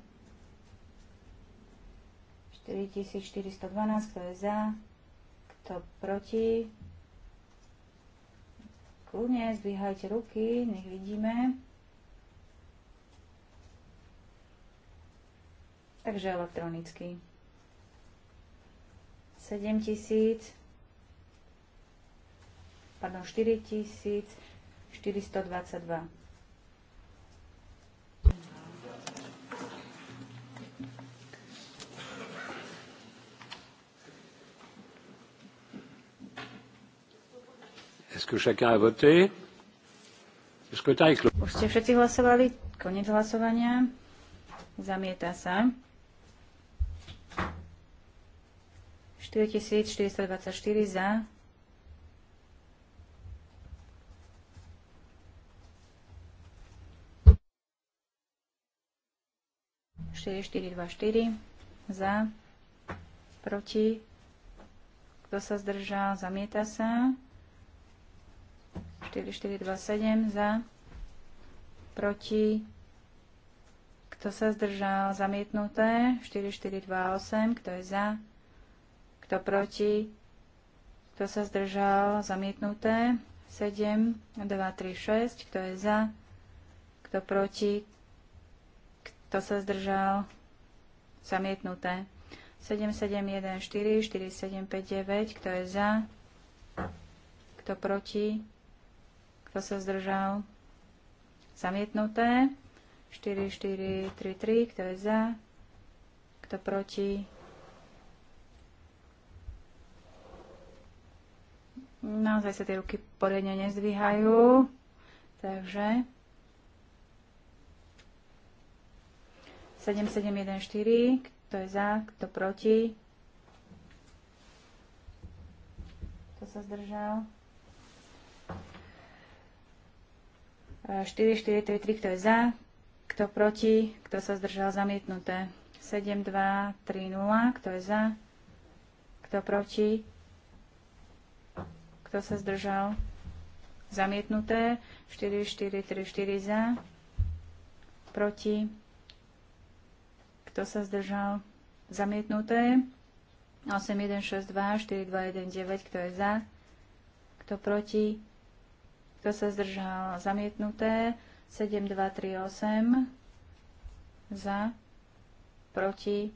4412, kto je za, kto proti, kľudne zdvíhajte ruky, nech vidíme. takže elektronicky. 7000, pardon, 4422. Est-ce Už ste všetci hlasovali? Konec hlasovania. Zamieta sa. 4424 za. Štyri, Za. Proti. Kto sa zdržal? Zamieta sa. 4, 4, 2, 7. Za. Proti. Kto sa zdržal? Zamietnuté. 4, 4, 2, 8. Kto je za? Kto proti? Kto sa zdržal? Zamietnuté. 7, 2, 3, 6. Kto je za? Kto proti? Kto sa zdržal? Zamietnuté. 7, 7, 1, 4, 4, 7, 5, 9. Kto je za? Kto proti? Kto sa zdržal? Zamietnuté. 4, 4, 3, 3. Kto je za? Kto proti? Naozaj sa tie ruky poriadne nezdvíhajú. Takže 7714, kto je za, kto proti. Kto sa zdržal? 4433, kto je za, kto proti, kto sa zdržal zamietnuté. 7230, kto je za, kto proti, kto sa zdržal? Zamietnuté. 4, 4, 3, 4 za. Proti. Kto sa zdržal? Zamietnuté. 8, 1, 6, 2, 4, 2, 1, 9. Kto je za? Kto proti? Kto sa zdržal? Zamietnuté. 7, 2, 3, 8. Za. Proti.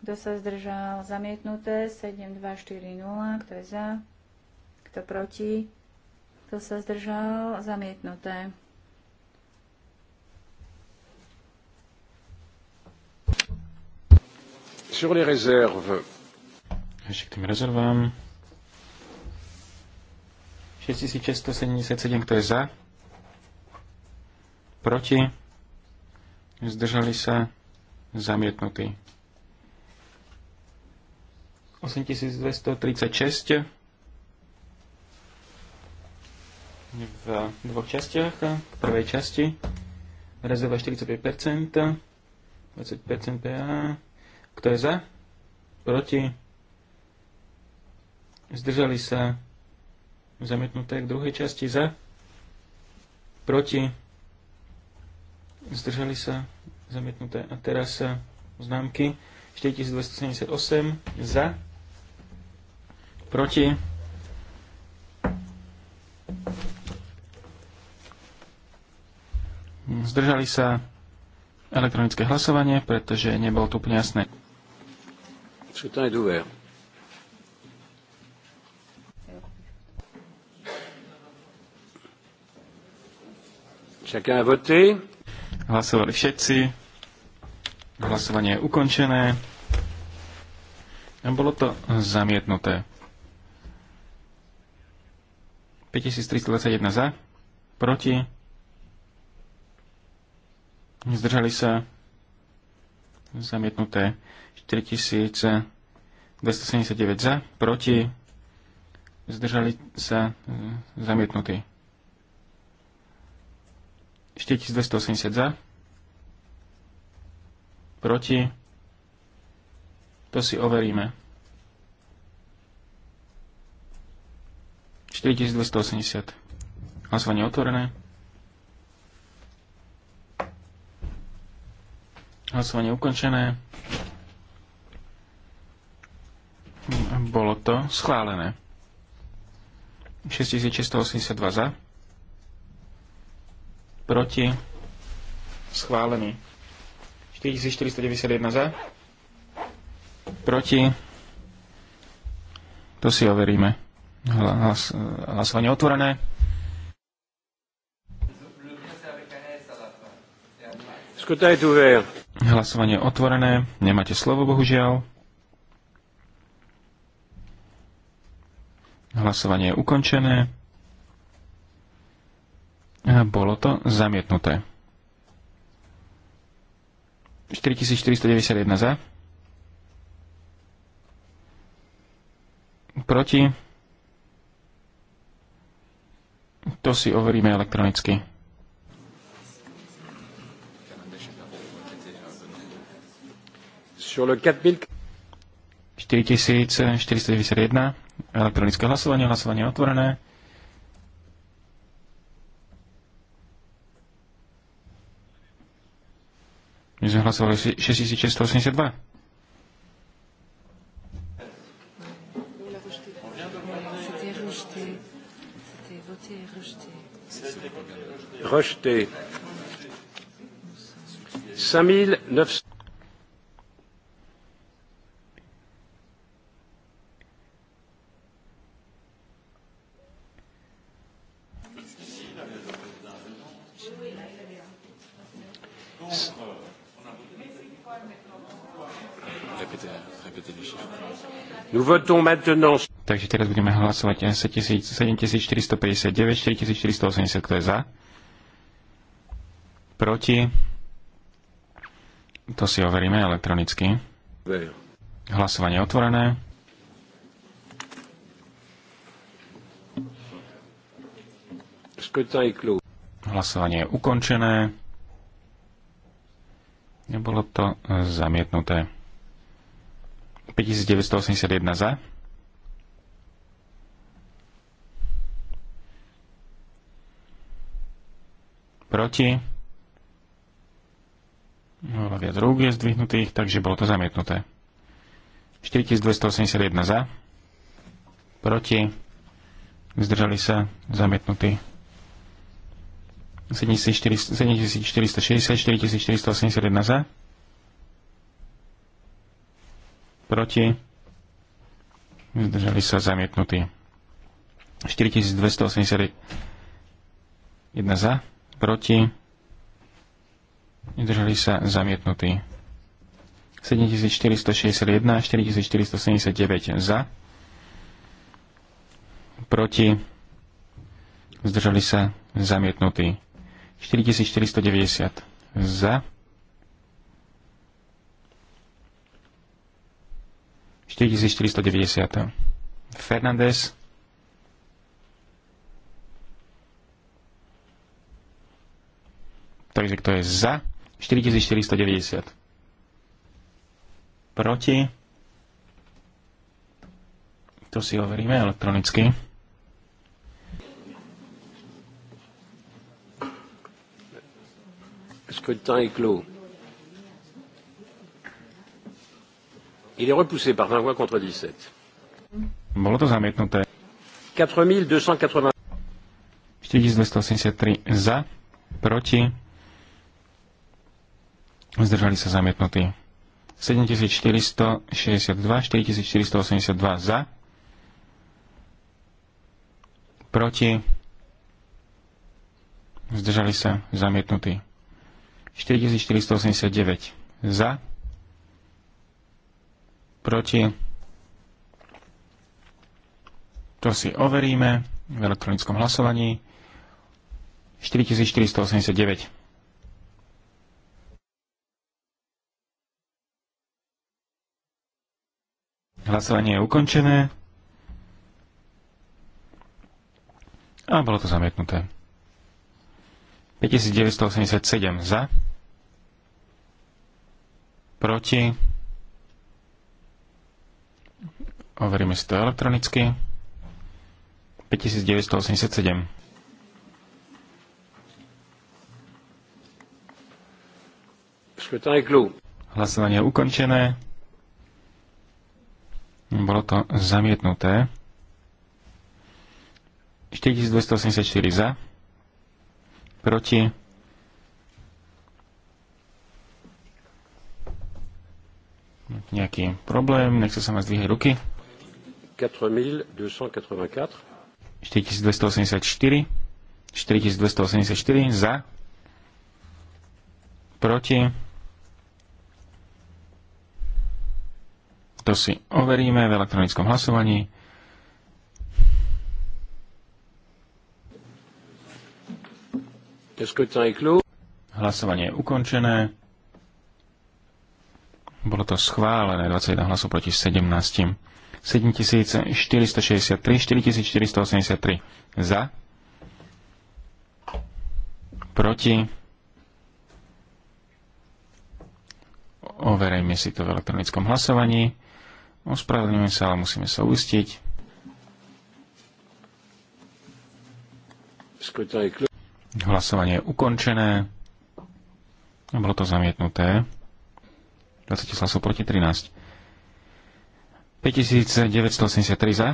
Kto sa zdržal? Zamietnuté. 7, 2, 4, 0. Kto je za? Kto proti? Kto sa zdržal? Zamietnuté. Sur les réserves. Ešte k tým rezervám. 6677, kto je za? Proti? Zdržali sa? Zamietnutí. 8236 v dvoch častiach. V prvej časti rezerva 45%, 20% PA. Kto je za? Proti? Zdržali sa zamietnuté k druhej časti za? Proti? Zdržali sa zamietnuté. A teraz e, známky 4278 za? Proti? Zdržali sa elektronické hlasovanie, pretože nebolo to úplne jasné. Chacun a voté. Hlasovali všetci. Hlasovanie je ukončené. A bolo to zamietnuté. 5321 za, proti zdržali sa zamietnuté 4279 za, proti zdržali sa zamietnutí 4280 za, proti to si overíme 4280 hlasovanie otvorené Hlasovanie ukončené. Bolo to schválené. 6682 za. Proti. Schválený. 4491 za. Proti. To si overíme. Hlas, hlasovanie otvorené. Scrutin tu ouvert. Hlasovanie otvorené. Nemáte slovo, bohužiaľ. Hlasovanie je ukončené. A bolo to zamietnuté. 4491 za. Proti. To si overíme elektronicky. 4491 elektronické hlasovanie, hlasovanie otvorené. My sme hlasovali 6682. rejeté. 5900. Takže teraz budeme hlasovať 7459, 4480, kto je za? Proti? To si overíme elektronicky. Hlasovanie otvorené. Hlasovanie je ukončené. Nebolo to e, zamietnuté. 5981 za. Proti. Bolo no, viac rúk je zdvihnutých, takže bolo to zamietnuté. 4281 za. Proti. Zdržali sa zamietnutí. 7460, 4481 za proti, zdržali sa zamietnutí. 4281 za, proti, zdržali sa zamietnutí. 7461 4479 za, proti, zdržali sa zamietnutí. 4490 za, 4490. Fernández. Takže kto je za? 4490. Proti? To si overíme elektronicky. Scrutin est clos. Il est repoussé par 20 voix contre 17. Bolo to zamietnuté. 4283 za, proti, zdržali sa zamietnutí. 7462, 4482 za, proti, zdržali sa zamietnutí. 4489 za, proti. To si overíme v elektronickom hlasovaní. 4489. Hlasovanie je ukončené. A bolo to zamietnuté. 5987 za. Proti Overíme si to elektronicky. 5987. Hlasovanie je ukončené. Bolo to zamietnuté. 4284 za. Proti. Nejaký problém, nechce sa ma zdvíhať ruky. 4284. 4284. za. Proti. To si overíme v elektronickom hlasovaní. Hlasovanie je ukončené. Bolo to schválené 21 hlasov proti 17. 7463, 4483 za, proti. Overejme si to v elektronickom hlasovaní. Ospravedlňujem sa, ale musíme sa uistiť. Hlasovanie je ukončené. Bolo to zamietnuté. 20 hlasov proti 13. 5983 za.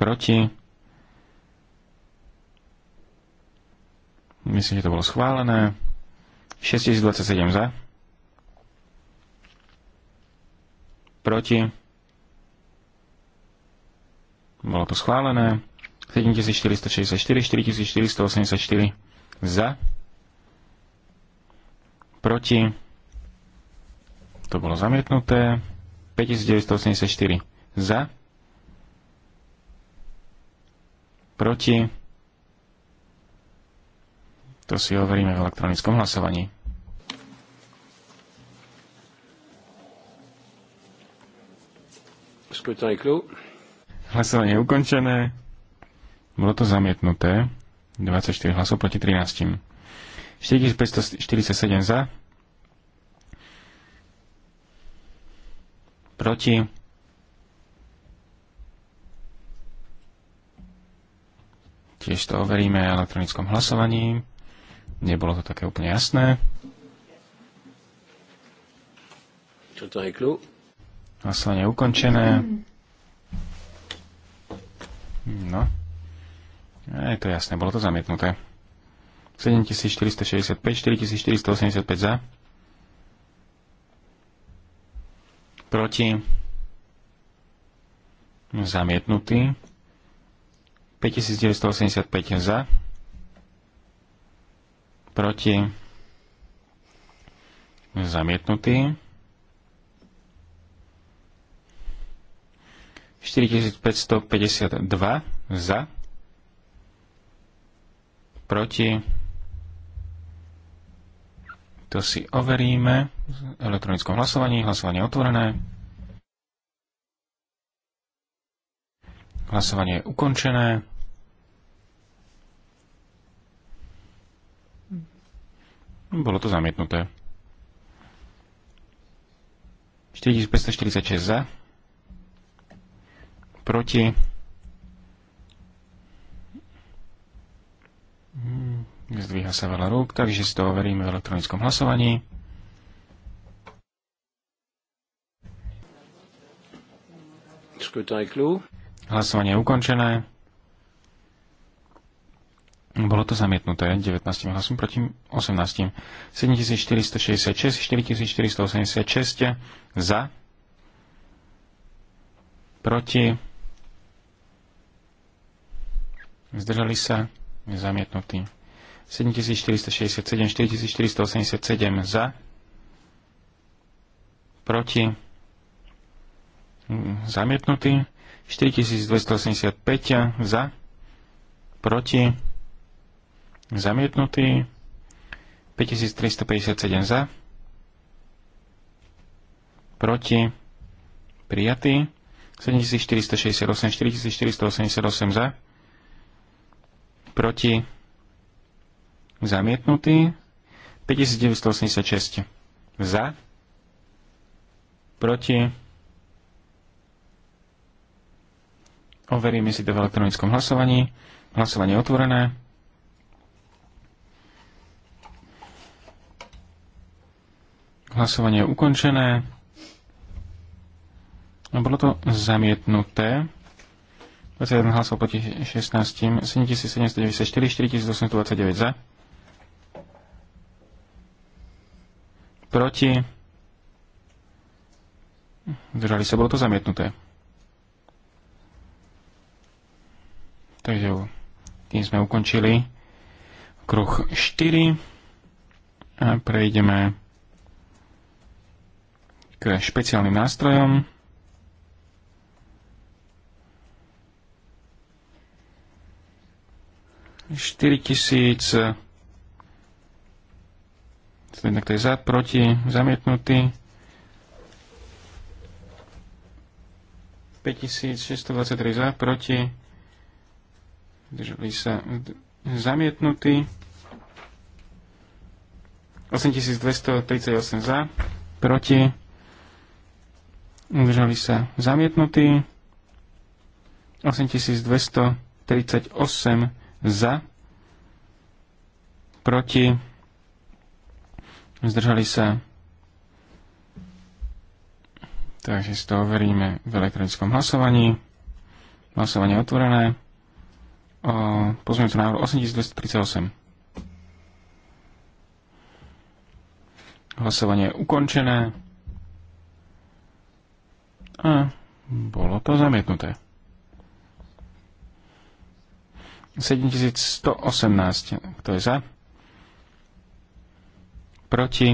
Proti. Myslím, že to bolo schválené. 6027 za. Proti. Bolo to schválené. 7464, 4484 za. Proti. To bolo zamietnuté. 5984 za, proti, to si overíme v elektronickom hlasovaní. Hlasovanie je ukončené. Bolo to zamietnuté. 24 hlasov proti 13. 4547 za, proti, tiež to overíme elektronickom hlasovaní, nebolo to také úplne jasné. Hlasovanie ukončené. No. Je to jasné, bolo to zamietnuté. 7465, 4485 za. proti, zamietnutý, 5985 za, proti, zamietnutý, 4552 za, proti, to si overíme elektronickom hlasovaní. Hlasovanie je otvorené. Hlasovanie je ukončené. Bolo to zamietnuté. 4546 za. Proti. Hm, Zdvíha sa veľa rúk, takže si to overíme v elektronickom hlasovaní. Hlasovanie je ukončené. Bolo to zamietnuté 19 hlasom proti 18. 7466, 4486 za, proti, zdržali sa, zamietnutí. 7467, 4487 za, proti, zamietnutý. 4285 za, proti, zamietnutý. 5357 za, proti, prijatý. 7468, 4488 za, proti, zamietnutý. 5986 za, proti, Overíme si to v elektronickom hlasovaní. Hlasovanie otvorené. Hlasovanie je ukončené. Bolo to zamietnuté. 21 hlasov proti 16, 7794, 4829 za. Proti. Držali sa, bolo to zamietnuté. Takže tým sme ukončili kruh 4 a prejdeme k špeciálnym nástrojom. Štyri tisíc jednak to je za, proti, zamietnutý 5623 za, proti Držali sa zamietnutí. 8238 za, proti. Udržali sa zamietnutí. 8238 za, proti. Zdržali sa. Takže si to overíme v elektronickom hlasovaní. Hlasovanie otvorené o pozmeňujúcom návrhu 8238. Hlasovanie je ukončené. A bolo to zamietnuté. 7118. Kto je za? Proti?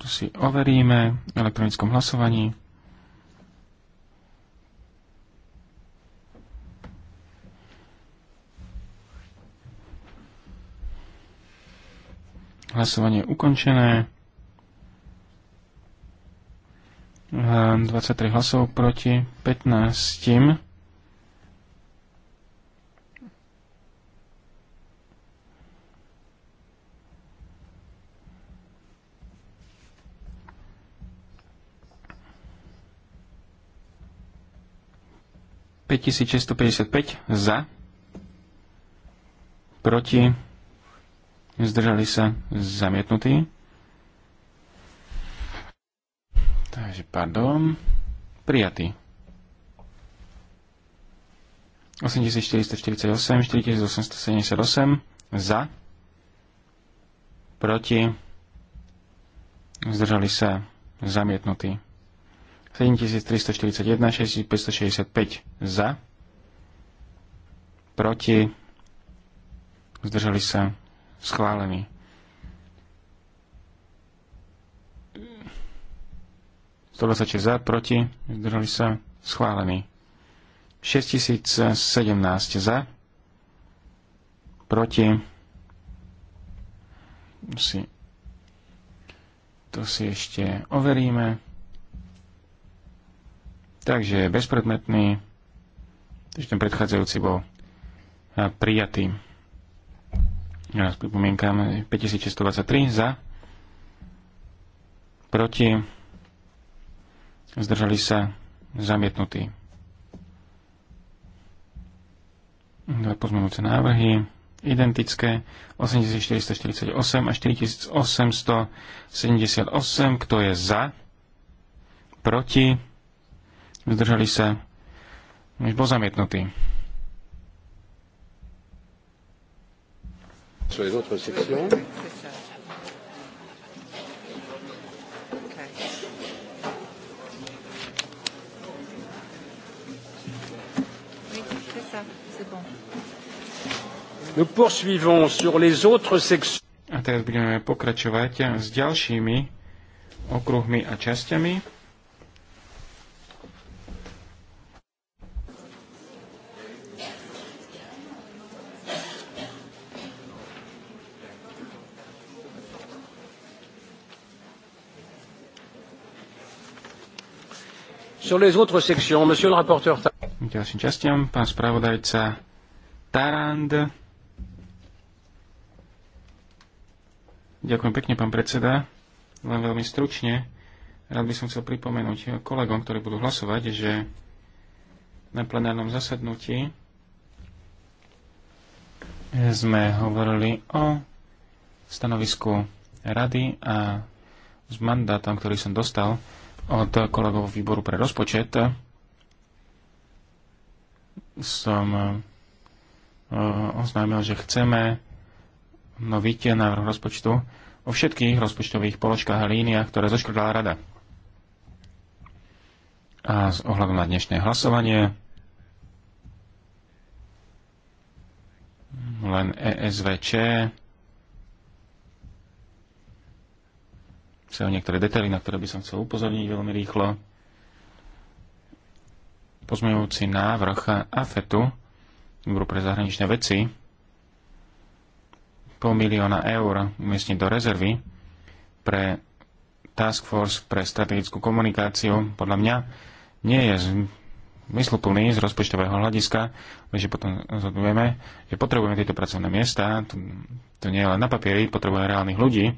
To si overíme v elektronickom hlasovaní. Hlasovanie je ukončené. 23 hlasov proti 15. Päťtisíc šesťsto päťdesiatpäť za proti zdržali sa zamietnutí. Takže pardon, prijatý. 8448, 4878 za, proti, zdržali sa zamietnutí. 7341, 6565 za, proti, zdržali sa schválený. šesť za, proti, zdržali sa, schválený. 6017 za, proti, si, to si ešte overíme. Takže bezpredmetný, takže ten predchádzajúci bol prijatý. Ja pripomienkam 5623 za, proti, zdržali sa zamietnutí. Dva pozmenujúce návrhy, identické, 8448 a 4878, kto je za, proti, zdržali sa, už bol zamietnutý. Sur les autres sections. A teraz budeme pokračovať s ďalšími okruhmi a časťami. Ďalším častiam, pán spravodajca Tarand. Ďakujem pekne, pán predseda. Len veľmi stručne. Rád by som chcel pripomenúť kolegom, ktorí budú hlasovať, že na plenárnom zasadnutí sme hovorili o stanovisku rady a s mandátom, ktorý som dostal od kolegov výboru pre rozpočet som eh, oznámil, že chceme noviť návrh rozpočtu o všetkých rozpočtových položkách a líniách, ktoré zoškrtala rada. A z ohľadom na dnešné hlasovanie len ESVČ sú niektoré detaily, na ktoré by som chcel upozorniť veľmi rýchlo. Pozmejúci návrh AFETu, Výboru pre zahraničné veci, pol milióna eur umiestniť do rezervy pre Task Force pre strategickú komunikáciu, podľa mňa nie je zmysluplný z rozpočtového hľadiska, že potom zhodujeme, že potrebujeme tieto pracovné miesta, to, to nie je len na papieri, potrebujeme reálnych ľudí,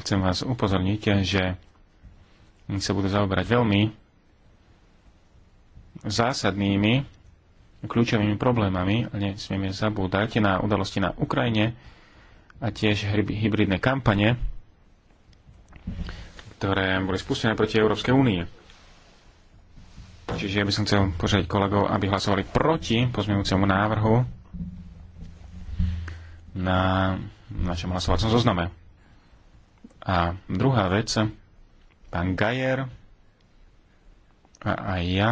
chcem vás upozorniť, že sa budú zaoberať veľmi zásadnými kľúčovými problémami. Nesmieme zabúdať na udalosti na Ukrajine a tiež hybridné kampane, ktoré boli spustené proti Európskej únie. Čiže ja by som chcel požiadať kolegov, aby hlasovali proti pozmeňujúcemu návrhu na našom hlasovacom zozname. A druhá vec, pán Gajer a aj ja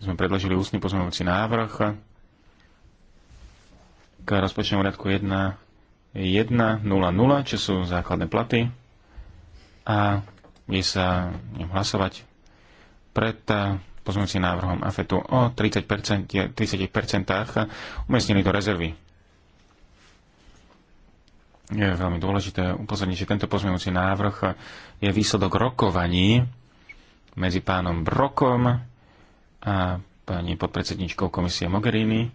sme predložili ústny pozmeňujúci návrh k rozpočtovému riadku 1.1.0.0, čo sú základné platy a je sa hlasovať pred pozmeňujúcim návrhom AFETu o 30%, 30% umiestnili do rezervy je veľmi dôležité upozorniť, že tento pozmeňujúci návrh je výsledok rokovaní medzi pánom Brokom a pani podpredsedničkou komisie Mogherini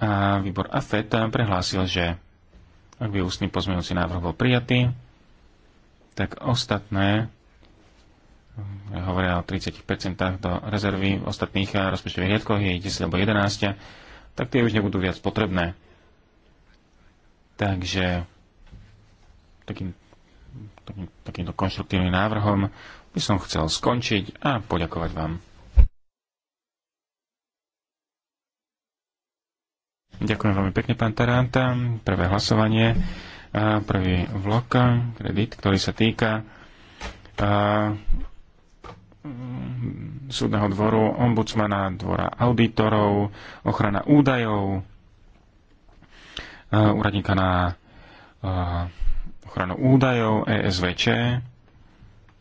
a výbor AFET prehlásil, že ak by ústny pozmeňujúci návrh bol prijatý, tak ostatné hovoria o 30% do rezervy v ostatných rozpočtových riadkoch, je 10 alebo 11, tak tie už nebudú viac potrebné. Takže takým, takým, takýmto konštruktívnym návrhom by som chcel skončiť a poďakovať vám. Ďakujem veľmi pekne, pán Taranta. Prvé hlasovanie, prvý vlog, kredit, ktorý sa týka súdneho dvoru, ombudsmana, dvora auditorov, ochrana údajov, E, úradníka na e, ochranu údajov ESVČ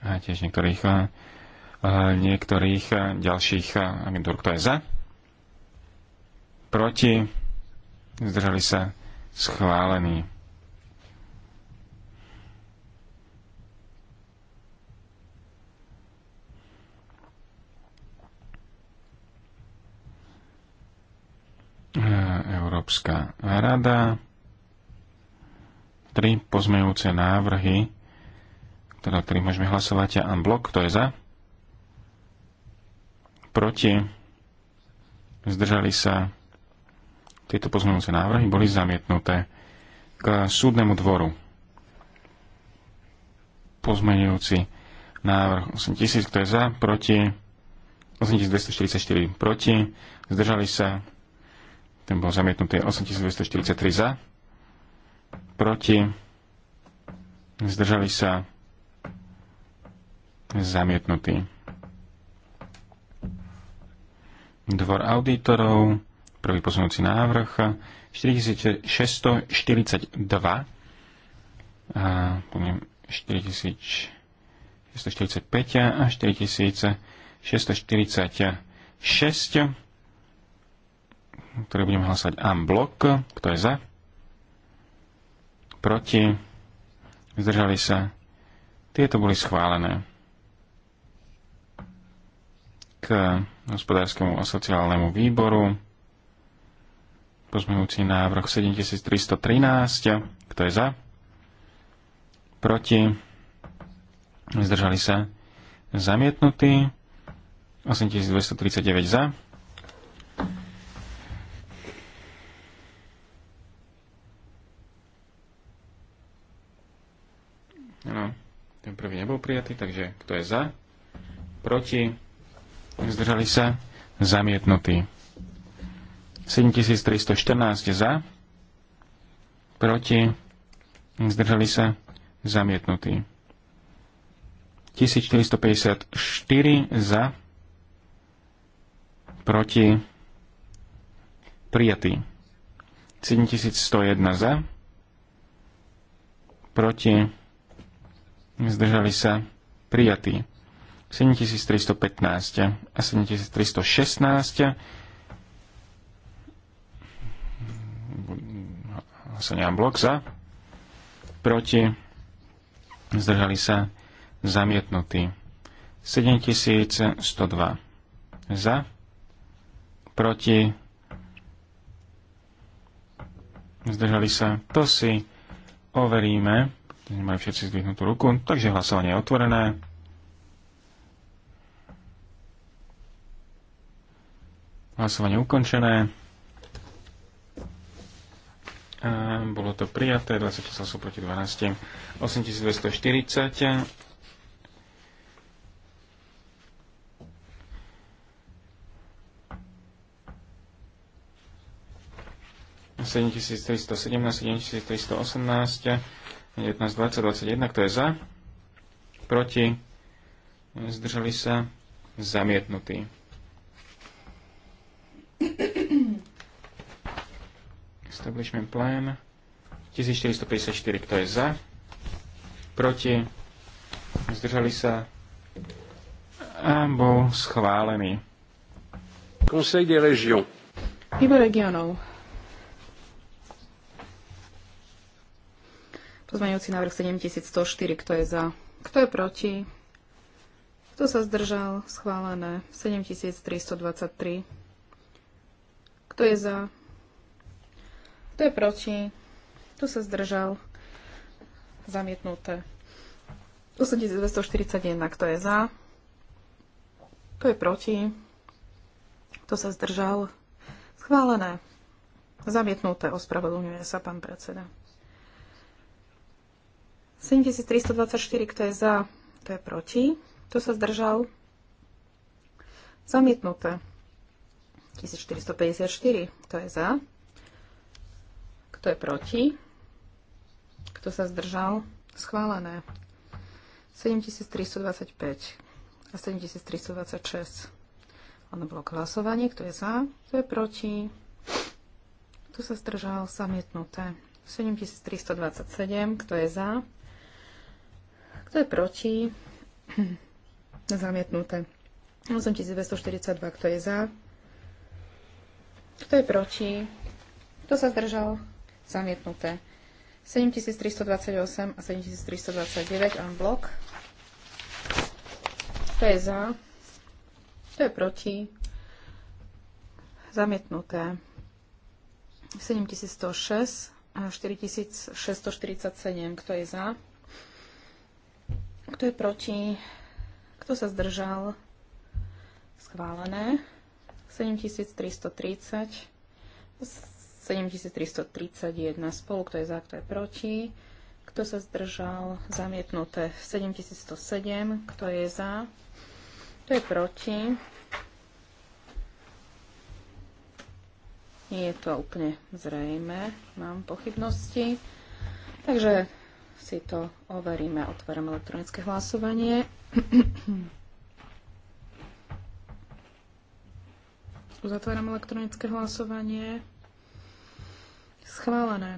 a tiež niektorých, e, niektorých ďalších agentúr, kto je za. Proti zdržali sa schválení. Uh, Európska rada tri pozmejúce návrhy, teda, ktorých môžeme hlasovať a blok, kto je za? Proti? Zdržali sa tieto pozmejúce návrhy, boli zamietnuté k súdnemu dvoru. Pozmenujúci návrh 8000, kto je za, proti, 8244 proti, zdržali sa ten bol zamietnutý 8243 za. Proti. Zdržali sa. Zamietnutý. Dvor auditorov. Prvý posunúci návrh. 4642. A po 4645 a 4646 ktorý budeme hlasovať en blok. Kto je za? Proti? Zdržali sa? Tieto boli schválené k hospodárskému a sociálnemu výboru. Pozmejúci návrh 7313. Kto je za? Proti? Zdržali sa? Zamietnutý. 8239 za No, ten prvý nebol prijatý, takže kto je za? Proti? Zdržali sa? Zamietnutý. 7314 za? Proti? Zdržali sa? Zamietnutý. 1454 za? Proti? Prijatý. 7101 za? Proti? zdržali sa prijatí. 7315 a 7316 hlasenia blok za, proti, zdržali sa zamietnutí. 7102 za, proti, zdržali sa. To si overíme. Majú všetci zdvihnutú ruku, takže hlasovanie je otvorené. Hlasovanie ukončené. A bolo to prijaté, 20 hlasov proti 12, 8240. sedemtisíctristosedemnásť, sedemtisíctristoosemnásť, 19, 20, 21, kto je za, proti, zdržali sa, zamietnutí. Establishment plan 1454, kto je za, proti, zdržali sa a bol schválený. Conseil des régions. Iba regionov. Pozmeňujúci návrh 7104, kto je za? Kto je proti? Kto sa zdržal? Schválené. 7323. Kto je za? Kto je proti? Kto sa zdržal? Zamietnuté. 8241. Kto je za? Kto je proti? Kto sa zdržal? Schválené. Zamietnuté. Ospravedlňuje sa pán predseda. 7324, kto je za, kto je proti, kto sa zdržal, zamietnuté. 1454, kto je za, kto je proti, kto sa zdržal, schválené. 7325 a 7326. Ono bolo hlasovanie, kto je za, kto je proti, kto sa zdržal, zamietnuté. 7327, kto je za, kto je proti? Zamietnuté. 8242. Kto je za? Kto je proti? Kto sa zdržal? Zamietnuté. 7328 a 7329 en blok. Kto je za? Kto je proti? Zamietnuté. 7106 a 4647. Kto je za? Kto je proti? Kto sa zdržal? Schválené. 7330. 7331 spolu. Kto je za? Kto je proti? Kto sa zdržal? Zamietnuté. 7107. Kto je za? Kto je proti? Nie je to úplne zrejme. Mám pochybnosti. Takže si to overíme. Otváram elektronické hlasovanie. Uzatváram elektronické hlasovanie. Schválené.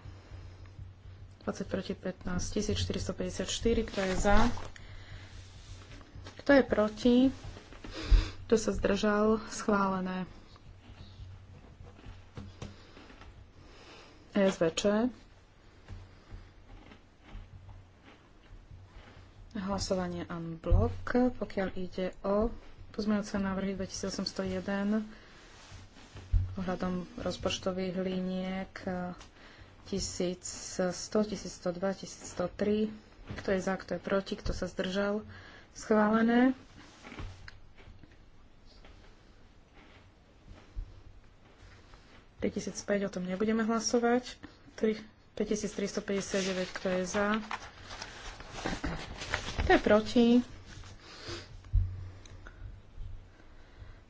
20 proti 15. 1454. Kto je za? Kto je proti? Kto sa zdržal? Schválené. ESVČ. hlasovanie blok, pokiaľ ide o pozmeňujúce návrhy 2801 ohľadom rozpočtových liniek 1100, 1102, 1103. Kto je za, kto je proti, kto sa zdržal. Schválené. ...5005, o tom nebudeme hlasovať. 5359, kto je za? Kto je proti?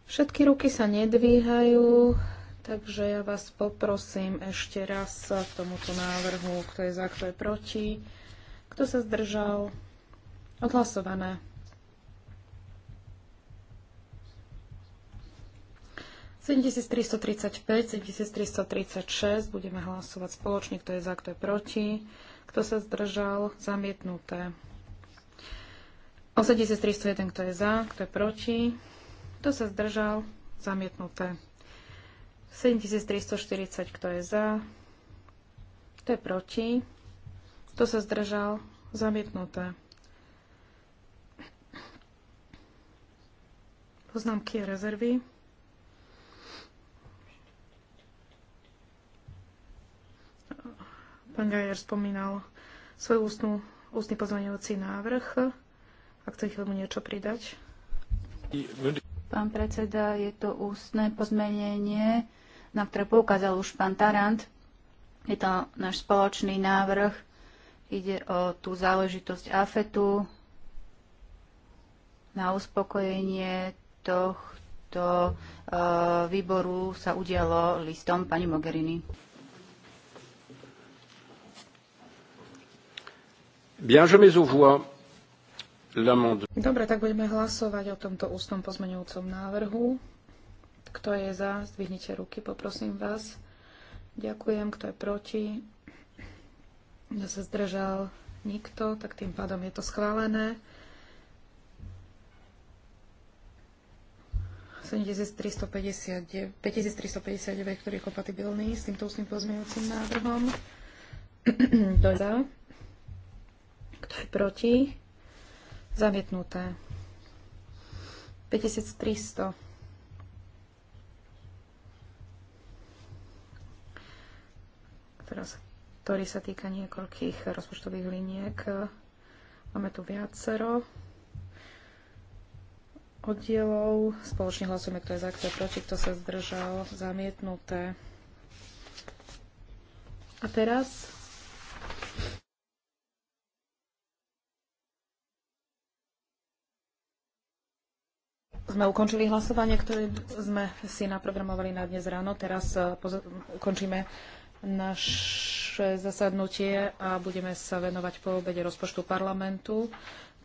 Všetky ruky sa nedvíhajú, takže ja vás poprosím ešte raz k tomuto návrhu, kto je za, kto je proti, kto sa zdržal. Odhlasované. budeme hlasovať spoločne, kto je za, kto je proti, kto sa zdržal, zamietnuté. 8301, kto je za, kto je proti, kto sa zdržal, zamietnuté. 7340, kto je za, kto je proti, kto sa zdržal, zamietnuté. Poznámky a rezervy. Pán Gajer spomínal svoj ústnu, ústny pozmeňujúci návrh. Ak chcete tomu niečo pridať. Pán predseda, je to ústne pozmenenie, na ktoré poukázal už pán Tarant. Je to náš spoločný návrh. Ide o tú záležitosť AFETu na uspokojenie tohto e, výboru sa udialo listom pani Mogherini. Bien, je mets aux voix. Dobre, tak budeme hlasovať o tomto ústnom pozmeňujúcom návrhu. Kto je za, zdvihnite ruky, poprosím vás. Ďakujem. Kto je proti? Kto sa zdržal? Nikto. Tak tým pádom je to schválené. 5359, 5359, ktorý je kompatibilný s týmto ústnym pozmeňujúcim návrhom. Kto je za? Kto je proti? Zamietnuté. 5300. Teraz, ktorý sa týka niekoľkých rozpočtových liniek. Máme tu viacero oddielov. Spoločne hlasujeme, kto je za, kto je proti, kto sa zdržal. Zamietnuté. A teraz sme ukončili hlasovanie, ktoré sme si naprogramovali na dnes ráno. Teraz e, ukončíme naše zasadnutie a budeme sa venovať po obede rozpočtu parlamentu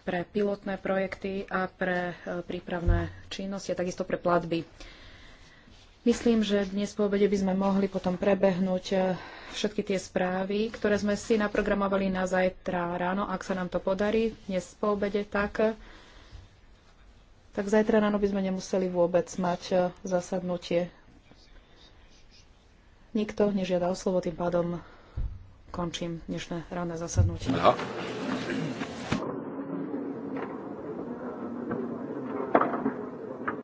pre pilotné projekty a pre e, prípravné činnosti a takisto pre platby. Myslím, že dnes po obede by sme mohli potom prebehnúť e, všetky tie správy, ktoré sme si naprogramovali na zajtra ráno, ak sa nám to podarí dnes po obede, tak tak zajtra ráno by sme nemuseli vôbec mať e, zasadnutie. Nikto nežiada o slovo, tým pádom končím dnešné ranné zasadnutie. Aha.